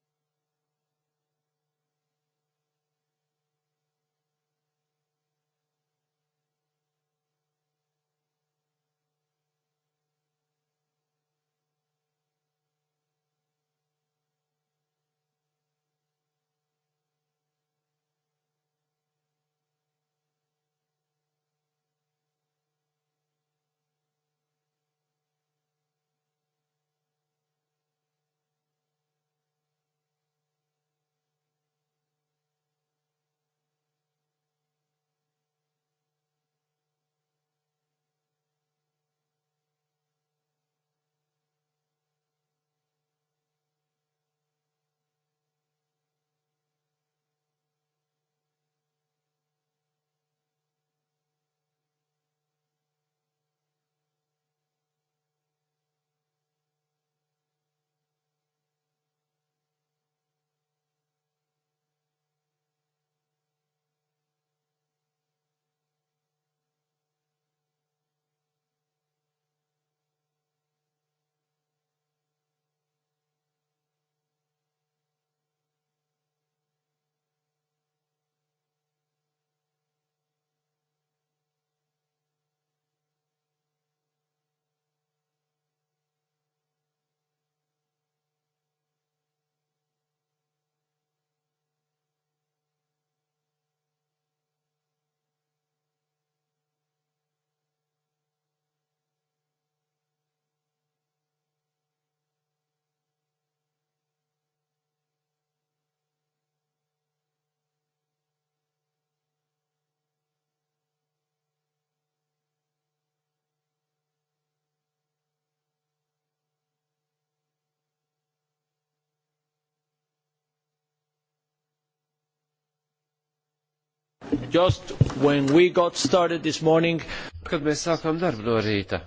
Just when we got started this morning. Kad mēs sākām darbu no rīta,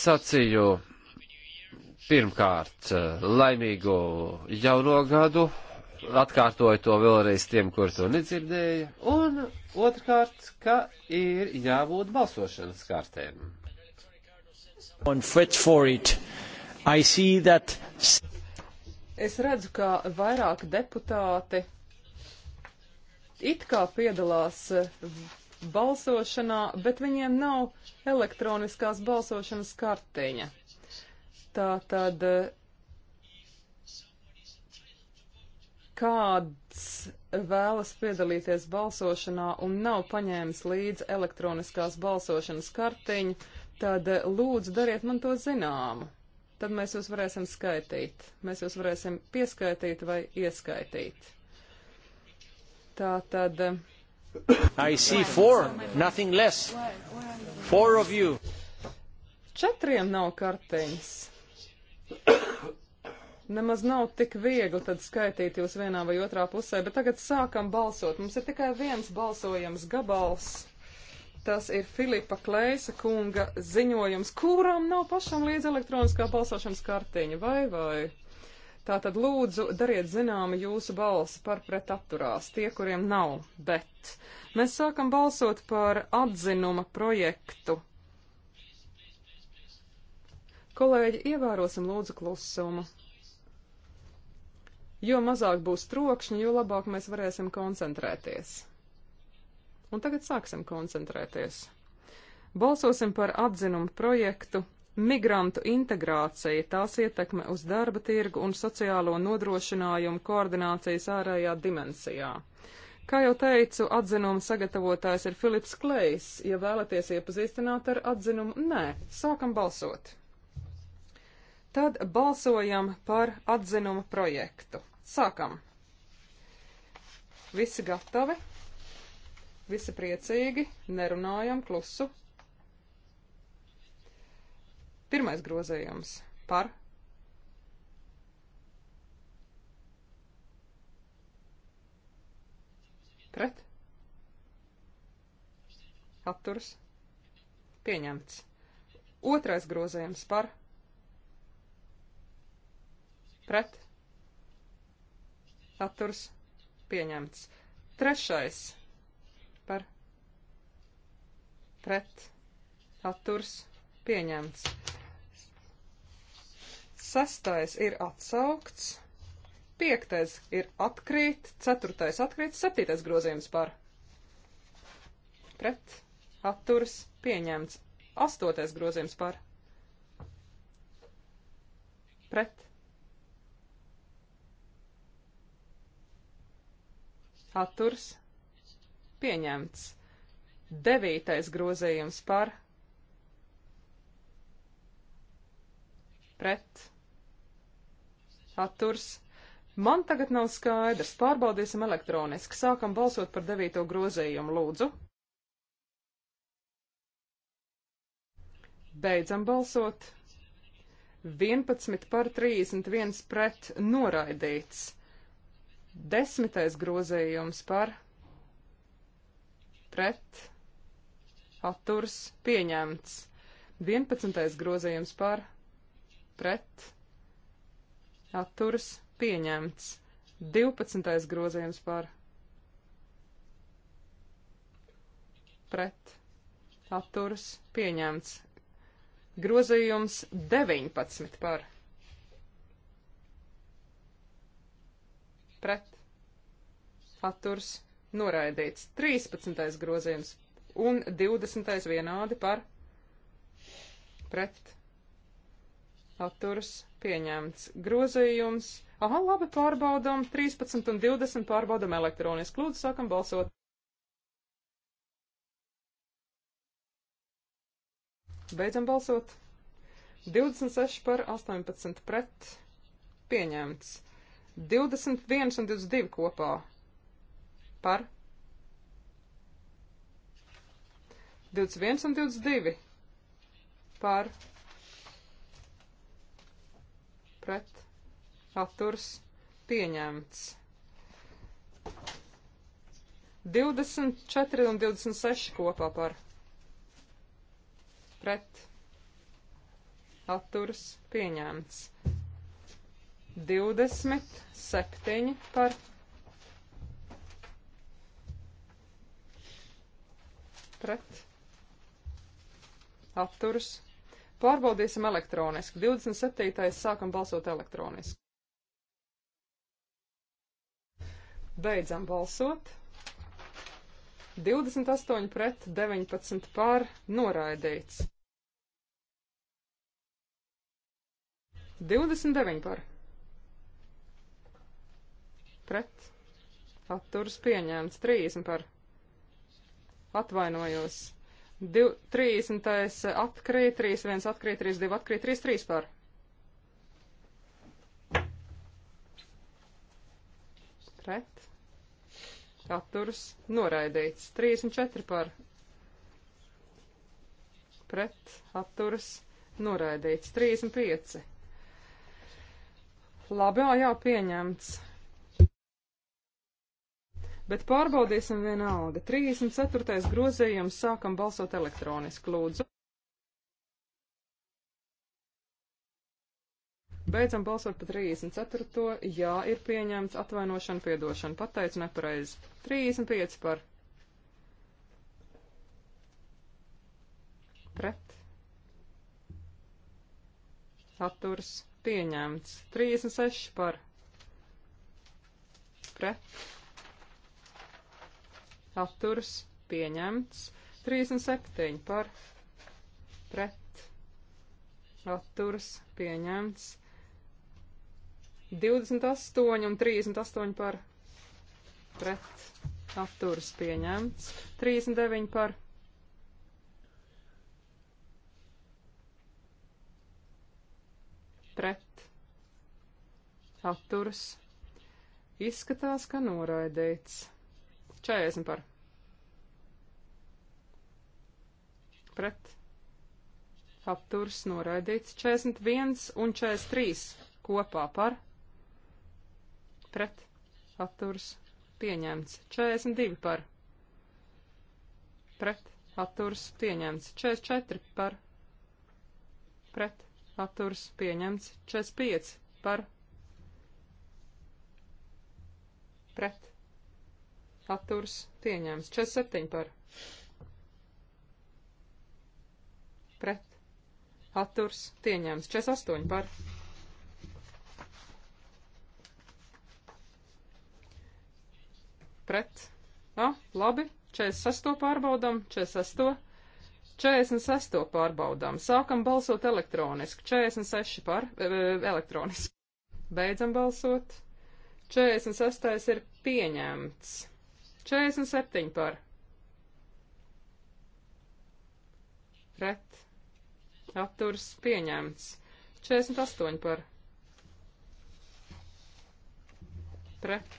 sacīju pirmkārt eh, laimīgu jauno gadu, atkārtoju to vēlreiz tiem, kur to nedzirdēja, un otrkārt, ka ir jābūt balsošanas kartēm. Es redzu, ka vairāk deputāti it kā piedalās eh, balsošanā, bet viņiem nav elektroniskās balsošanas kartiņa. Tā tad eh, kāds vēlas piedalīties balsošanā un nav paņēmis līdzi elektroniskās balsošanas kartiņu, tad eh, lūdzu dariet man to zināmu. Tad mēs jūs varēsim skaitīt. Mēs jūs varēsim pieskaitīt vai ieskaitīt. Tā tad. I see four, nothing less. Four of you. Četriem nav karteņas. Nemaz nav tik viegli tad skaitīt jūs vienā vai otrā pusē, bet tagad sākam balsot. Mums ir tikai viens balsojams gabals. Tas ir Filipa Kleisa kunga ziņojums, kurām nav pašam līdz elektroniskā balsošanas kartiņa, vai vai? Tātad lūdzu dariet zināmu jūsu balsi par pret atturās, tie, kuriem nav, bet mēs sākam balsot par atzinuma projektu. Kolēģi, ievērosim lūdzu klusumu. Jo mazāk būs trokšņi, jo labāk mēs varēsim koncentrēties. Un tagad sāksim koncentrēties. Balsosim par atzinumu projektu migrantu integrācija, tās ietekme uz darba tirgu un sociālo nodrošinājumu koordinācijas ārējā dimensijā. Kā jau teicu, atzinuma sagatavotājs ir Filips Klejs. Ja vēlaties iepazīstināt ar atzinumu, nē, sākam balsot. Tad balsojam par atzinuma projektu. Sākam! Visi gatavi, visi priecīgi, nerunājam klusu, Pirmais grozējums par. Pret. Atturs. Pieņemts. Otrais grozējums par. Pret. Atturs. Pieņemts. Trešais par. Pret. Atturs. Pieņemts. Sestais ir atsaukts. Piektais ir atkrīt. Ceturtais atkrīt. Septītais grozījums par. Pret. Atturs. Pieņemts. Astotais grozījums par. Pret. Atturs. Pieņemts. Devītais grozījums par. Pret atturs. Man tagad nav skaidrs. Pārbaudīsim elektroniski. Sākam balsot par devīto grozījumu, lūdzu. Beidzam balsot. 11 par 31 pret noraidīts. Desmitais grozījums par pret atturs pieņemts. 11. grozījums par pret atturas pieņemts. 12. grozījums par pret atturas pieņemts. Grozījums 19 par pret atturas noraidīts. 13. grozījums un 20. vienādi par pret atturas pieņemts pieņemts. Grozījums. Aha, labi, pārbaudām. 13 un 20 pārbaudām elektroniski. Lūdzu, sākam balsot. Beidzam balsot. 26 par 18 pret. Pieņemts. 21 un 22 kopā. Par. 21 un 22. Par pret atturs pieņemts. 24 un 26 kopā par pret atturs pieņemts. 27 par pret atturs pieņemts Pārbaudīsim elektroniski. 27. sākam balsot elektroniski. Beidzam balsot. 28 pret 19 pār noraidīts. 29 par. Pret. Atturs pieņēmts. 30 par. Atvainojos. Div, 30. atkrīt, 31 atkrīt, 32 atkrīt, 33 par. Pret. Atturs noraidīts. 34 par. Pret. Atturs noraidīts. 35. Labi, jā, pieņemts bet pārbaudīsim vienalga. 34. grozījums sākam balsot elektroniski, lūdzu. Beidzam balsot par 34. Jā, ir pieņemts atvainošana, piedošana. Pateicu nepareizi. 35 par. Pret. Atturs pieņemts. 36 par. Pret atturas pieņemts. 37 par pret atturas pieņemts. 28 un 38 par pret atturas pieņemts. 39 par pret atturas. Izskatās, ka noraidīts. 40 par. Pret. Apturs noraidīts. 41 un 43 kopā par. Pret. Apturs pieņemts. 42 par. Pret. Apturs pieņemts. 44 par. Pret. Apturs pieņemts. 45 par. Pret atturs pieņēmts. 47 par pret atturs pieņēmts. 48 par pret. Ā, ah, labi, 46 pārbaudam, 46. 46 pārbaudām. Sākam balsot elektroniski. 46 par e, e, elektroniski. Beidzam balsot. 46 ir pieņemts. 47 par. Pret. Atturs pieņemts. 48 par. Pret.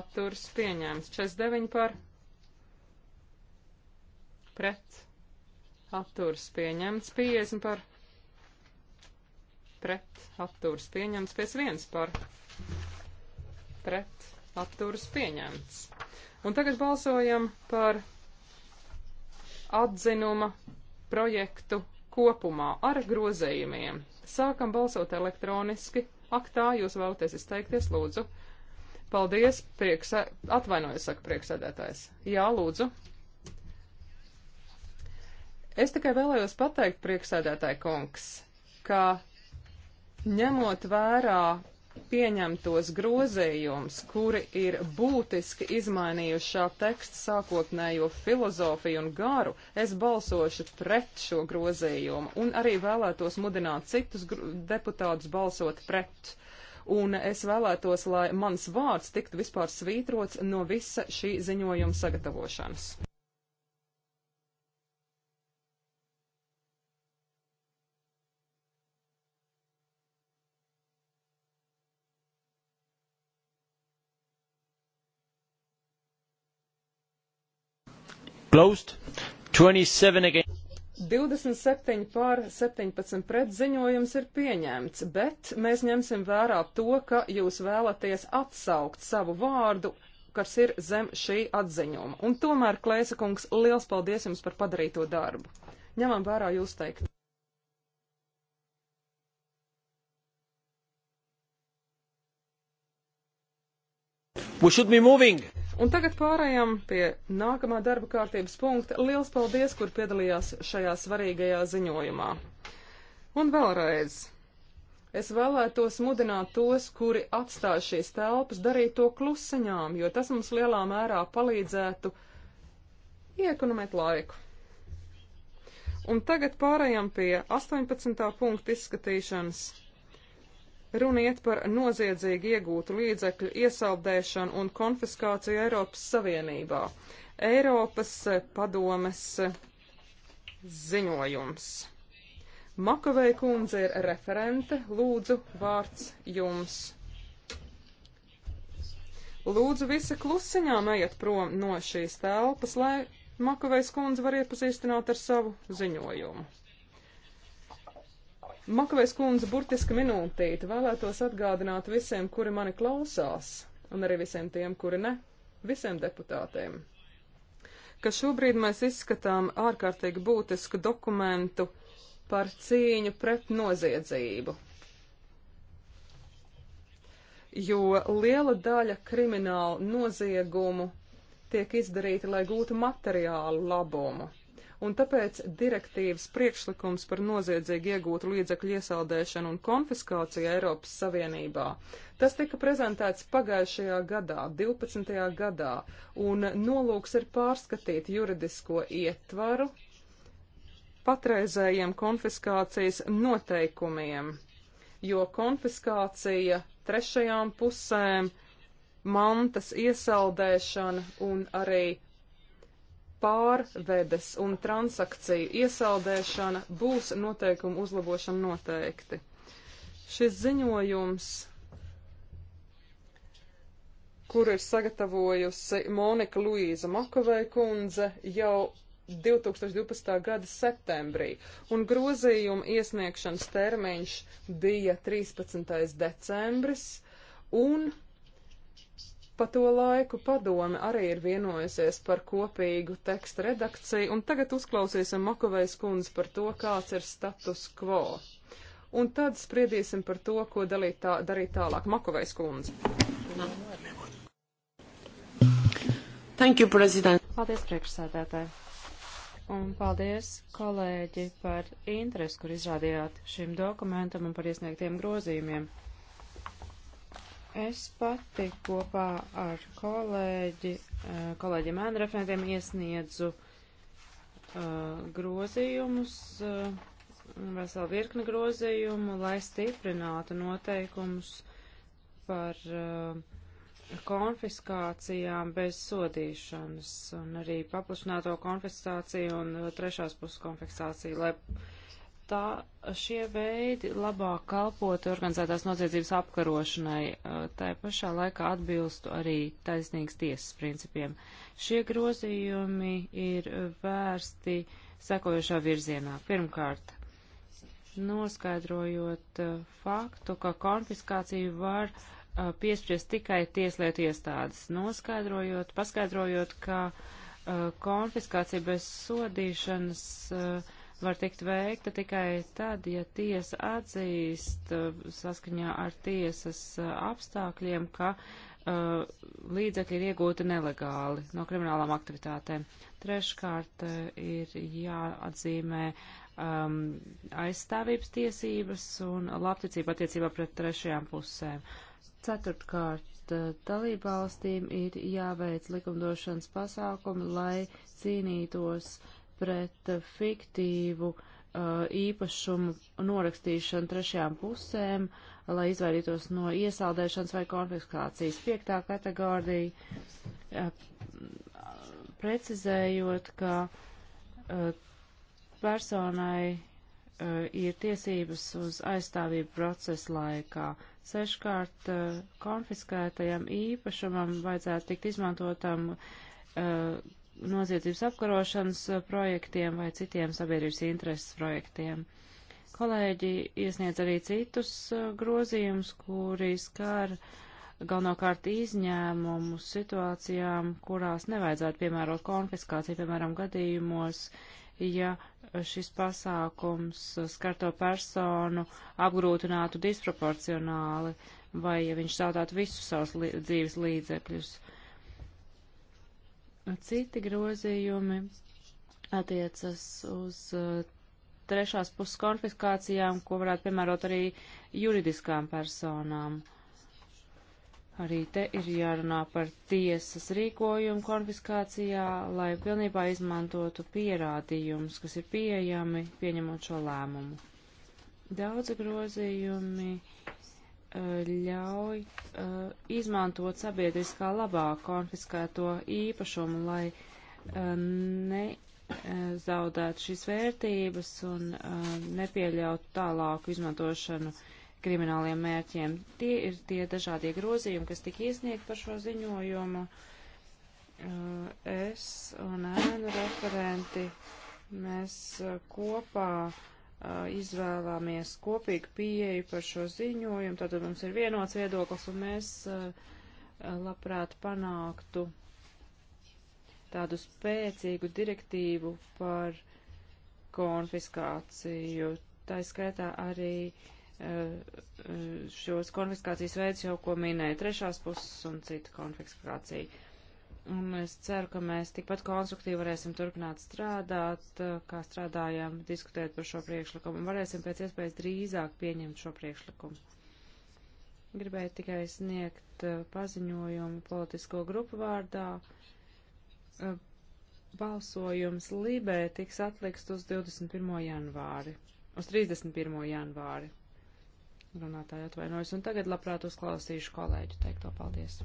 Atturs pieņemts. 49 par. Pret. Atturs pieņemts. 50 par. Pret. Atturs pieņemts. 51 par. Pret. Atturs pieņemts. Un tagad balsojam par atzinuma projektu kopumā ar grozējumiem. Sākam balsot elektroniski. Aktā jūs vēlaties izteikties, lūdzu. Paldies, priekse... atvainojos, saka prieksēdētājs. Jā, lūdzu. Es tikai vēlējos pateikt, prieksēdētāji kungs, ka ņemot vērā pieņemtos grozījumus, kuri ir būtiski izmainījuši šā teksta sākotnējo filozofiju un garu, es balsošu pret šo grozījumu un arī vēlētos mudināt citus deputātus balsot pret. Un es vēlētos, lai mans vārds tiktu vispār svītrots no visa šī ziņojuma sagatavošanas. Closed. 27 against. 27 pār 17 pret ziņojums ir pieņemts, bet mēs ņemsim vērā to, ka jūs vēlaties atsaukt savu vārdu, kas ir zem šī atziņuma. Un tomēr, Klēsa kungs, liels paldies jums par padarīto darbu. Ņemam vērā jūs teikt. We should be moving. Un tagad pārējām pie nākamā darba kārtības punkta. Liels paldies, kur piedalījās šajā svarīgajā ziņojumā. Un vēlreiz. Es vēlētos mudināt tos, kuri atstāj šīs telpas, darīt to klusiņām, jo tas mums lielā mērā palīdzētu iekonomēt laiku. Un tagad pārējām pie 18. punkta izskatīšanas. Runiet par noziedzīgi iegūtu līdzekļu iesaldēšanu un konfiskāciju Eiropas Savienībā. Eiropas eh, padomes eh, ziņojums. Makovei kundze ir referente. Lūdzu, vārds jums. Lūdzu, visi klusiņām ejiet prom no šīs telpas, lai Makovejs kundze var iepazīstināt ar savu ziņojumu. Makavejs kundze burtiski minūtīti vēlētos atgādināt visiem, kuri mani klausās, un arī visiem tiem, kuri ne, visiem deputātiem, ka šobrīd mēs izskatām ārkārtīgi būtisku dokumentu par cīņu pret noziedzību. Jo liela daļa kriminālu noziegumu tiek izdarīta, lai gūtu materiālu labumu un tāpēc direktīvas priekšlikums par noziedzīgi iegūtu līdzekļu iesaldēšanu un konfiskāciju Eiropas Savienībā. Tas tika prezentēts pagājušajā gadā, 12. gadā, un nolūks ir pārskatīt juridisko ietvaru patreizējiem konfiskācijas noteikumiem, jo konfiskācija trešajām pusēm, mantas iesaldēšana un arī pārvedes un transakciju iesaldēšana būs noteikumu uzlabošana noteikti. Šis ziņojums, kur ir sagatavojusi Monika Luīza Makovei kundze, jau 2012. gada septembrī, un grozījuma iesniegšanas termiņš bija 13. decembris, un Pa to laiku padome arī ir vienojusies par kopīgu tekstu redakciju, un tagad uzklausīsim Makovejas kundzi par to, kāds ir status quo. Un tad spriedīsim par to, ko tā, darīt tālāk Makovejas kundze. Thank you, President. Paldies, priekšsēdētāji. Un paldies, kolēģi, par interesi, kur izrādījāt šim dokumentam un par iesniegtiem grozījumiem. Es pati kopā ar kolēģi, eh, kolēģiem ēnrefentiem iesniedzu uh, grozījumus, uh, eh, veselu virkni grozījumu, lai stiprinātu noteikumus par uh, konfiskācijām bez sodīšanas un arī paplašināto konfiskāciju un trešās puses konfiskāciju, lai tā, šie veidi labāk kalpot organizētās noziedzības apkarošanai, tā pašā laikā atbilstu arī taisnīgas tiesas principiem. Šie grozījumi ir vērsti sekojošā virzienā. Pirmkārt, noskaidrojot faktu, ka konfiskāciju var piespriest tikai tieslietu iestādes, noskaidrojot, paskaidrojot, ka konfiskācija bez sodīšanas uh, var tikt veikta tikai tad, ja tiesa atzīst uh, saskaņā ar tiesas uh, apstākļiem, ka uh, līdzekļi ir iegūti nelegāli no kriminālām aktivitātēm. Treškārt ir jāatzīmē um, aizstāvības tiesības un labticība attiecībā pret trešajām pusēm. Ceturtkārt, dalībvalstīm ir jāveic likumdošanas pasākumi, lai cīnītos uh, pret fiktīvu uh, īpašumu norakstīšanu trešajām pusēm, lai izvairītos no iesaldēšanas vai konfiskācijas. Piektā kategorija uh, precizējot, ka uh, personai uh, ir tiesības uz aizstāvību procesa laikā. Seškārt uh, konfiskētajam īpašumam vajadzētu tikt izmantotam uh, noziedzības apkarošanas eh, projektiem vai citiem sabiedrības intereses projektiem. Kolēģi iesniedz arī citus eh, grozījumus, kuri skar galvenokārt izņēmumu situācijām, kurās nevajadzētu piemērot konfiskāciju, piemēram, gadījumos, ja šis pasākums skarto personu apgrūtinātu disproporcionāli vai ja viņš zaudātu visus savus li dzīves līdzekļus. Uh, Citi grozījumi attiecas uz uh, trešās puses konfiskācijām, ko varētu piemērot arī juridiskām personām. Arī te ir jārunā par tiesas rīkojumu konfiskācijā, lai pilnībā izmantotu pierādījumus, kas ir pieejami, pieņemot šo lēmumu. Daudzi grozījumi ļauj eh, izmantot sabiedriskā labā konfiskēto īpašumu, lai eh, nezaudētu eh, šīs vērtības un nepieļautu tālāku izmantošanu krimināliem mērķiem. Tie ir tie dažādie grozījumi, kas tika iesniegti par šo ziņojumu. Es un ēnu referenti mēs kopā izvēlāmies kopīgu pieeju par šo ziņojumu, tad mums ir vienots viedoklis un mēs labprāt panāktu tādu spēcīgu direktīvu par konfiskāciju. Tā skaitā arī šos konfiskācijas veids jau, ko minēja trešās puses un citu konfiskāciju. Un es ceru, ka mēs tikpat konstruktīvi varēsim turpināt strādāt, eh, kā strādājām, diskutēt par šo priekšlikumu un varēsim pēc iespējas drīzāk pieņemt šo priekšlikumu. Gribēju tikai sniegt eh, paziņojumu politisko grupu vārdā. Eh, balsojums Libē tiks atlikst uz 21. janvāri, uz 31. janvāri. Runātāji atvainojas, un tagad labprāt uzklausīšu kolēģu teikto paldies.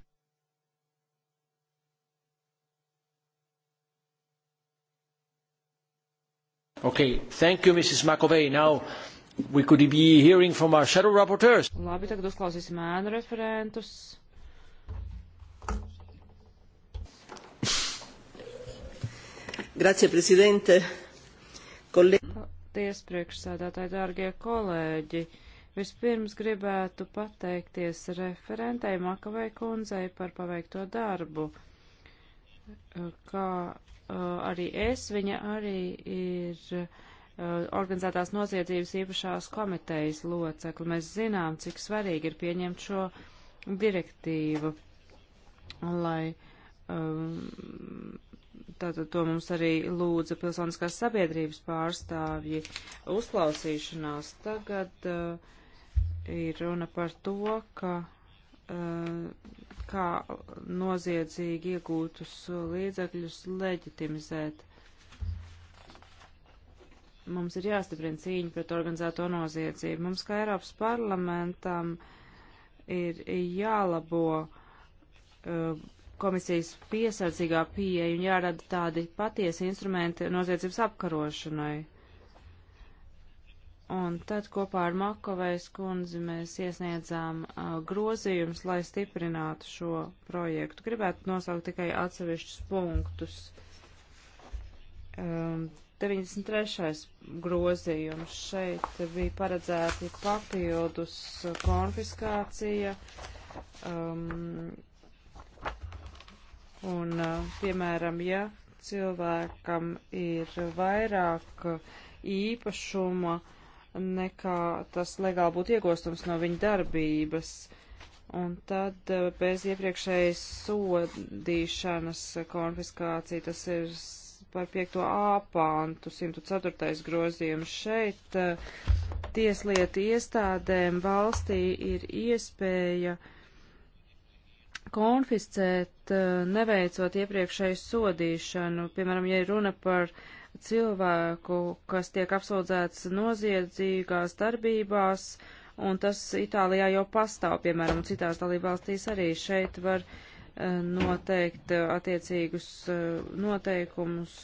Okay, thank you, Mrs. McAvey. Now we could be hearing from our shadow rapporteurs. Labi, tagad uzklausīsim ēnu referentus. Grazie, prezidente. Kolē... Paldies, priekšsēdētāji, dārgie kolēģi. Vispirms gribētu pateikties referentei Makavai kundzei par paveikto darbu. Kā Eh, arī es, viņa arī ir eh, organizētās noziedzības īpašās komitejas locekli. Mēs zinām, cik svarīgi ir pieņemt šo direktīvu, lai um, tātad to mums arī lūdza pilsoniskās sabiedrības pārstāvji uzklausīšanās. Tagad uh, ir runa par to, ka uh, kā noziedzīgi iegūtus līdzekļus leģitimizēt. Mums ir jāstiprina cīņa pret organizēto noziedzību. Mums, kā Eiropas parlamentam, ir jālabo uh, komisijas piesardzīgā pieeja un jārada tādi patiesi instrumenti noziedzības apkarošanai. Un tad kopā ar Makovejas kundzi mēs iesniedzām uh, grozījumus, lai stiprinātu šo projektu. Gribētu nosaukt tikai atsevišķus punktus. Um, 93. grozījums šeit bija paredzēti papildus konfiskācija um, un, piemēram, ja cilvēkam ir vairāk īpašuma, uh, nekā tas legāli būtu iegūstams no viņa darbības. Un tad eh, bez iepriekšējas sodīšanas konfiskācija, tas ir par 5. āpāntu 104. grozījums šeit, eh, tieslietu iestādēm valstī ir iespēja konfiscēt, eh, neveicot iepriekšēju sodīšanu. Piemēram, ja ir runa par uh, cilvēku, kas tiek apsūdzēts noziedzīgās darbībās, un tas Itālijā jau pastāv, piemēram, citās dalībvalstīs arī šeit var eh, noteikt eh, attiecīgus eh, noteikumus,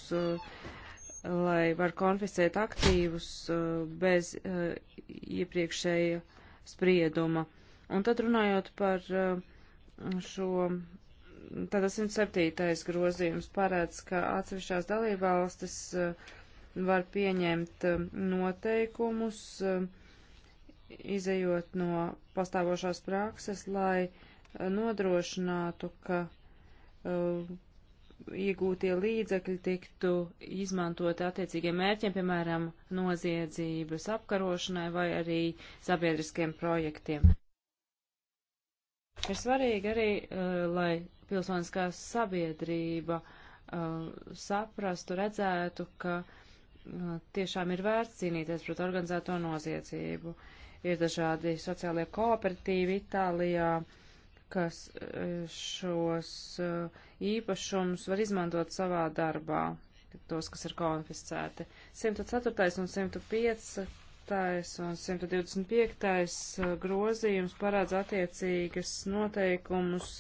lai var konfiscēt aktīvus bez iepriekšēja sprieduma. Un tad runājot par šo Tātad 107. grozījums parāds, ka atsevišķās dalībvalstis eh, var pieņemt eh, noteikumus, eh, izējot no pastāvošās prakses, lai nodrošinātu, ka iegūtie līdzekļi tiktu izmantoti attiecīgiem mērķiem, piemēram, noziedzības apkarošanai vai arī sabiedriskiem projektiem. Ir svarīgi arī, lai pilsoniskā sabiedrība uh, saprastu, redzētu, ka uh, tiešām ir vērts cīnīties pret organizēto noziedzību. Ir dažādi sociālie kooperatīvi Itālijā, kas uh, šos uh, īpašumus var izmantot savā darbā, tos, kas ir konfiscēti. 104. un 105. un 125. Uh, grozījums parāds attiecīgas noteikumus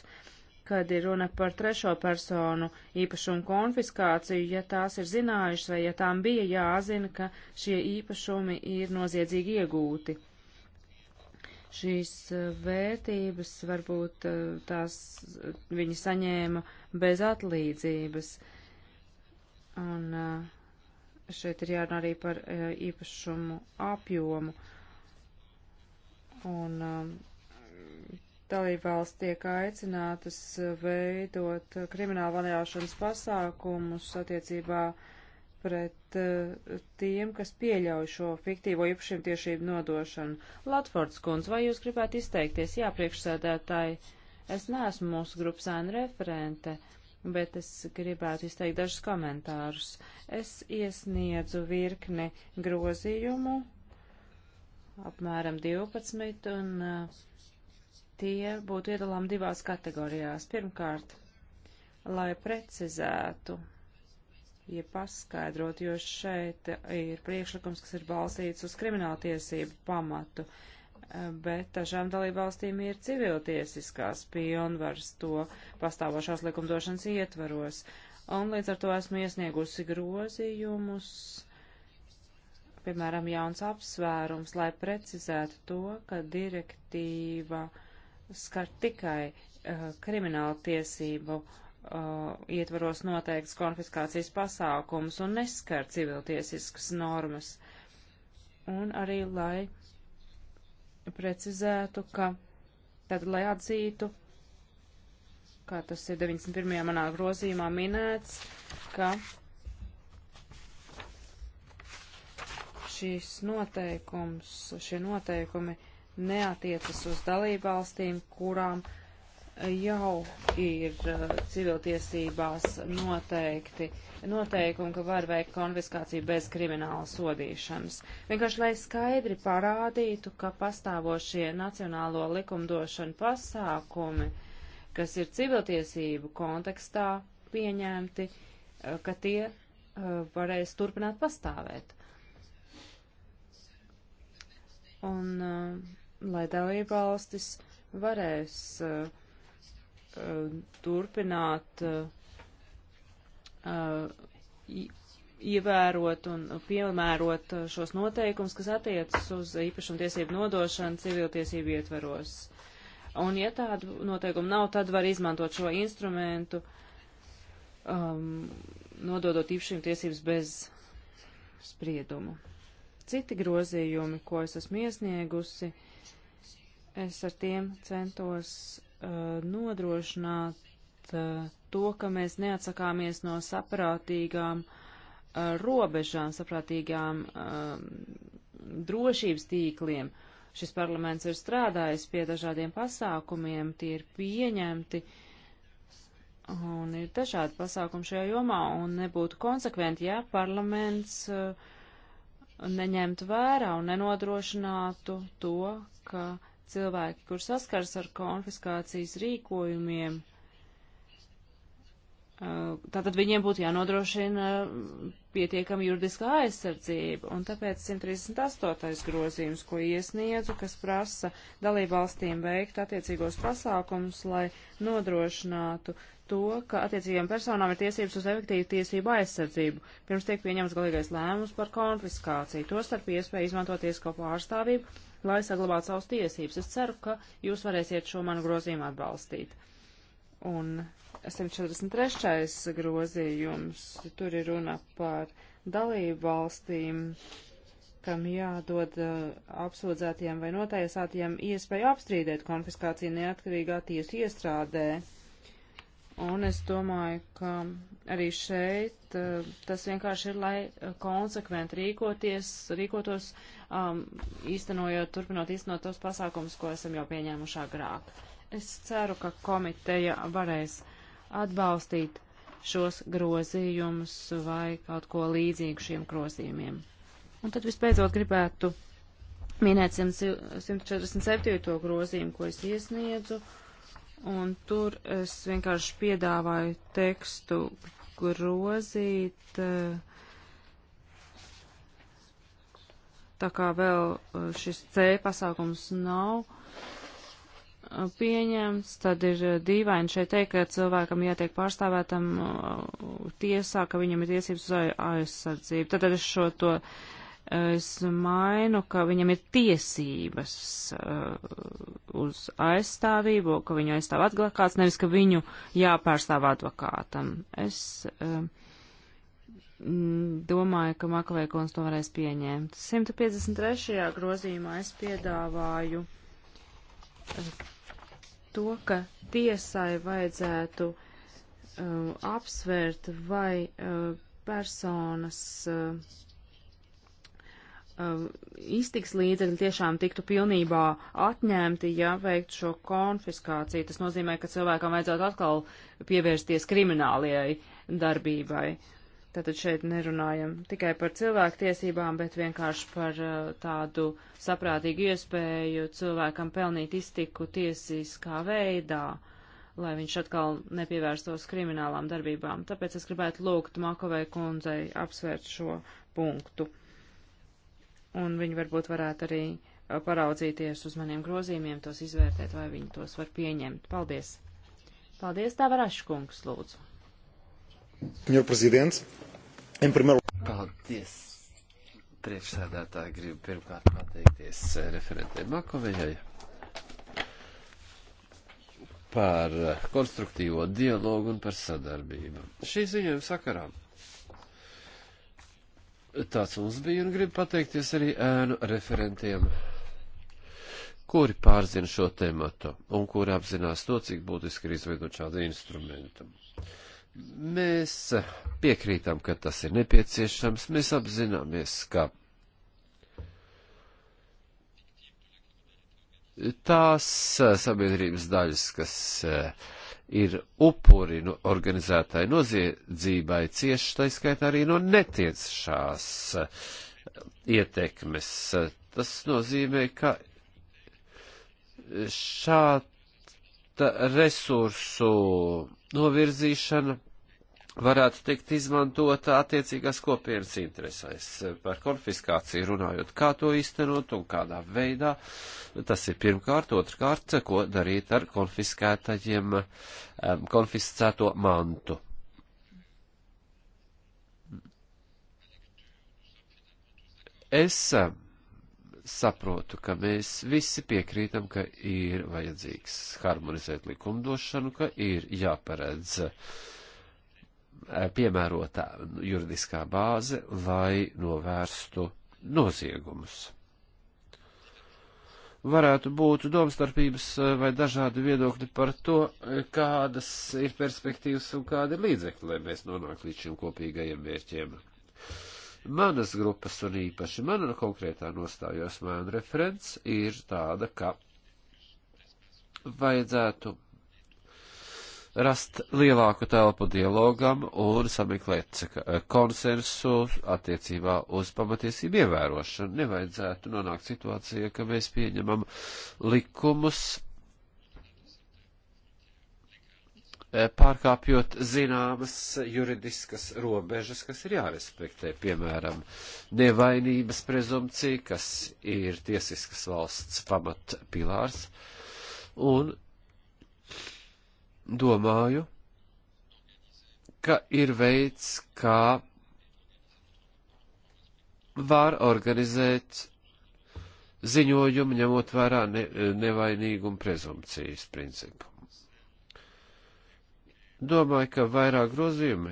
kad ir runa par trešo personu īpašumu konfiskāciju, ja tās ir zinājušas vai ja tām bija jāzina, ka šie īpašumi ir noziedzīgi iegūti. Šīs e, vērtības varbūt e, tās viņi saņēma bez atlīdzības. Un e, šeit ir jārunā arī par īpašumu apjomu. Un dalībvalsts tiek aicinātas veidot kriminālu vajāšanas pasākumus attiecībā pret uh, tiem, kas pieļauj šo fiktīvo īpašiem tiešību nodošanu. Latfords kundz, vai jūs gribētu izteikties? Jā, priekšsēdētāji, es neesmu mūsu grupas ēna referente, bet es gribētu izteikt dažus komentārus. Es iesniedzu virkni grozījumu, apmēram 12, un uh, Tie būtu iedalām divās kategorijās. Pirmkārt, lai precizētu, ja paskaidrotu, jo šeit ir priekšlikums, kas ir balstīts uz krimināltiesību pamatu, bet dažām dalībvalstīm ir civiltiesiskās pionvaras to pastāvošās likumdošanas ietvaros. Un līdz ar to esmu iesniegusi grozījumus, piemēram, jauns apsvērums, lai precizētu to, ka direktīva uh, skar tikai uh, kriminālu tiesību uh, ietvaros noteikts konfiskācijas pasākums un neskar civiltiesiskas normas. Un arī, lai precizētu, ka tad, lai atzītu, kā tas ir 91. manā grozījumā minēts, ka šīs noteikums, šie noteikumi uh, neatiecas uz dalībvalstīm, kurām jau ir eh, civiltiesībās noteikti noteikumi, ka var veikt konfiskāciju bez krimināla sodīšanas. Vienkārši, lai skaidri parādītu, ka pastāvošie nacionālo likumdošanu pasākumi, kas ir civiltiesību kontekstā pieņemti, eh, ka tie eh, varēs turpināt pastāvēt. Un uh, lai dalībvalstis varēs uh, uh, turpināt uh, ievērot un piemērot šos noteikumus, kas attiecas uz īpašumtiesību nodošanu civiltiesību ietveros. Un ja tādu noteikumu nav, tad var izmantot šo instrumentu, um, nododot īpašumtiesības bez spriedumu citi grozījumi, ko es esmu iesniegusi, es ar tiem centos uh, nodrošināt uh, to, ka mēs neatsakāmies no saprātīgām uh, robežām, saprātīgām uh, drošības tīkliem. Šis parlaments ir strādājis pie dažādiem pasākumiem, tie ir pieņemti. Uh, Un ir dažādi pasākumi šajā jomā, un nebūtu konsekventi, ja parlaments uh, neņemtu vērā un nenodrošinātu to, ka cilvēki, kur saskars ar konfiskācijas rīkojumiem, Eh, tātad viņiem būtu jānodrošina pietiekama juridiskā aizsardzība, un tāpēc 138. grozījums, ko iesniedzu, kas prasa dalībvalstīm veikt attiecīgos pasākumus, lai nodrošinātu to, ka attiecīgajām personām ir tiesības uz efektīvu tiesību aizsardzību, pirms tiek pieņemts galīgais lēmums par konfiskāciju, tostarp iespēju izmantot tiesko pārstāvību, lai saglabātu savas tiesības. Es ceru, ka jūs varēsiet šo manu grozījumu atbalstīt. Un 143. grozījums. Tur ir runa par dalību valstīm, kam jādod uh, apsūdzētiem vai notiesātiem iespēju apstrīdēt konfiskāciju neatkarīgā tiesu iestrādē. Un es domāju, ka arī šeit uh, tas vienkārši ir, lai uh, konsekventi rīkoties, rīkotos, um, īstenojot, turpinot īstenot tos pasākumus, ko esam jau pieņēmuši agrāk. Es ceru, ka komiteja varēs atbalstīt šos grozījumus vai kaut ko līdzīgu šiem grozījumiem. Un tad vispēcot gribētu minēt 147. grozījumu, ko es iesniedzu, un tur es vienkārši piedāvāju tekstu grozīt, eh, tā kā vēl eh, šis C pasākums nav pieņemts, tad ir eh, dīvaini šeit teikt, ka cilvēkam jātiek pārstāvētam eh, tiesā, ka viņam ir tiesības uz aizsardzību. Tad es šo to eh, es mainu, ka viņam ir tiesības uz aizstāvību, ka viņu aizstāv advokāts, nevis ka viņu jāpārstāv advokātam. Es domāju, ka Maklēkons to varēs pieņemt. 153. grozījumā es piedāvāju to, ka tiesai vajadzētu uh, apsvērt, vai uh, personas uh, uh, iztiks līdzekļi tiešām tiktu pilnībā atņemti, ja veiktu šo konfiskāciju. Tas nozīmē, ka cilvēkam vajadzētu atkal pievērsties kriminālajai darbībai. Uh, Tātad šeit nerunājam tikai par cilvēktiesībām, bet vienkārši par uh, tādu saprātīgu iespēju cilvēkam pelnīt iztiku tiesiskā veidā, lai viņš atkal nepievērstos kriminālām darbībām. Tāpēc es gribētu lūgt Makovai kundzei apsvērt šo punktu. Un viņi varbūt varētu arī uh, paraudzīties uz maniem grozījumiem, tos izvērtēt, vai viņi tos var pieņemt. Paldies! Paldies, Tavarašs kungs, lūdzu! Senhor Presidente, em primeiro lugar. Paldies. Priekšsēdētāji gribu pirmkārt pateikties eh, referentē Makovejai par eh, konstruktīvo dialogu un par sadarbību. Šī ziņojuma sakarā tāds mums bija un gribu pateikties arī ēnu referentiem kuri pārzina šo tematu un kuri apzinās to, cik būtiski ir izveidot šādu instrumentu. Mēs piekrītam, ka tas ir nepieciešams, mēs apzināmies, ka tās sabiedrības daļas, kas eh, ir upuri no nu, organizētai noziedzībai, cieši taiskaitā arī no netiecšās eh, ietekmes. Tas nozīmē, ka šādi resursu novirzīšana varētu tikt izmantota attiecīgās kopienas interesēs. Par konfiskāciju runājot, kā to īstenot un kādā veidā, tas ir pirmkārt, otrkārt, ko darīt ar konfiskētajiem, konfiscēto mantu. Es saprotu, ka mēs visi piekrītam, ka ir vajadzīgs harmonizēt likumdošanu, ka ir jāparedz eh, piemērotā juridiskā bāze, lai novērstu noziegumus. Varētu būt domstarpības eh, vai dažādi viedokļi par to, eh, kādas ir perspektīvas un kādi ir līdzekļi, lai mēs nonāktu līdz šiem kopīgajiem mērķiem. Manas grupas un īpaši mana konkrētā nostājos mēna referents ir tāda, ka vajadzētu rast lielāku telpu dialogam un sameklēt eh, konsensu attiecībā uz pamatiesību ievērošanu. Nevajadzētu nonākt situācijā, ka mēs pieņemam likumus Eh, pārkāpjot zināmas juridiskas robežas, kas ir jārespektē, piemēram, nevainības prezumcija, kas ir tiesiskas valsts pamatpilārs, un domāju, ka ir veids, kā var organizēt ziņojumu, ņemot vērā ne, nevainīgumu prezumcijas principu. Domāju, ka vairāk grozījumi,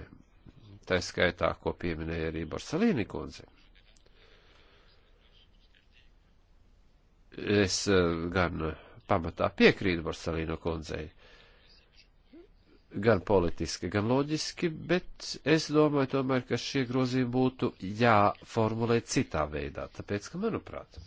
tā skaitā, ko pieminēja arī Barcelīni kundze. Es eh, gan pamatā piekrītu Barcelīno kundzei, gan politiski, gan loģiski, bet es domāju tomēr, ka šie grozījumi būtu jāformulē citā veidā, tāpēc, ka, manuprāt,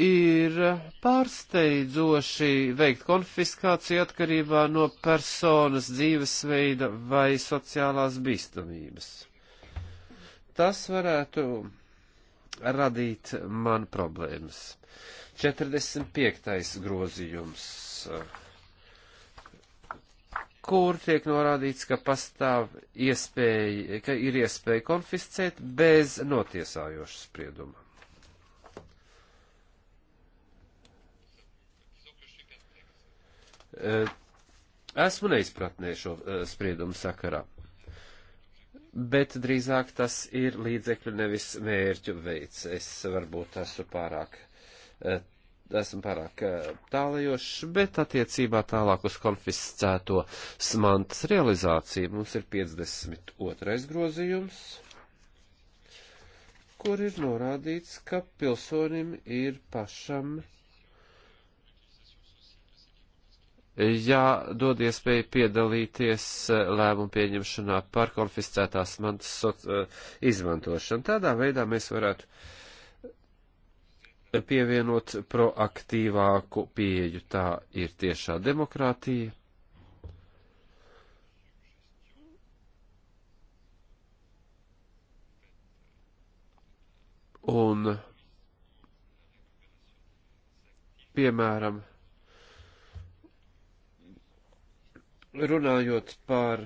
ir pārsteidzoši veikt konfiskāciju atkarībā no personas dzīvesveida vai sociālās bīstamības. Tas varētu radīt man problēmas. 45. grozījums, kur tiek norādīts, ka pastāv iespēja, ka ir iespēja konfiscēt bez notiesājošas sprieduma. Eh, esmu neizpratnē šo eh, spriedumu sakarā, bet drīzāk tas ir līdzekļu nevis mērķu veids. Es varbūt esmu pārāk, eh, esmu pārāk tālajošs, bet attiecībā tālāk uz konfiscēto smantas realizāciju mums ir 52. grozījums kur ir norādīts, ka pilsonim ir pašam jādod iespēja piedalīties eh, lēmumu pieņemšanā par konfiscētās mantas eh, izmantošanu. Tādā veidā mēs varētu pievienot proaktīvāku pieeju. Tā ir tiešā demokrātija. Un, piemēram, runājot par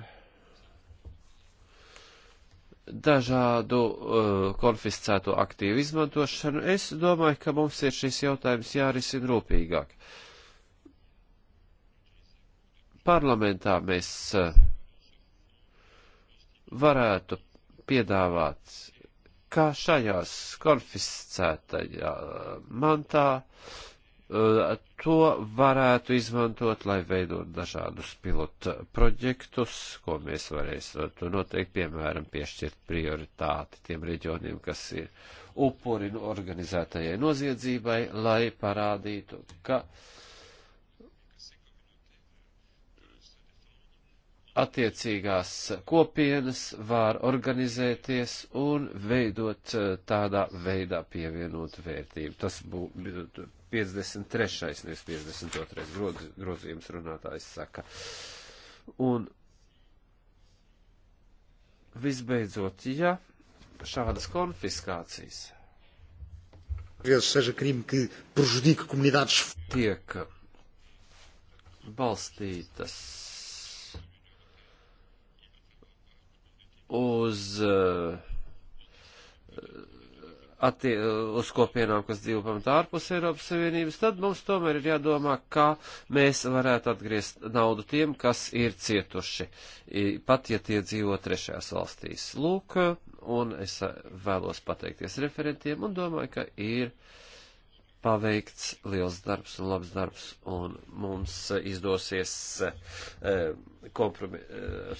dažādu uh, konfiscēto aktīvu izmantošanu, es domāju, ka mums ir šis jautājums jārisina rūpīgāk. Parlamentā mēs uh, varētu piedāvāt, kā šajās konfiscētajā mantā uh, Eh, to varētu izmantot, lai veidot dažādus pilotu projektus, ko mēs varēsim noteikti, piemēram, piešķirt prioritāti tiem reģioniem, kas ir upuri nu, organizētajai noziedzībai, lai parādītu, ka attiecīgās kopienas var organizēties un veidot eh, tādā veidā pievienot vērtību. Tas būtu 53. nevis 52. Groz, grozījums runātājs saka. Un visbeidzot, ja šādas konfiskācijas vezes seja crime que prejudique comunidades. Tiek balstītas uz uh, atti, uh, uz kopienām, kas dzīvo pamatā ārpus Eiropas Savienības, tad mums tomēr ir jādomā, kā mēs varētu atgriezt naudu tiem, kas ir cietuši, pat ja tie dzīvo trešajās valstīs. Lūk, un es uh, vēlos pateikties referentiem un domāju, ka ir paveikts liels darbs un labs darbs, un mums uh, izdosies kompromi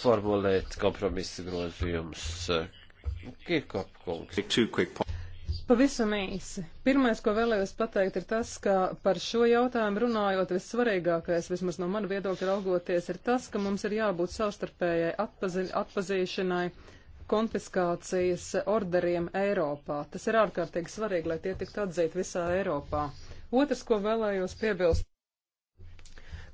formulēt kompromisu grozījumus. Kirkop kungs. Pavisam īsi. Pirmais, ko vēlējos pateikt, ir tas, ka par šo jautājumu runājot, vissvarīgākais, vismaz no mana viedokļa raugoties, ir tas, ka mums ir jābūt savstarpējai atpazi atpazīšanai konfiskācijas orderiem Eiropā. Tas ir ārkārtīgi svarīgi, lai tie tiktu atzīti visā Eiropā. Otrs, ko vēlējos piebilst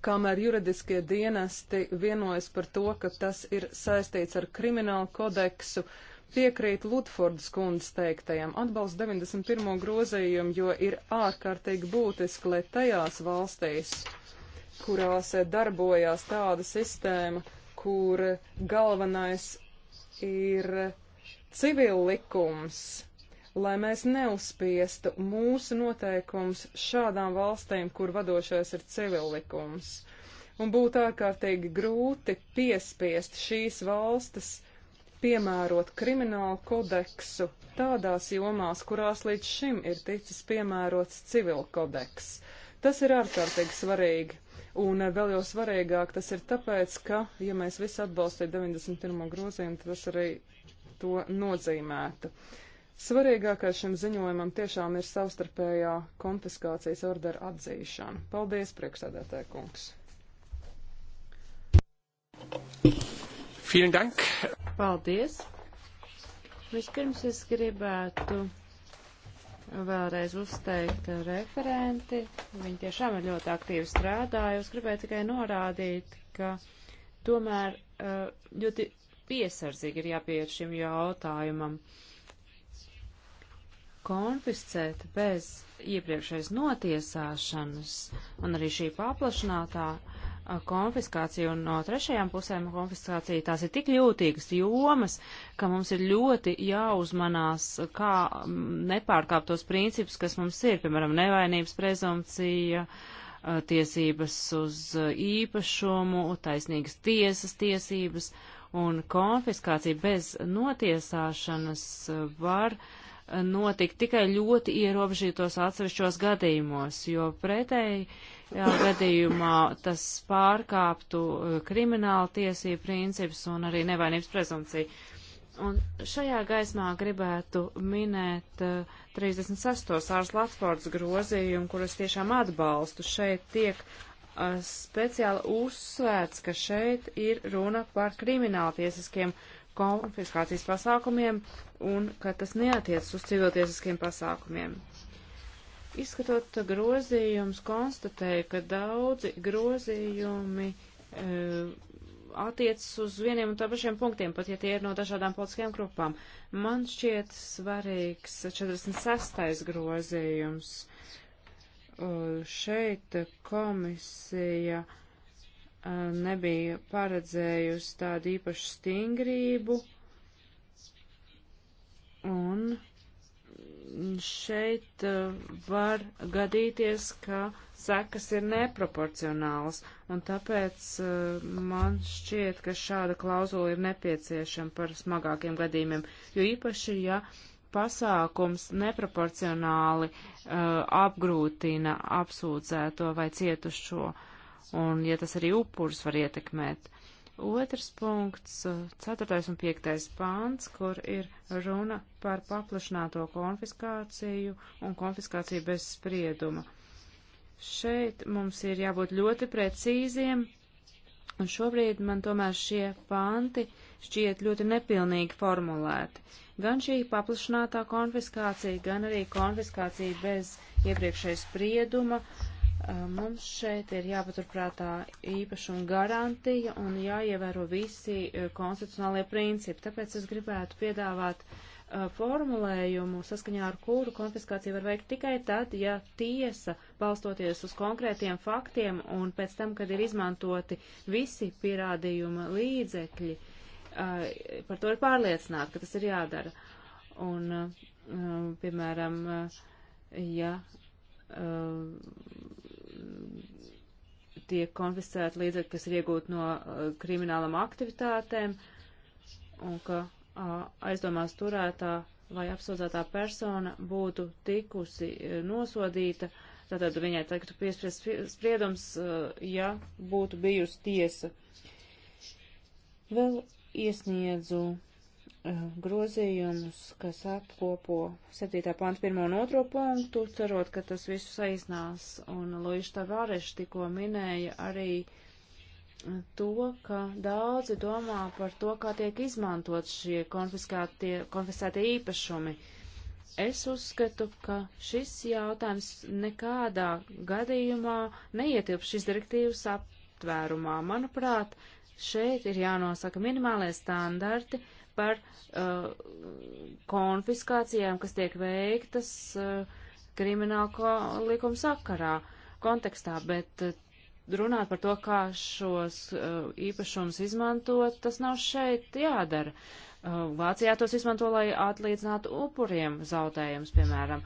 kamēr juridiskie dienesti vienojas par to, ka tas ir saistīts ar kriminālu kodeksu, Piekrīt Lutfordas kundas teiktajam, atbalst 91. grozījumu, jo ir ārkārtīgi būtiski, lai tajās valstīs, kurās darbojās tāda sistēma, kur galvenais ir civil likums, lai mēs neuzspiestu mūsu noteikums šādām valstīm, kur vadošais ir civil likums. Un būtu ārkārtīgi grūti piespiest šīs valstis piemērot kriminālu kodeksu tādās jomās, kurās līdz šim ir ticis piemērots civil kodeks. Tas ir ārkārtīgi svarīgi. Un eh, vēl jau svarīgāk tas ir tāpēc, ka, ja mēs visi atbalstītu 91. grozījumu, tad tas arī to nozīmētu. Svarīgākais šim ziņojumam tiešām ir savstarpējā konfiskācijas ordera atzīšana. Paldies, priekšsēdētāja kungs! Vielen Dank! Paldies! Vispirms es gribētu vēlreiz uzteikt referenti. Viņi tiešām ir ļoti aktīvi strādājusi. Gribēju tikai norādīt, ka tomēr eh, ļoti piesardzīgi ir jāpieiet šim jautājumam. Konfiscēt bez iepriekšējas notiesāšanas un arī šī paplašinātā uh, konfiskāciju un no trešajām pusēm konfiskāciju. Tās ir tik jūtīgas jomas, ka mums ir ļoti jāuzmanās, kā nepārkāpt tos principus, kas mums ir, piemēram, nevainības prezumcija, tiesības uz īpašumu, taisnīgas tiesas tiesības un konfiskācija bez notiesāšanas var notikt tikai ļoti ierobežītos atsevišķos gadījumos, jo pretēji jā, gadījumā tas pārkāptu eh, krimināla tiesību principus un arī nevainības prezumciju. Un šajā gaismā gribētu minēt uh, 36. sārs Latvārds grozījumu, kuras tiešām atbalstu. Šeit tiek uh, speciāli uzsvērts, ka šeit ir runa par krimināltiesiskiem konfiskācijas pasākumiem un ka tas neatiec uz civiltiesiskiem pasākumiem. Izskatot grozījumus, konstatēju, ka daudzi grozījumi e, attiecas uz vieniem un tā pašiem punktiem, pat ja tie ir no dažādām politiskajām grupām. Man šķiet svarīgs 46. grozījums. E, šeit komisija e, nebija paredzējusi tādu īpašu stingrību un šeit eh, var gadīties, ka sekas ir neproporcionālas, un tāpēc eh, man šķiet, ka šāda klauzula ir nepieciešama par smagākiem gadījumiem, jo īpaši, ja pasākums neproporcionāli uh, apgrūtina apsūdzēto vai cietušo, un ja tas arī upurs var ietekmēt. Uh, Otrs punkts, 4. un 5. pāns, kur ir runa par paplašināto konfiskāciju un konfiskāciju bez sprieduma. Šeit mums ir jābūt ļoti precīziem, un šobrīd man tomēr šie panti šķiet ļoti nepilnīgi formulēti. Gan šī paplašinātā konfiskācija, gan arī konfiskācija bez iepriekšējas sprieduma uh, Mums šeit ir jāpaturprātā īpašuma garantija un jāievēro visi konstitucionālie principi. Tāpēc es gribētu piedāvāt formulējumu, saskaņā ar kuru konfiskāciju var veikt tikai tad, ja tiesa, balstoties uz konkrētiem faktiem un pēc tam, kad ir izmantoti visi pierādījuma līdzekļi, par to ir pārliecināta, ka tas ir jādara. Un, piemēram, ja tiek konfiscēti līdzekļi, kas ir iegūti no uh, kriminālam aktivitātēm, un ka uh, aizdomās turētā vai apsūdzētā persona būtu tikusi uh, nosodīta, tātad viņai teiktu piespriezt spriedums, ja būtu bijusi tiesa. Vēl iesniedzu Eh, grozījumus, kas apkopo 7. pāns 1 un 2 punktu, cerot, ka tas visu saīsnās. Un Luīša Tavāreš tikko minēja arī eh, to, ka daudzi domā par to, kā tiek izmantot šie konfiskētie īpašumi. Es uzskatu, ka šis jautājums nekādā gadījumā neietilp šīs direktīvas aptvērumā. Manuprāt, šeit ir jānosaka minimālie standarti, uh, par uh, konfiskācijām, kas tiek veiktas uh, krimināla likuma sakarā, kontekstā, bet uh, runāt par to, kā šos uh, īpašumus izmantot, tas nav šeit jādara. Uh, Vācijā tos izmanto, lai atlīdzinātu upuriem zaudējumus, piemēram.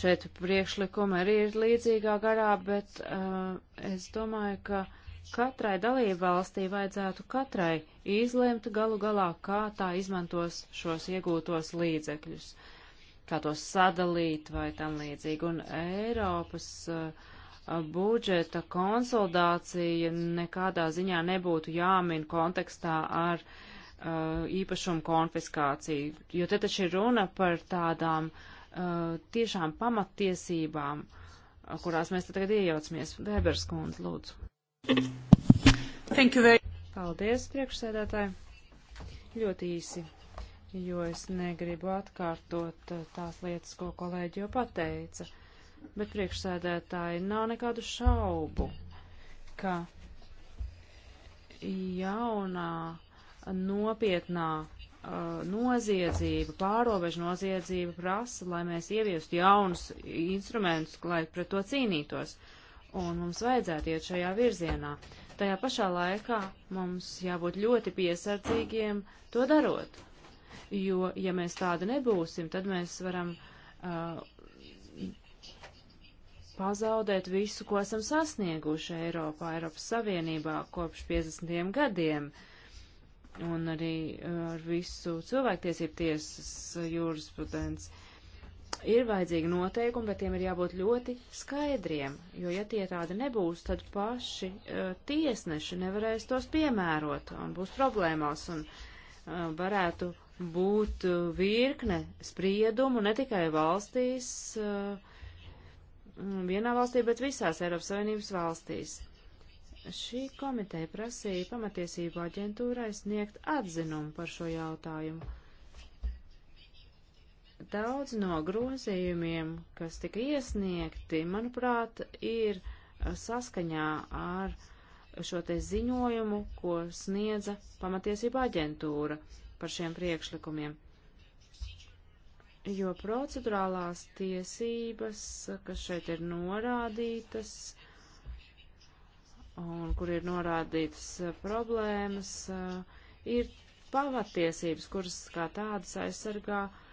Šeit priekšlikumi arī ir līdzīgā garā, bet uh, es domāju, ka uh, katrai dalībvalstī vajadzētu katrai izlemt galu galā, kā tā izmantos šos iegūtos līdzekļus, kā tos sadalīt vai tam līdzīgi. Un Eiropas uh, budžeta konsolidācija nekādā ziņā nebūtu jāmin kontekstā ar uh, īpašumu konfiskāciju, jo te taču ir runa par tādām uh, tiešām pamattiesībām, uh, kurās mēs tagad iejaucamies. Vēbers kundze, lūdzu. Thank you very much. Paldies, priekšsēdētāji. Ļoti īsi, jo es negribu atkārtot uh, tās lietas, ko kolēģi jau pateica. Bet priekšsēdētāji nav nekādu šaubu, ka jaunā, nopietnā uh, noziedzība, pārobežu noziedzība prasa, lai mēs ieviestu jaunus instrumentus, lai pret to cīnītos. Uh, un mums vajadzētu iet šajā virzienā. Tajā pašā laikā mums jābūt ļoti piesardzīgiem to darot, jo, ja mēs tādi nebūsim, tad mēs varam uh, pazaudēt visu, ko esam sasnieguši Eiropā, Eiropas Savienībā kopš 50. gadiem. Un arī uh, ar visu cilvēktiesību tiesas jurisprudenci. Uh, ir vajadzīgi noteikumi, bet tiem ir jābūt ļoti skaidriem, jo ja tie tādi nebūs, tad paši uh, tiesneši nevarēs tos piemērot un būs problēmās un uh, varētu būt uh, virkne spriedumu ne tikai valstīs, vienā valstī, bet visās Eiropas Savienības valstīs. Šī komiteja prasīja pamatiesību aģentūrai sniegt atzinumu par šo jautājumu Daudz no grozījumiem, kas tika iesniegti, manuprāt, ir uh, saskaņā ar šo te ziņojumu, ko sniedza pamatiesība aģentūra par šiem priekšlikumiem. Jo procedurālās tiesības, kas šeit ir norādītas, un kur ir norādītas uh, problēmas, uh, ir pamatiesības, kuras kā tādas aizsargā uh,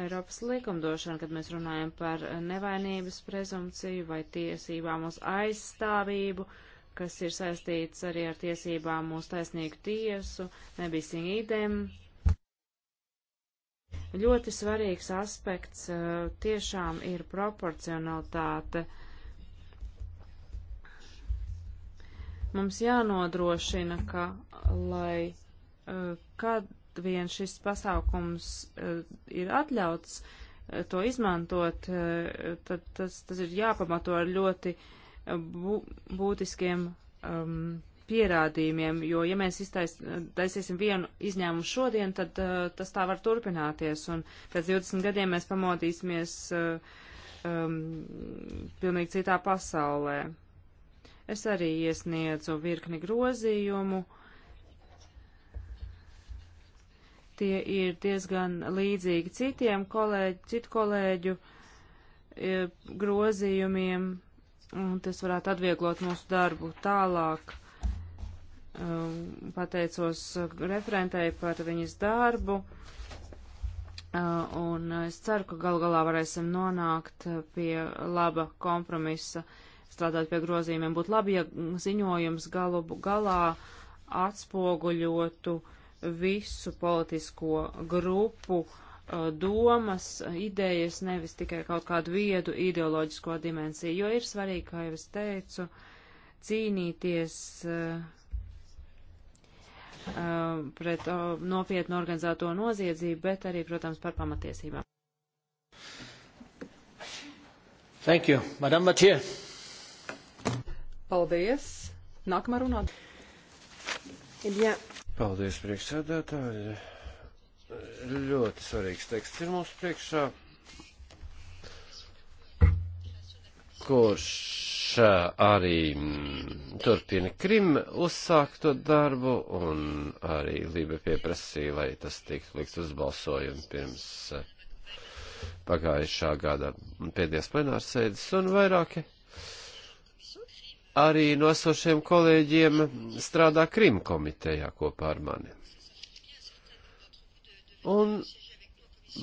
Eiropas likumdošanu, kad mēs runājam par nevainības prezumciju vai tiesībām uz aizstāvību, kas ir saistīts arī ar tiesībām uz taisnīgu tiesu, nebisim idem. Ļoti svarīgs aspekts uh, tiešām ir proporcionalitāte. Mums jānodrošina, ka lai uh, kad vien šis pasākums eh, ir atļauts eh, to izmantot, eh, tad tas, tas ir jāpamato ar ļoti bū, būtiskiem um, pierādījumiem, jo ja mēs iztaisīsim vienu izņēmumu šodien, tad uh, tas tā var turpināties, un pēc 20 gadiem mēs pamodīsimies uh, um, pilnīgi citā pasaulē. Es arī iesniedzu virkni grozījumu, uh, Tie ir diezgan līdzīgi citiem kolēģi, citu kolēģu e, grozījumiem, un tas varētu atvieglot mūsu darbu tālāk. E, pateicos referentei par viņas darbu, e, un es ceru, ka gal galā varēsim nonākt pie laba kompromisa, strādāt pie grozījumiem. Būtu labi, ja ziņojums galu galā atspoguļotu uh, visu politisko grupu uh, domas, idejas, nevis tikai kaut kādu viedu ideoloģisko dimensiju, jo ir svarīgi, kā jau es teicu, cīnīties uh, uh, pret uh, nopietnu organizēto noziedzību, bet arī, protams, par pamatiesībām. Thank you. Madam Mathieu. Paldies. Nākamā runāt. Eh bien, Paldies, priekšsēdētāji. Ļoti svarīgs teksts ir mūsu priekšā. kurš arī mm, turpina Krim uzsākto darbu, un arī Lība pieprasīja, lai tas tiktu likt uz balsojumu pirms pagājušā gada pēdējās plenārsēdes, un vairāki arī nosošiem kolēģiem strādā Krim komitejā kopā ar mani. Un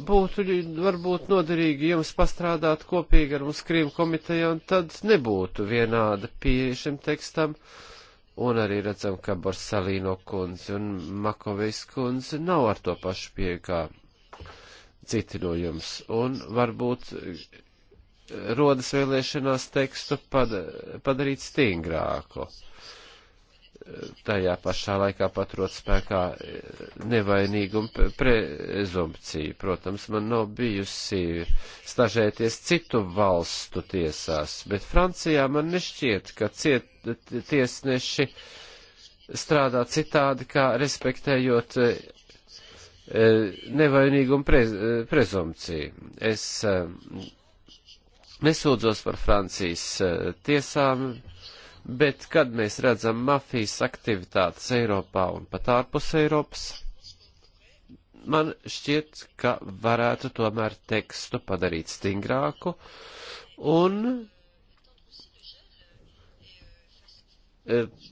būtu varbūt noderīgi jums pastrādāt kopīgi ar mums Krim komiteja, un tad nebūtu vienāda pieeja šim tekstam. Un arī redzam, ka Borsalīno kundze un Makovejs kundze nav ar to pašu pieeju kā citi no jums. Un varbūt rodas vēlēšanās tekstu padarīt stingrāku. Tajā pašā laikā paturot spēkā nevainīguma prezumpciju. Protams, man nav bijusi stažēties citu valstu tiesās, bet Francijā man nešķiet, ka ciet, tiesneši strādā citādi, kā respektējot e, nevainīguma e, prezumpciju. Es e, Nesūdzos par Francijas eh, tiesām, bet kad mēs redzam mafijas aktivitātes Eiropā un pat ārpus Eiropas, man šķiet, ka varētu tomēr tekstu padarīt stingrāku un eh,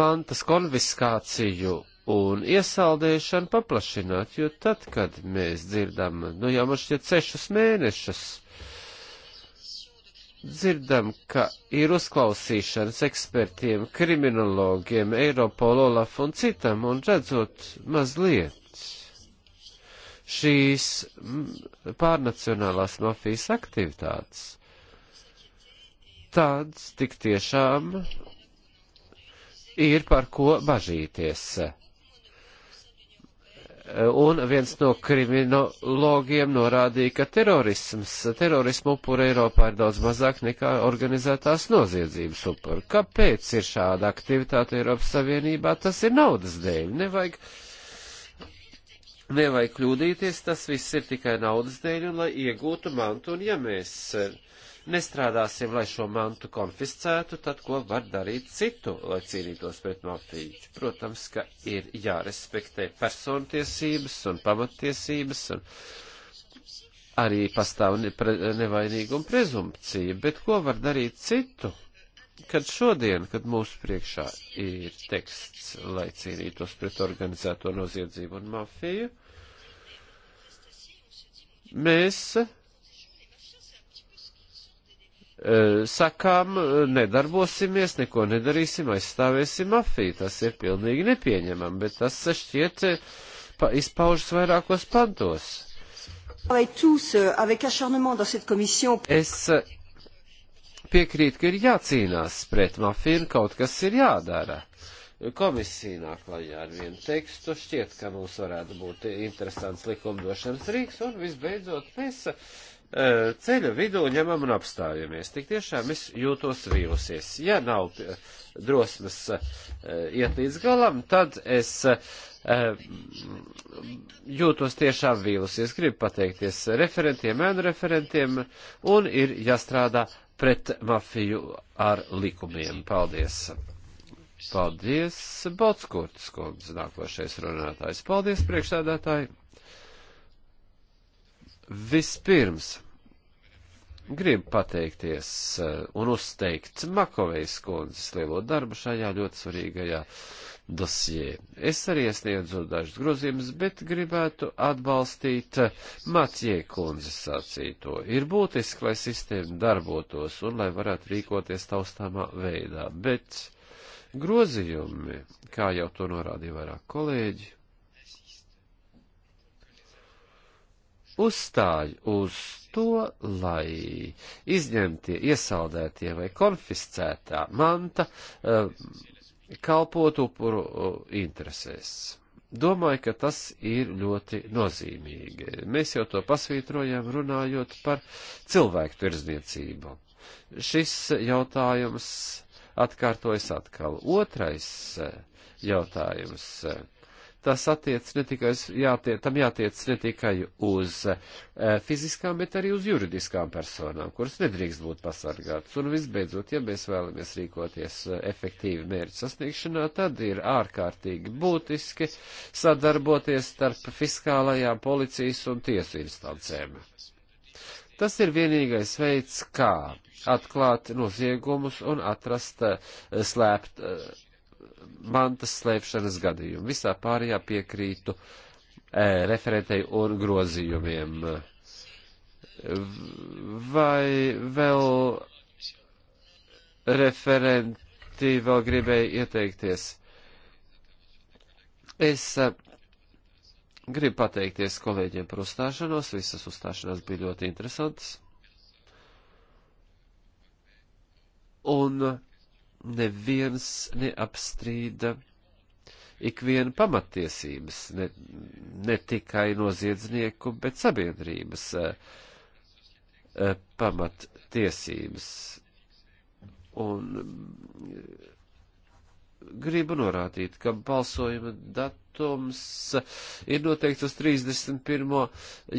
mantas konfiskāciju un iesaldēšanu paplašināt, jo tad, kad mēs dzirdam, nu jau man šķiet sešus mēnešus, uh, dzirdam, ka ir uzklausīšanas ekspertiem, kriminologiem, Eiropol, Olaf un citam, un redzot mazliet šīs mm, pārnacionālās mafijas aktivitātes, tāds tik tiešām ir par ko bažīties un viens no kriminologiem norādīja, ka terorisms, terorismu upuri Eiropā ir daudz mazāk nekā organizētās noziedzības upuri. Kāpēc ir šāda aktivitāte Eiropas Savienībā? Tas ir naudas dēļ. Nevajag, nevajag kļūdīties, tas viss ir tikai naudas dēļ, un lai iegūtu mantu, un ja mēs. Uh, Nestrādāsim, lai šo mantu konfiscētu, tad ko var darīt citu, lai cīnītos pret mafiju. Protams, ka ir jārespektē persontiesības un pamattiesības. Un arī pastāv nevainīguma prezumpcija, bet ko var darīt citu, kad šodien, kad mūsu priekšā ir teksts, lai cīnītos pret organizēto noziedzību un mafiju, mēs E, sakām, e, nedarbosimies, neko nedarīsim, aizstāvēsim mafiju. Tas ir pilnīgi nepieņemami, bet tas šķiet e, pa, izpaužas vairākos pantos. Es piekrītu, ka ir jācīnās pret mafiju un kaut kas ir jādara komisija nāk klajā ar vienu tekstu, šķiet, ka mums varētu būt interesants likumdošanas rīks, un visbeidzot mēs E, ceļa vidū ņemam un apstājamies. Tik tiešām es jūtos vīlusies. Ja nav e, drosmes e, iet līdz galam, tad es jūtos tiešām vīlusies. Gribu pateikties referentiem, ēnu referentiem un ir jāstrādā pret mafiju ar likumiem. Paldies! Paldies, Botskurts, kundze, nākošais runātājs. Paldies, priekšsēdētāji! Vispirms gribu pateikties eh, un uzteikt Makovejas kundzes lielo darbu šajā ļoti svarīgajā dosijē. Es arī iesniedzu dažus grozījumus, bet gribētu atbalstīt eh, Matie kundzes sacīto. Ir būtiski, lai sistēma darbotos un lai varētu rīkoties taustāmā veidā, bet grozījumi, kā jau to norādīja vairāk kolēģi, uzstāj uz to, lai izņemtie, iesaldētie vai konfiscētā manta uh, kalpot upuru eh, interesēs. Domāju, ka tas ir ļoti nozīmīgi. Mēs jau to pasvītrojam runājot par cilvēku tirzniecību. Šis jautājums atkārtojas atkal. Otrais eh, jautājums. Uh, tas attiec ne tikai uz, jātiec, tam jātiec ne tikai uz e, fiziskām, bet arī uz juridiskām personām, kuras nedrīkst būt pasargātas. Un visbeidzot, ja mēs vēlamies rīkoties eh, efektīvi mērķu sasniegšanā, tad ir ārkārtīgi būtiski sadarboties starp fiskālajām policijas un tiesu instancēm. Tas ir vienīgais veids, kā atklāt noziegumus un atrast eh, slēpt mantas slēpšanas gadījumu. Visā pārējā piekrītu e, referentei un grozījumiem. Vai vēl referenti vēl gribēja ieteikties? Es e, gribu pateikties kolēģiem par uzstāšanos. Visas uzstāšanās bija ļoti interesantas. Un neviens neapstrīda ikvienu pamatiesības, ne, ne tikai noziedznieku, bet sabiedrības eh, eh, pamattiesības. Un mm, gribu norādīt, ka balsojuma datums eh, ir noteikts uz 31.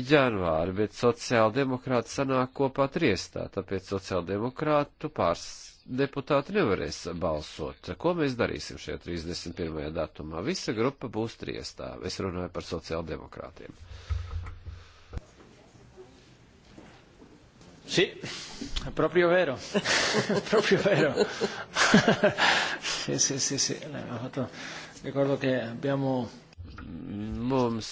janvāri, bet sociāldemokrāti sanāk kopā triestā, tāpēc sociāldemokrātu pārs deputāti nevarēs balsot. Ko mēs darīsim šajā 31. datumā? Visa grupa būs triestā. Es runāju par sociāldemokrātiem. Sí, propio vero. propio vero. sí, sí, sí, sí. Nosotros recuerdo que habíamos Mums,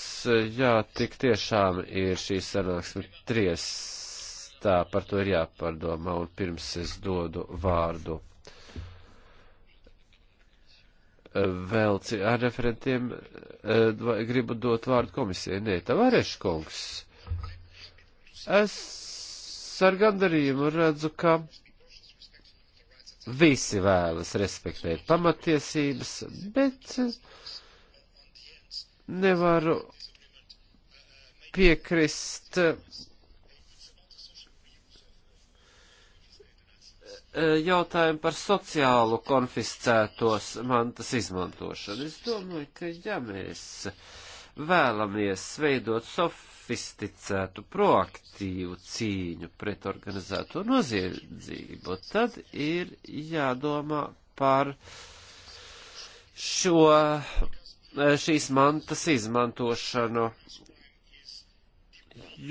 jā, tik tiešām ir šī sanāksme triestā tekstā, par to ir jāpārdomā, un pirms es dodu vārdu vēl ar referentiem, e, gribu dot vārdu komisijai. Nē, tavarēšu kungs, es ar gandarījumu redzu, ka visi vēlas respektēt pamatiesības, bet nevaru piekrist E, jautājumu par sociālu konfiscētos mantas izmantošanu. Es domāju, ka ja mēs vēlamies veidot sofisticētu, proaktīvu cīņu pret organizēto noziedzību, tad ir jādomā par šo, e, šīs mantas izmantošanu,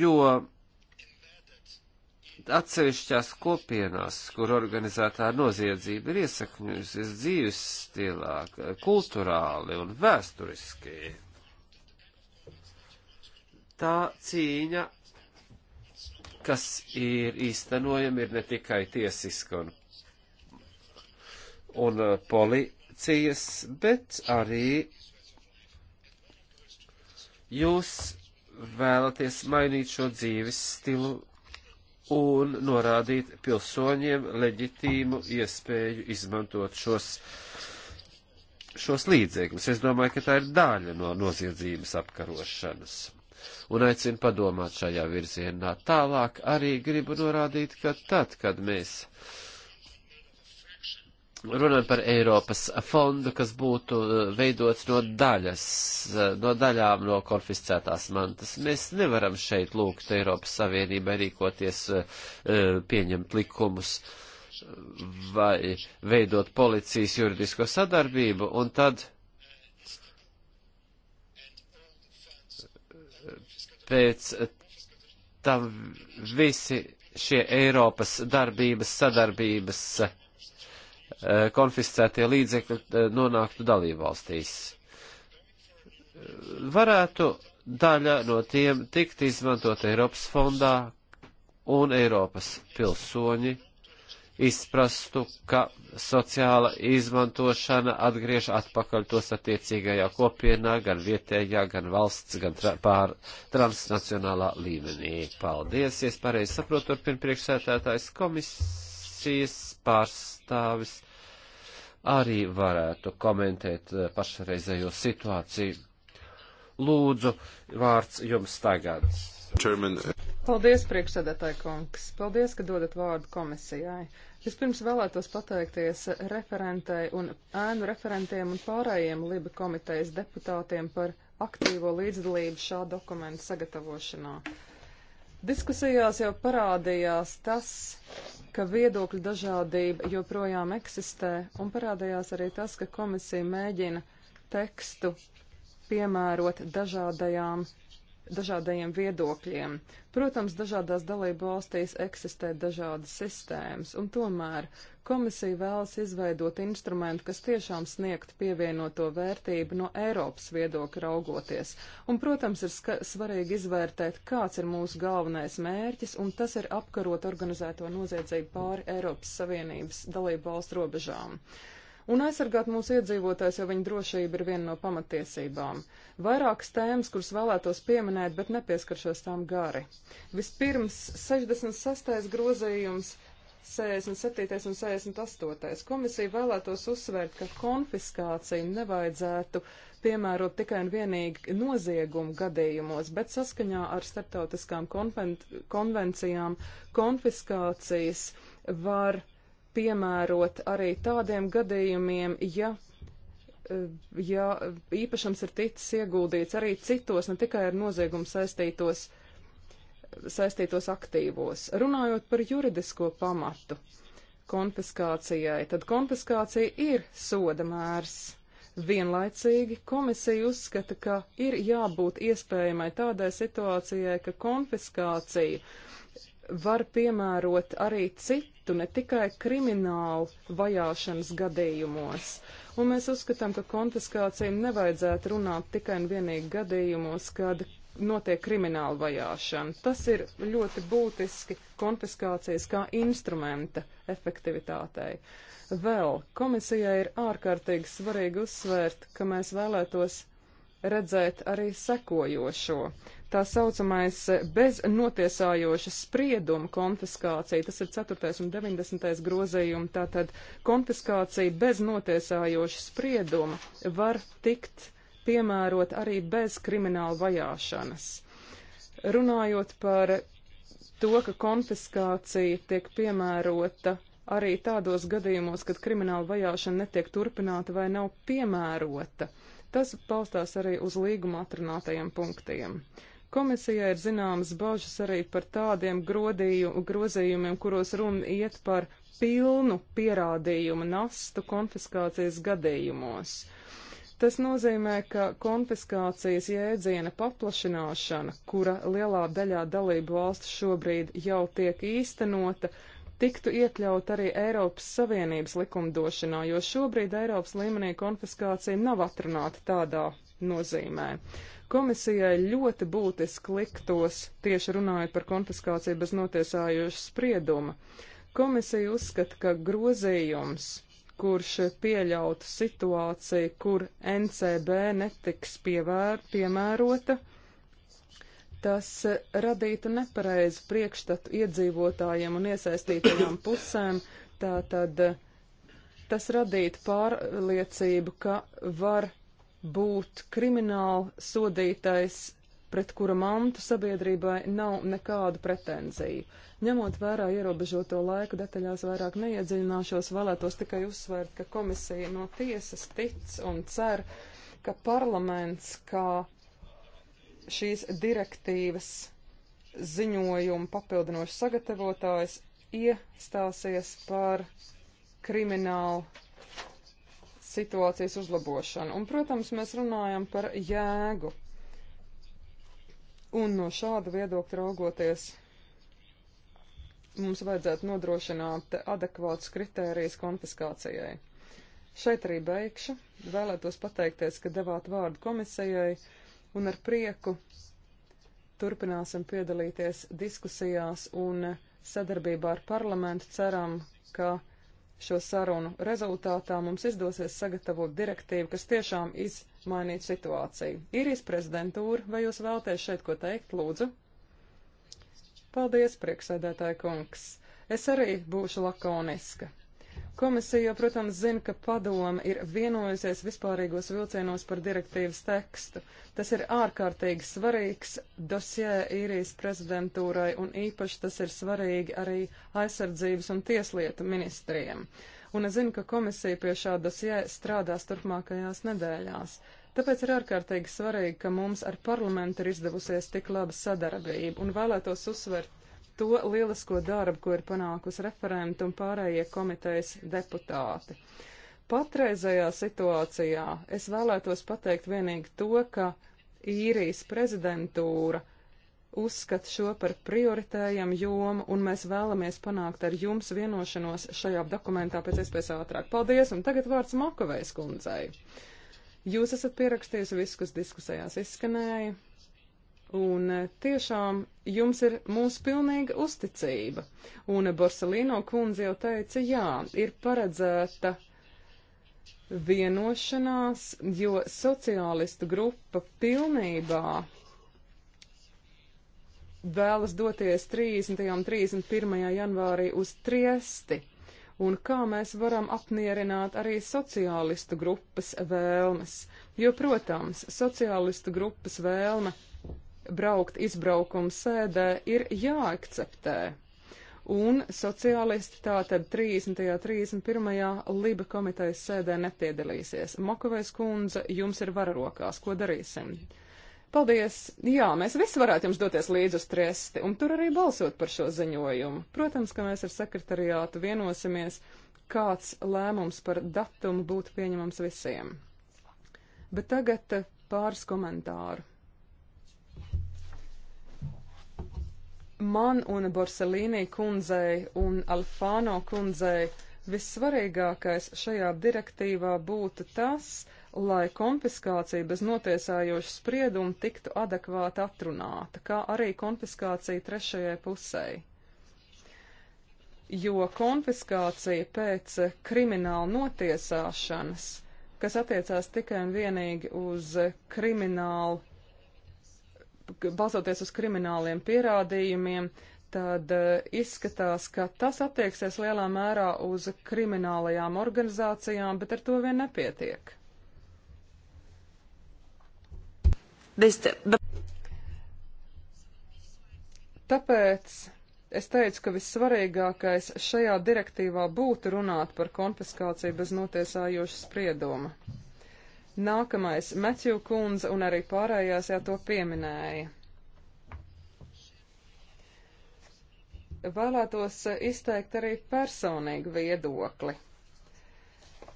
jo atsevišķās kopienās, kur organizētā noziedzība ir iesakņujusies dzīves stilā, kulturāli un vēsturiski. Tā cīņa, kas ir īstenojama, ir ne tikai tiesiska un, un uh, policijas, bet arī jūs vēlaties mainīt šo dzīves stilu un norādīt pilsoņiem leģitīmu iespēju izmantot šos, šos līdzekļus. Es domāju, ka tā ir daļa no noziedzības apkarošanas. Un aicinu padomāt šajā virzienā. Tālāk arī gribu norādīt, ka tad, kad mēs uh, runājam par Eiropas fondu, kas būtu eh, veidots no daļas, eh, no daļām no konfiscētās mantas. Mēs nevaram šeit lūgt Eiropas Savienībai rīkoties, eh, pieņemt likumus vai veidot policijas juridisko sadarbību, un tad pēc tam visi šie Eiropas darbības sadarbības uh, Eh, konfiscētie līdzekļi eh, nonāktu dalībvalstīs. Varētu daļa no tiem tikt izmantot Eiropas fondā, un Eiropas pilsoņi izprastu, ka sociāla izmantošana atgriež atpakaļ tos attiecīgajā kopienā, gan vietējā, gan valsts, gan tra pār transnacionālā līmenī. Paldies, es pareizi saprotu, turpin priekšsētētājs komisijas pārstāvis arī varētu komentēt eh, pašreizējo situāciju. Lūdzu, vārds jums tagad. Chairman. Paldies, priekšsēdētāji kungs. Paldies, ka dodat vārdu komisijai. Vispirms vēlētos pateikties referentei un ēnu referentiem un pārējiem Liba komitejas deputātiem par aktīvo līdzdalību šā dokumenta sagatavošanā. Diskusijās jau parādījās tas, ka viedokļu dažādība joprojām eksistē, un parādījās arī tas, ka komisija mēģina tekstu piemērot dažādajām dažādajiem viedokļiem. Protams, dažādās dalību valstīs eksistē dažādas sistēmas, un tomēr komisija vēlas izveidot instrumentu, kas tiešām sniegt pievienoto vērtību no Eiropas viedokļa raugoties. Un, protams, ir svarīgi izvērtēt, kāds ir mūsu galvenais mērķis, un tas ir apkarot organizēto noziedzību pāri Eiropas Savienības dalību valstu robežām. Uh, Un aizsargāt mūsu iedzīvotājs, jo viņa drošība ir viena no pamatiesībām. Vairākas tēmas, kuras vēlētos pieminēt, bet nepieskaršos tām gari. Vispirms 66. grozījums, 67. un 68. Komisija vēlētos uzsvērt, ka konfiskāciju nevajadzētu piemērot tikai un vienīgi noziegumu gadījumos, bet saskaņā ar starptautiskām konvencijām konfiskācijas var piemērot arī tādiem gadījumiem, ja, eh, ja īpašums ir ticis ieguldīts arī citos, ne tikai ar noziegumu saistītos, saistītos aktīvos. Runājot par juridisko pamatu konfiskācijai, tad konfiskācija ir soda mērs. Vienlaicīgi komisija uzskata, ka ir jābūt iespējamai tādai situācijai, ka konfiskācija var piemērot arī citu, ne tikai kriminālu vajāšanas gadījumos. Un mēs uzskatām, ka konfiskācijām nevajadzētu runāt tikai un vienīgi gadījumos, kad notiek krimināla vajāšana. Tas ir ļoti būtiski konfiskācijas kā instrumenta efektivitātei. Vēl komisijai ir ārkārtīgi svarīgi uzsvērt, ka mēs vēlētos redzēt arī sekojošo. Tā saucamais bez notiesājoša sprieduma konfiskācija, tas ir 4. un 90. grozījuma, tātad konfiskācija bez notiesājoša sprieduma var tikt piemērot arī bez krimināla vajāšanas. Runājot par to, ka konfiskācija tiek piemērota arī tādos gadījumos, kad krimināla vajāšana netiek turpināta vai nav piemērota. Uh, Tas balstās arī uz līguma atrunātajiem punktiem. Komisijai ir zināmas bažas arī par tādiem grodīju, grozījumiem, kuros runa iet par pilnu pierādījumu nastu konfiskācijas gadījumos. Tas nozīmē, ka konfiskācijas jēdziena paplašināšana, kura lielā daļā dalību valstu šobrīd jau tiek īstenota, tiktu iekļaut arī Eiropas Savienības likumdošanā, jo šobrīd Eiropas līmenī konfiskācija nav atrunāta tādā nozīmē. Komisijai ļoti būtiski liktos tieši runājot par konfiskāciju bez notiesājoša sprieduma. Komisija uzskata, ka grozījums kurš pieļautu situāciju, kur NCB netiks pievēr, piemērota, Tas radītu nepareizu priekšstatu iedzīvotājiem un iesaistītajām pusēm, tātad tas radītu pārliecību, ka var būt krimināli sodītais, pret kura mantu sabiedrībai nav nekādu pretenziju. Ņemot vērā ierobežoto laiku, detaļās vairāk neiedziļināšos, vēlētos tikai uzsvērt, ka komisija no tiesas tic un cer, ka parlaments kā šīs direktīvas ziņojumu papildinošs sagatavotājs iestāsies par kriminālu situācijas uzlabošanu. Un, protams, mēs runājam par jēgu. Un no šāda viedokļa raugoties, mums vajadzētu nodrošināt adekvātus kritērijus konfiskācijai. Šeit arī beigšu. Vēlētos pateikties, ka devāt vārdu komisijai un ar prieku turpināsim piedalīties diskusijās un sadarbībā ar parlamentu ceram, ka šo sarunu rezultātā mums izdosies sagatavot direktīvu, kas tiešām izmainītu situāciju. Īrijas prezidentūra, vai jūs vēlaties šeit ko teikt, lūdzu? Paldies, prieksēdētāja kungs! Es arī būšu lakoniska. Komisija, protams, zina, ka padoma ir vienojusies vispārīgos vilcienos par direktīvas tekstu. Tas ir ārkārtīgi svarīgs dosjē īrijas prezidentūrai un īpaši tas ir svarīgi arī aizsardzības un tieslietu ministriem. Un es zinu, ka komisija pie šā dosjē strādās turpmākajās nedēļās. Tāpēc ir ārkārtīgi svarīgi, ka mums ar parlamentu ir izdevusies tik laba sadarbība un vēlētos uzsvert to lielisko darbu, ko ir panākusi referenta un pārējie komitejas deputāti. Patreizajā situācijā es vēlētos pateikt vienīgi to, ka īrijas prezidentūra uzskata šo par prioritējumu jomu, un mēs vēlamies panākt ar jums vienošanos šajā dokumentā pēc iespējas ātrāk. Paldies, un tagad vārds Makovejs kundzei. Jūs esat pierakstījusi visus, kas diskusijās izskanēja. Un eh, tiešām jums ir mūsu pilnīga uzticība. Un eh, Borsalino kundze jau teica, jā, ir paredzēta vienošanās, jo sociālistu grupa pilnībā vēlas doties 30. un 31. janvārī uz Triesti. Un kā mēs varam apmierināt arī sociālistu grupas vēlmes? Jo, protams, sociālistu grupas vēlme braukt izbraukuma sēdē, ir jāakceptē. Un sociālisti tātad 30. 31. Liba komitejas sēdē nepiedalīsies. Makovejs kundze, jums ir vara rokās. Ko darīsim? Paldies! Jā, mēs visi varētu jums doties līdz uz triesti un tur arī balsot par šo ziņojumu. Protams, ka mēs ar sekretariātu vienosimies, kāds lēmums par datumu būtu pieņemams visiem. Bet tagad pāris komentāru. man un Borselīnī kundzei un Alfāno kundzei vissvarīgākais šajā direktīvā būtu tas, lai konfiskācija bez notiesājoša sprieduma tiktu adekvāti atrunāta, kā arī konfiskācija trešajai pusēji jo konfiskācija pēc krimināla notiesāšanas, kas attiecās tikai un vienīgi uz kriminālu balsoties uz krimināliem pierādījumiem, tad e, izskatās, ka tas attieksies lielā mērā uz kriminālajām organizācijām, bet ar to vien nepietiek. Tāpēc es teicu, ka vissvarīgākais šajā direktīvā būtu runāt par konfiskāciju bez notiesājoša sprieduma. Nākamais Matju kundze un arī pārējās jau to pieminēja. Vēlētos izteikt arī personīgu viedokli.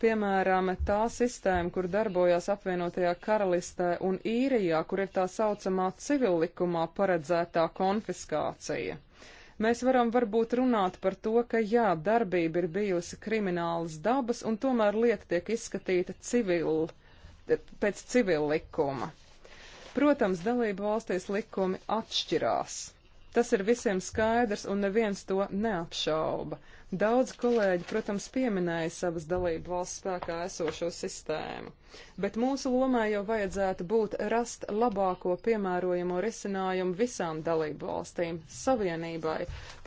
Piemēram, tā sistēma, kur darbojās apvienotajā karalistē un īrijā, kur ir tā saucamā civillikumā paredzētā konfiskācija. Mēs varam varbūt runāt par to, ka jā, darbība ir bijusi kriminālas dabas, un tomēr lieta tiek izskatīta civila pēc civila likuma. Protams, dalību valstīs likumi atšķirās. Tas ir visiem skaidrs un neviens to neapšauba. Daudz kolēģi, protams, pieminēja savas dalību valsts spēkā esošo sistēmu, bet mūsu lomā jau vajadzētu būt rast labāko piemērojamo risinājumu visām dalību valstīm, savienībai.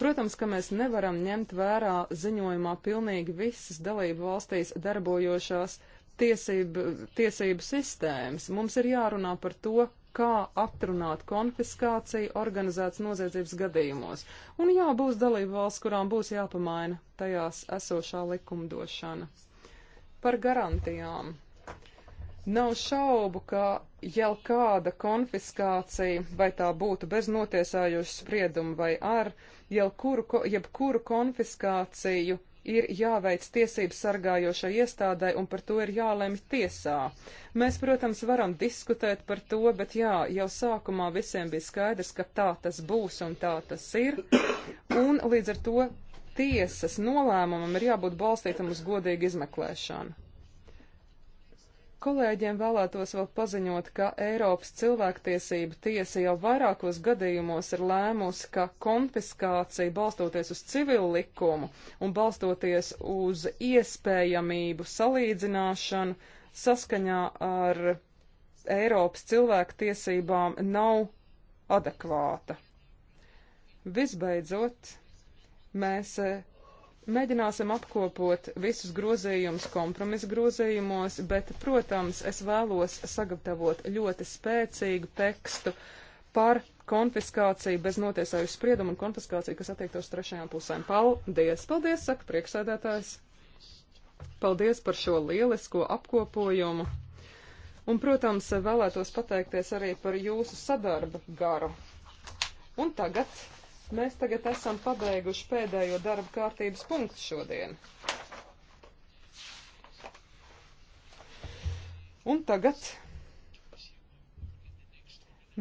Protams, ka mēs nevaram ņemt vērā ziņojumā pilnīgi visas dalību valstīs darbojošās uh, tiesību, tiesību sistēmas. Mums ir jārunā par to, kā atrunāt konfiskāciju organizētas noziedzības gadījumos. Un jā, būs dalība valsts, kurām būs jāpamaina tajās esošā likumdošana. Par garantijām. Nav šaubu, ka jau kāda konfiskācija, vai tā būtu bez notiesājošu spriedumu vai ar, jau kuru, jebkuru konfiskāciju ir jāveic tiesības sargājošai iestādai un par to ir jālemj tiesā. Mēs, protams, varam diskutēt par to, bet jā, jau sākumā visiem bija skaidrs, ka tā tas būs un tā tas ir. Un līdz ar to tiesas nolēmumam ir jābūt balstītam uz godīgu izmeklēšanu. Kolēģiem vēlētos vēl paziņot, ka Eiropas cilvēktiesība tiesa jau vairākos gadījumos ir lēmusi, ka konfiskācija balstoties uz civilu likumu un balstoties uz iespējamību salīdzināšanu saskaņā ar Eiropas cilvēktiesībām nav adekvāta. Visbeidzot, mēs eh, Mēģināsim apkopot visus grozījumus kompromisa grozījumos, bet, protams, es vēlos sagatavot ļoti spēcīgu tekstu par konfiskāciju bez notiesāju spriedumu un konfiskāciju, kas attiektos trešajām pusēm. Paldies! Paldies, saka priekšsēdētājs! Paldies par šo lielisko apkopojumu! Un, protams, vēlētos pateikties arī par jūsu sadarba garu. Un tagad Mēs tagad esam pabeiguši pēdējo darba kārtības punktu šodien. Un tagad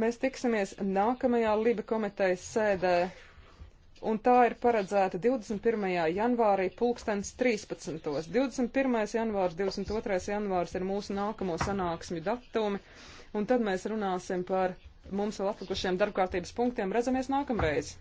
mēs tiksimies nākamajā Liba komitejas sēdē, un tā ir paredzēta 21. janvārī pulkstens 13. 21. janvārs, 22. janvārs ir mūsu nākamo sanāksmi datumi, un tad mēs runāsim par mums vēl atlikušiem darbkārtības punktiem. Redzamies nākamreiz!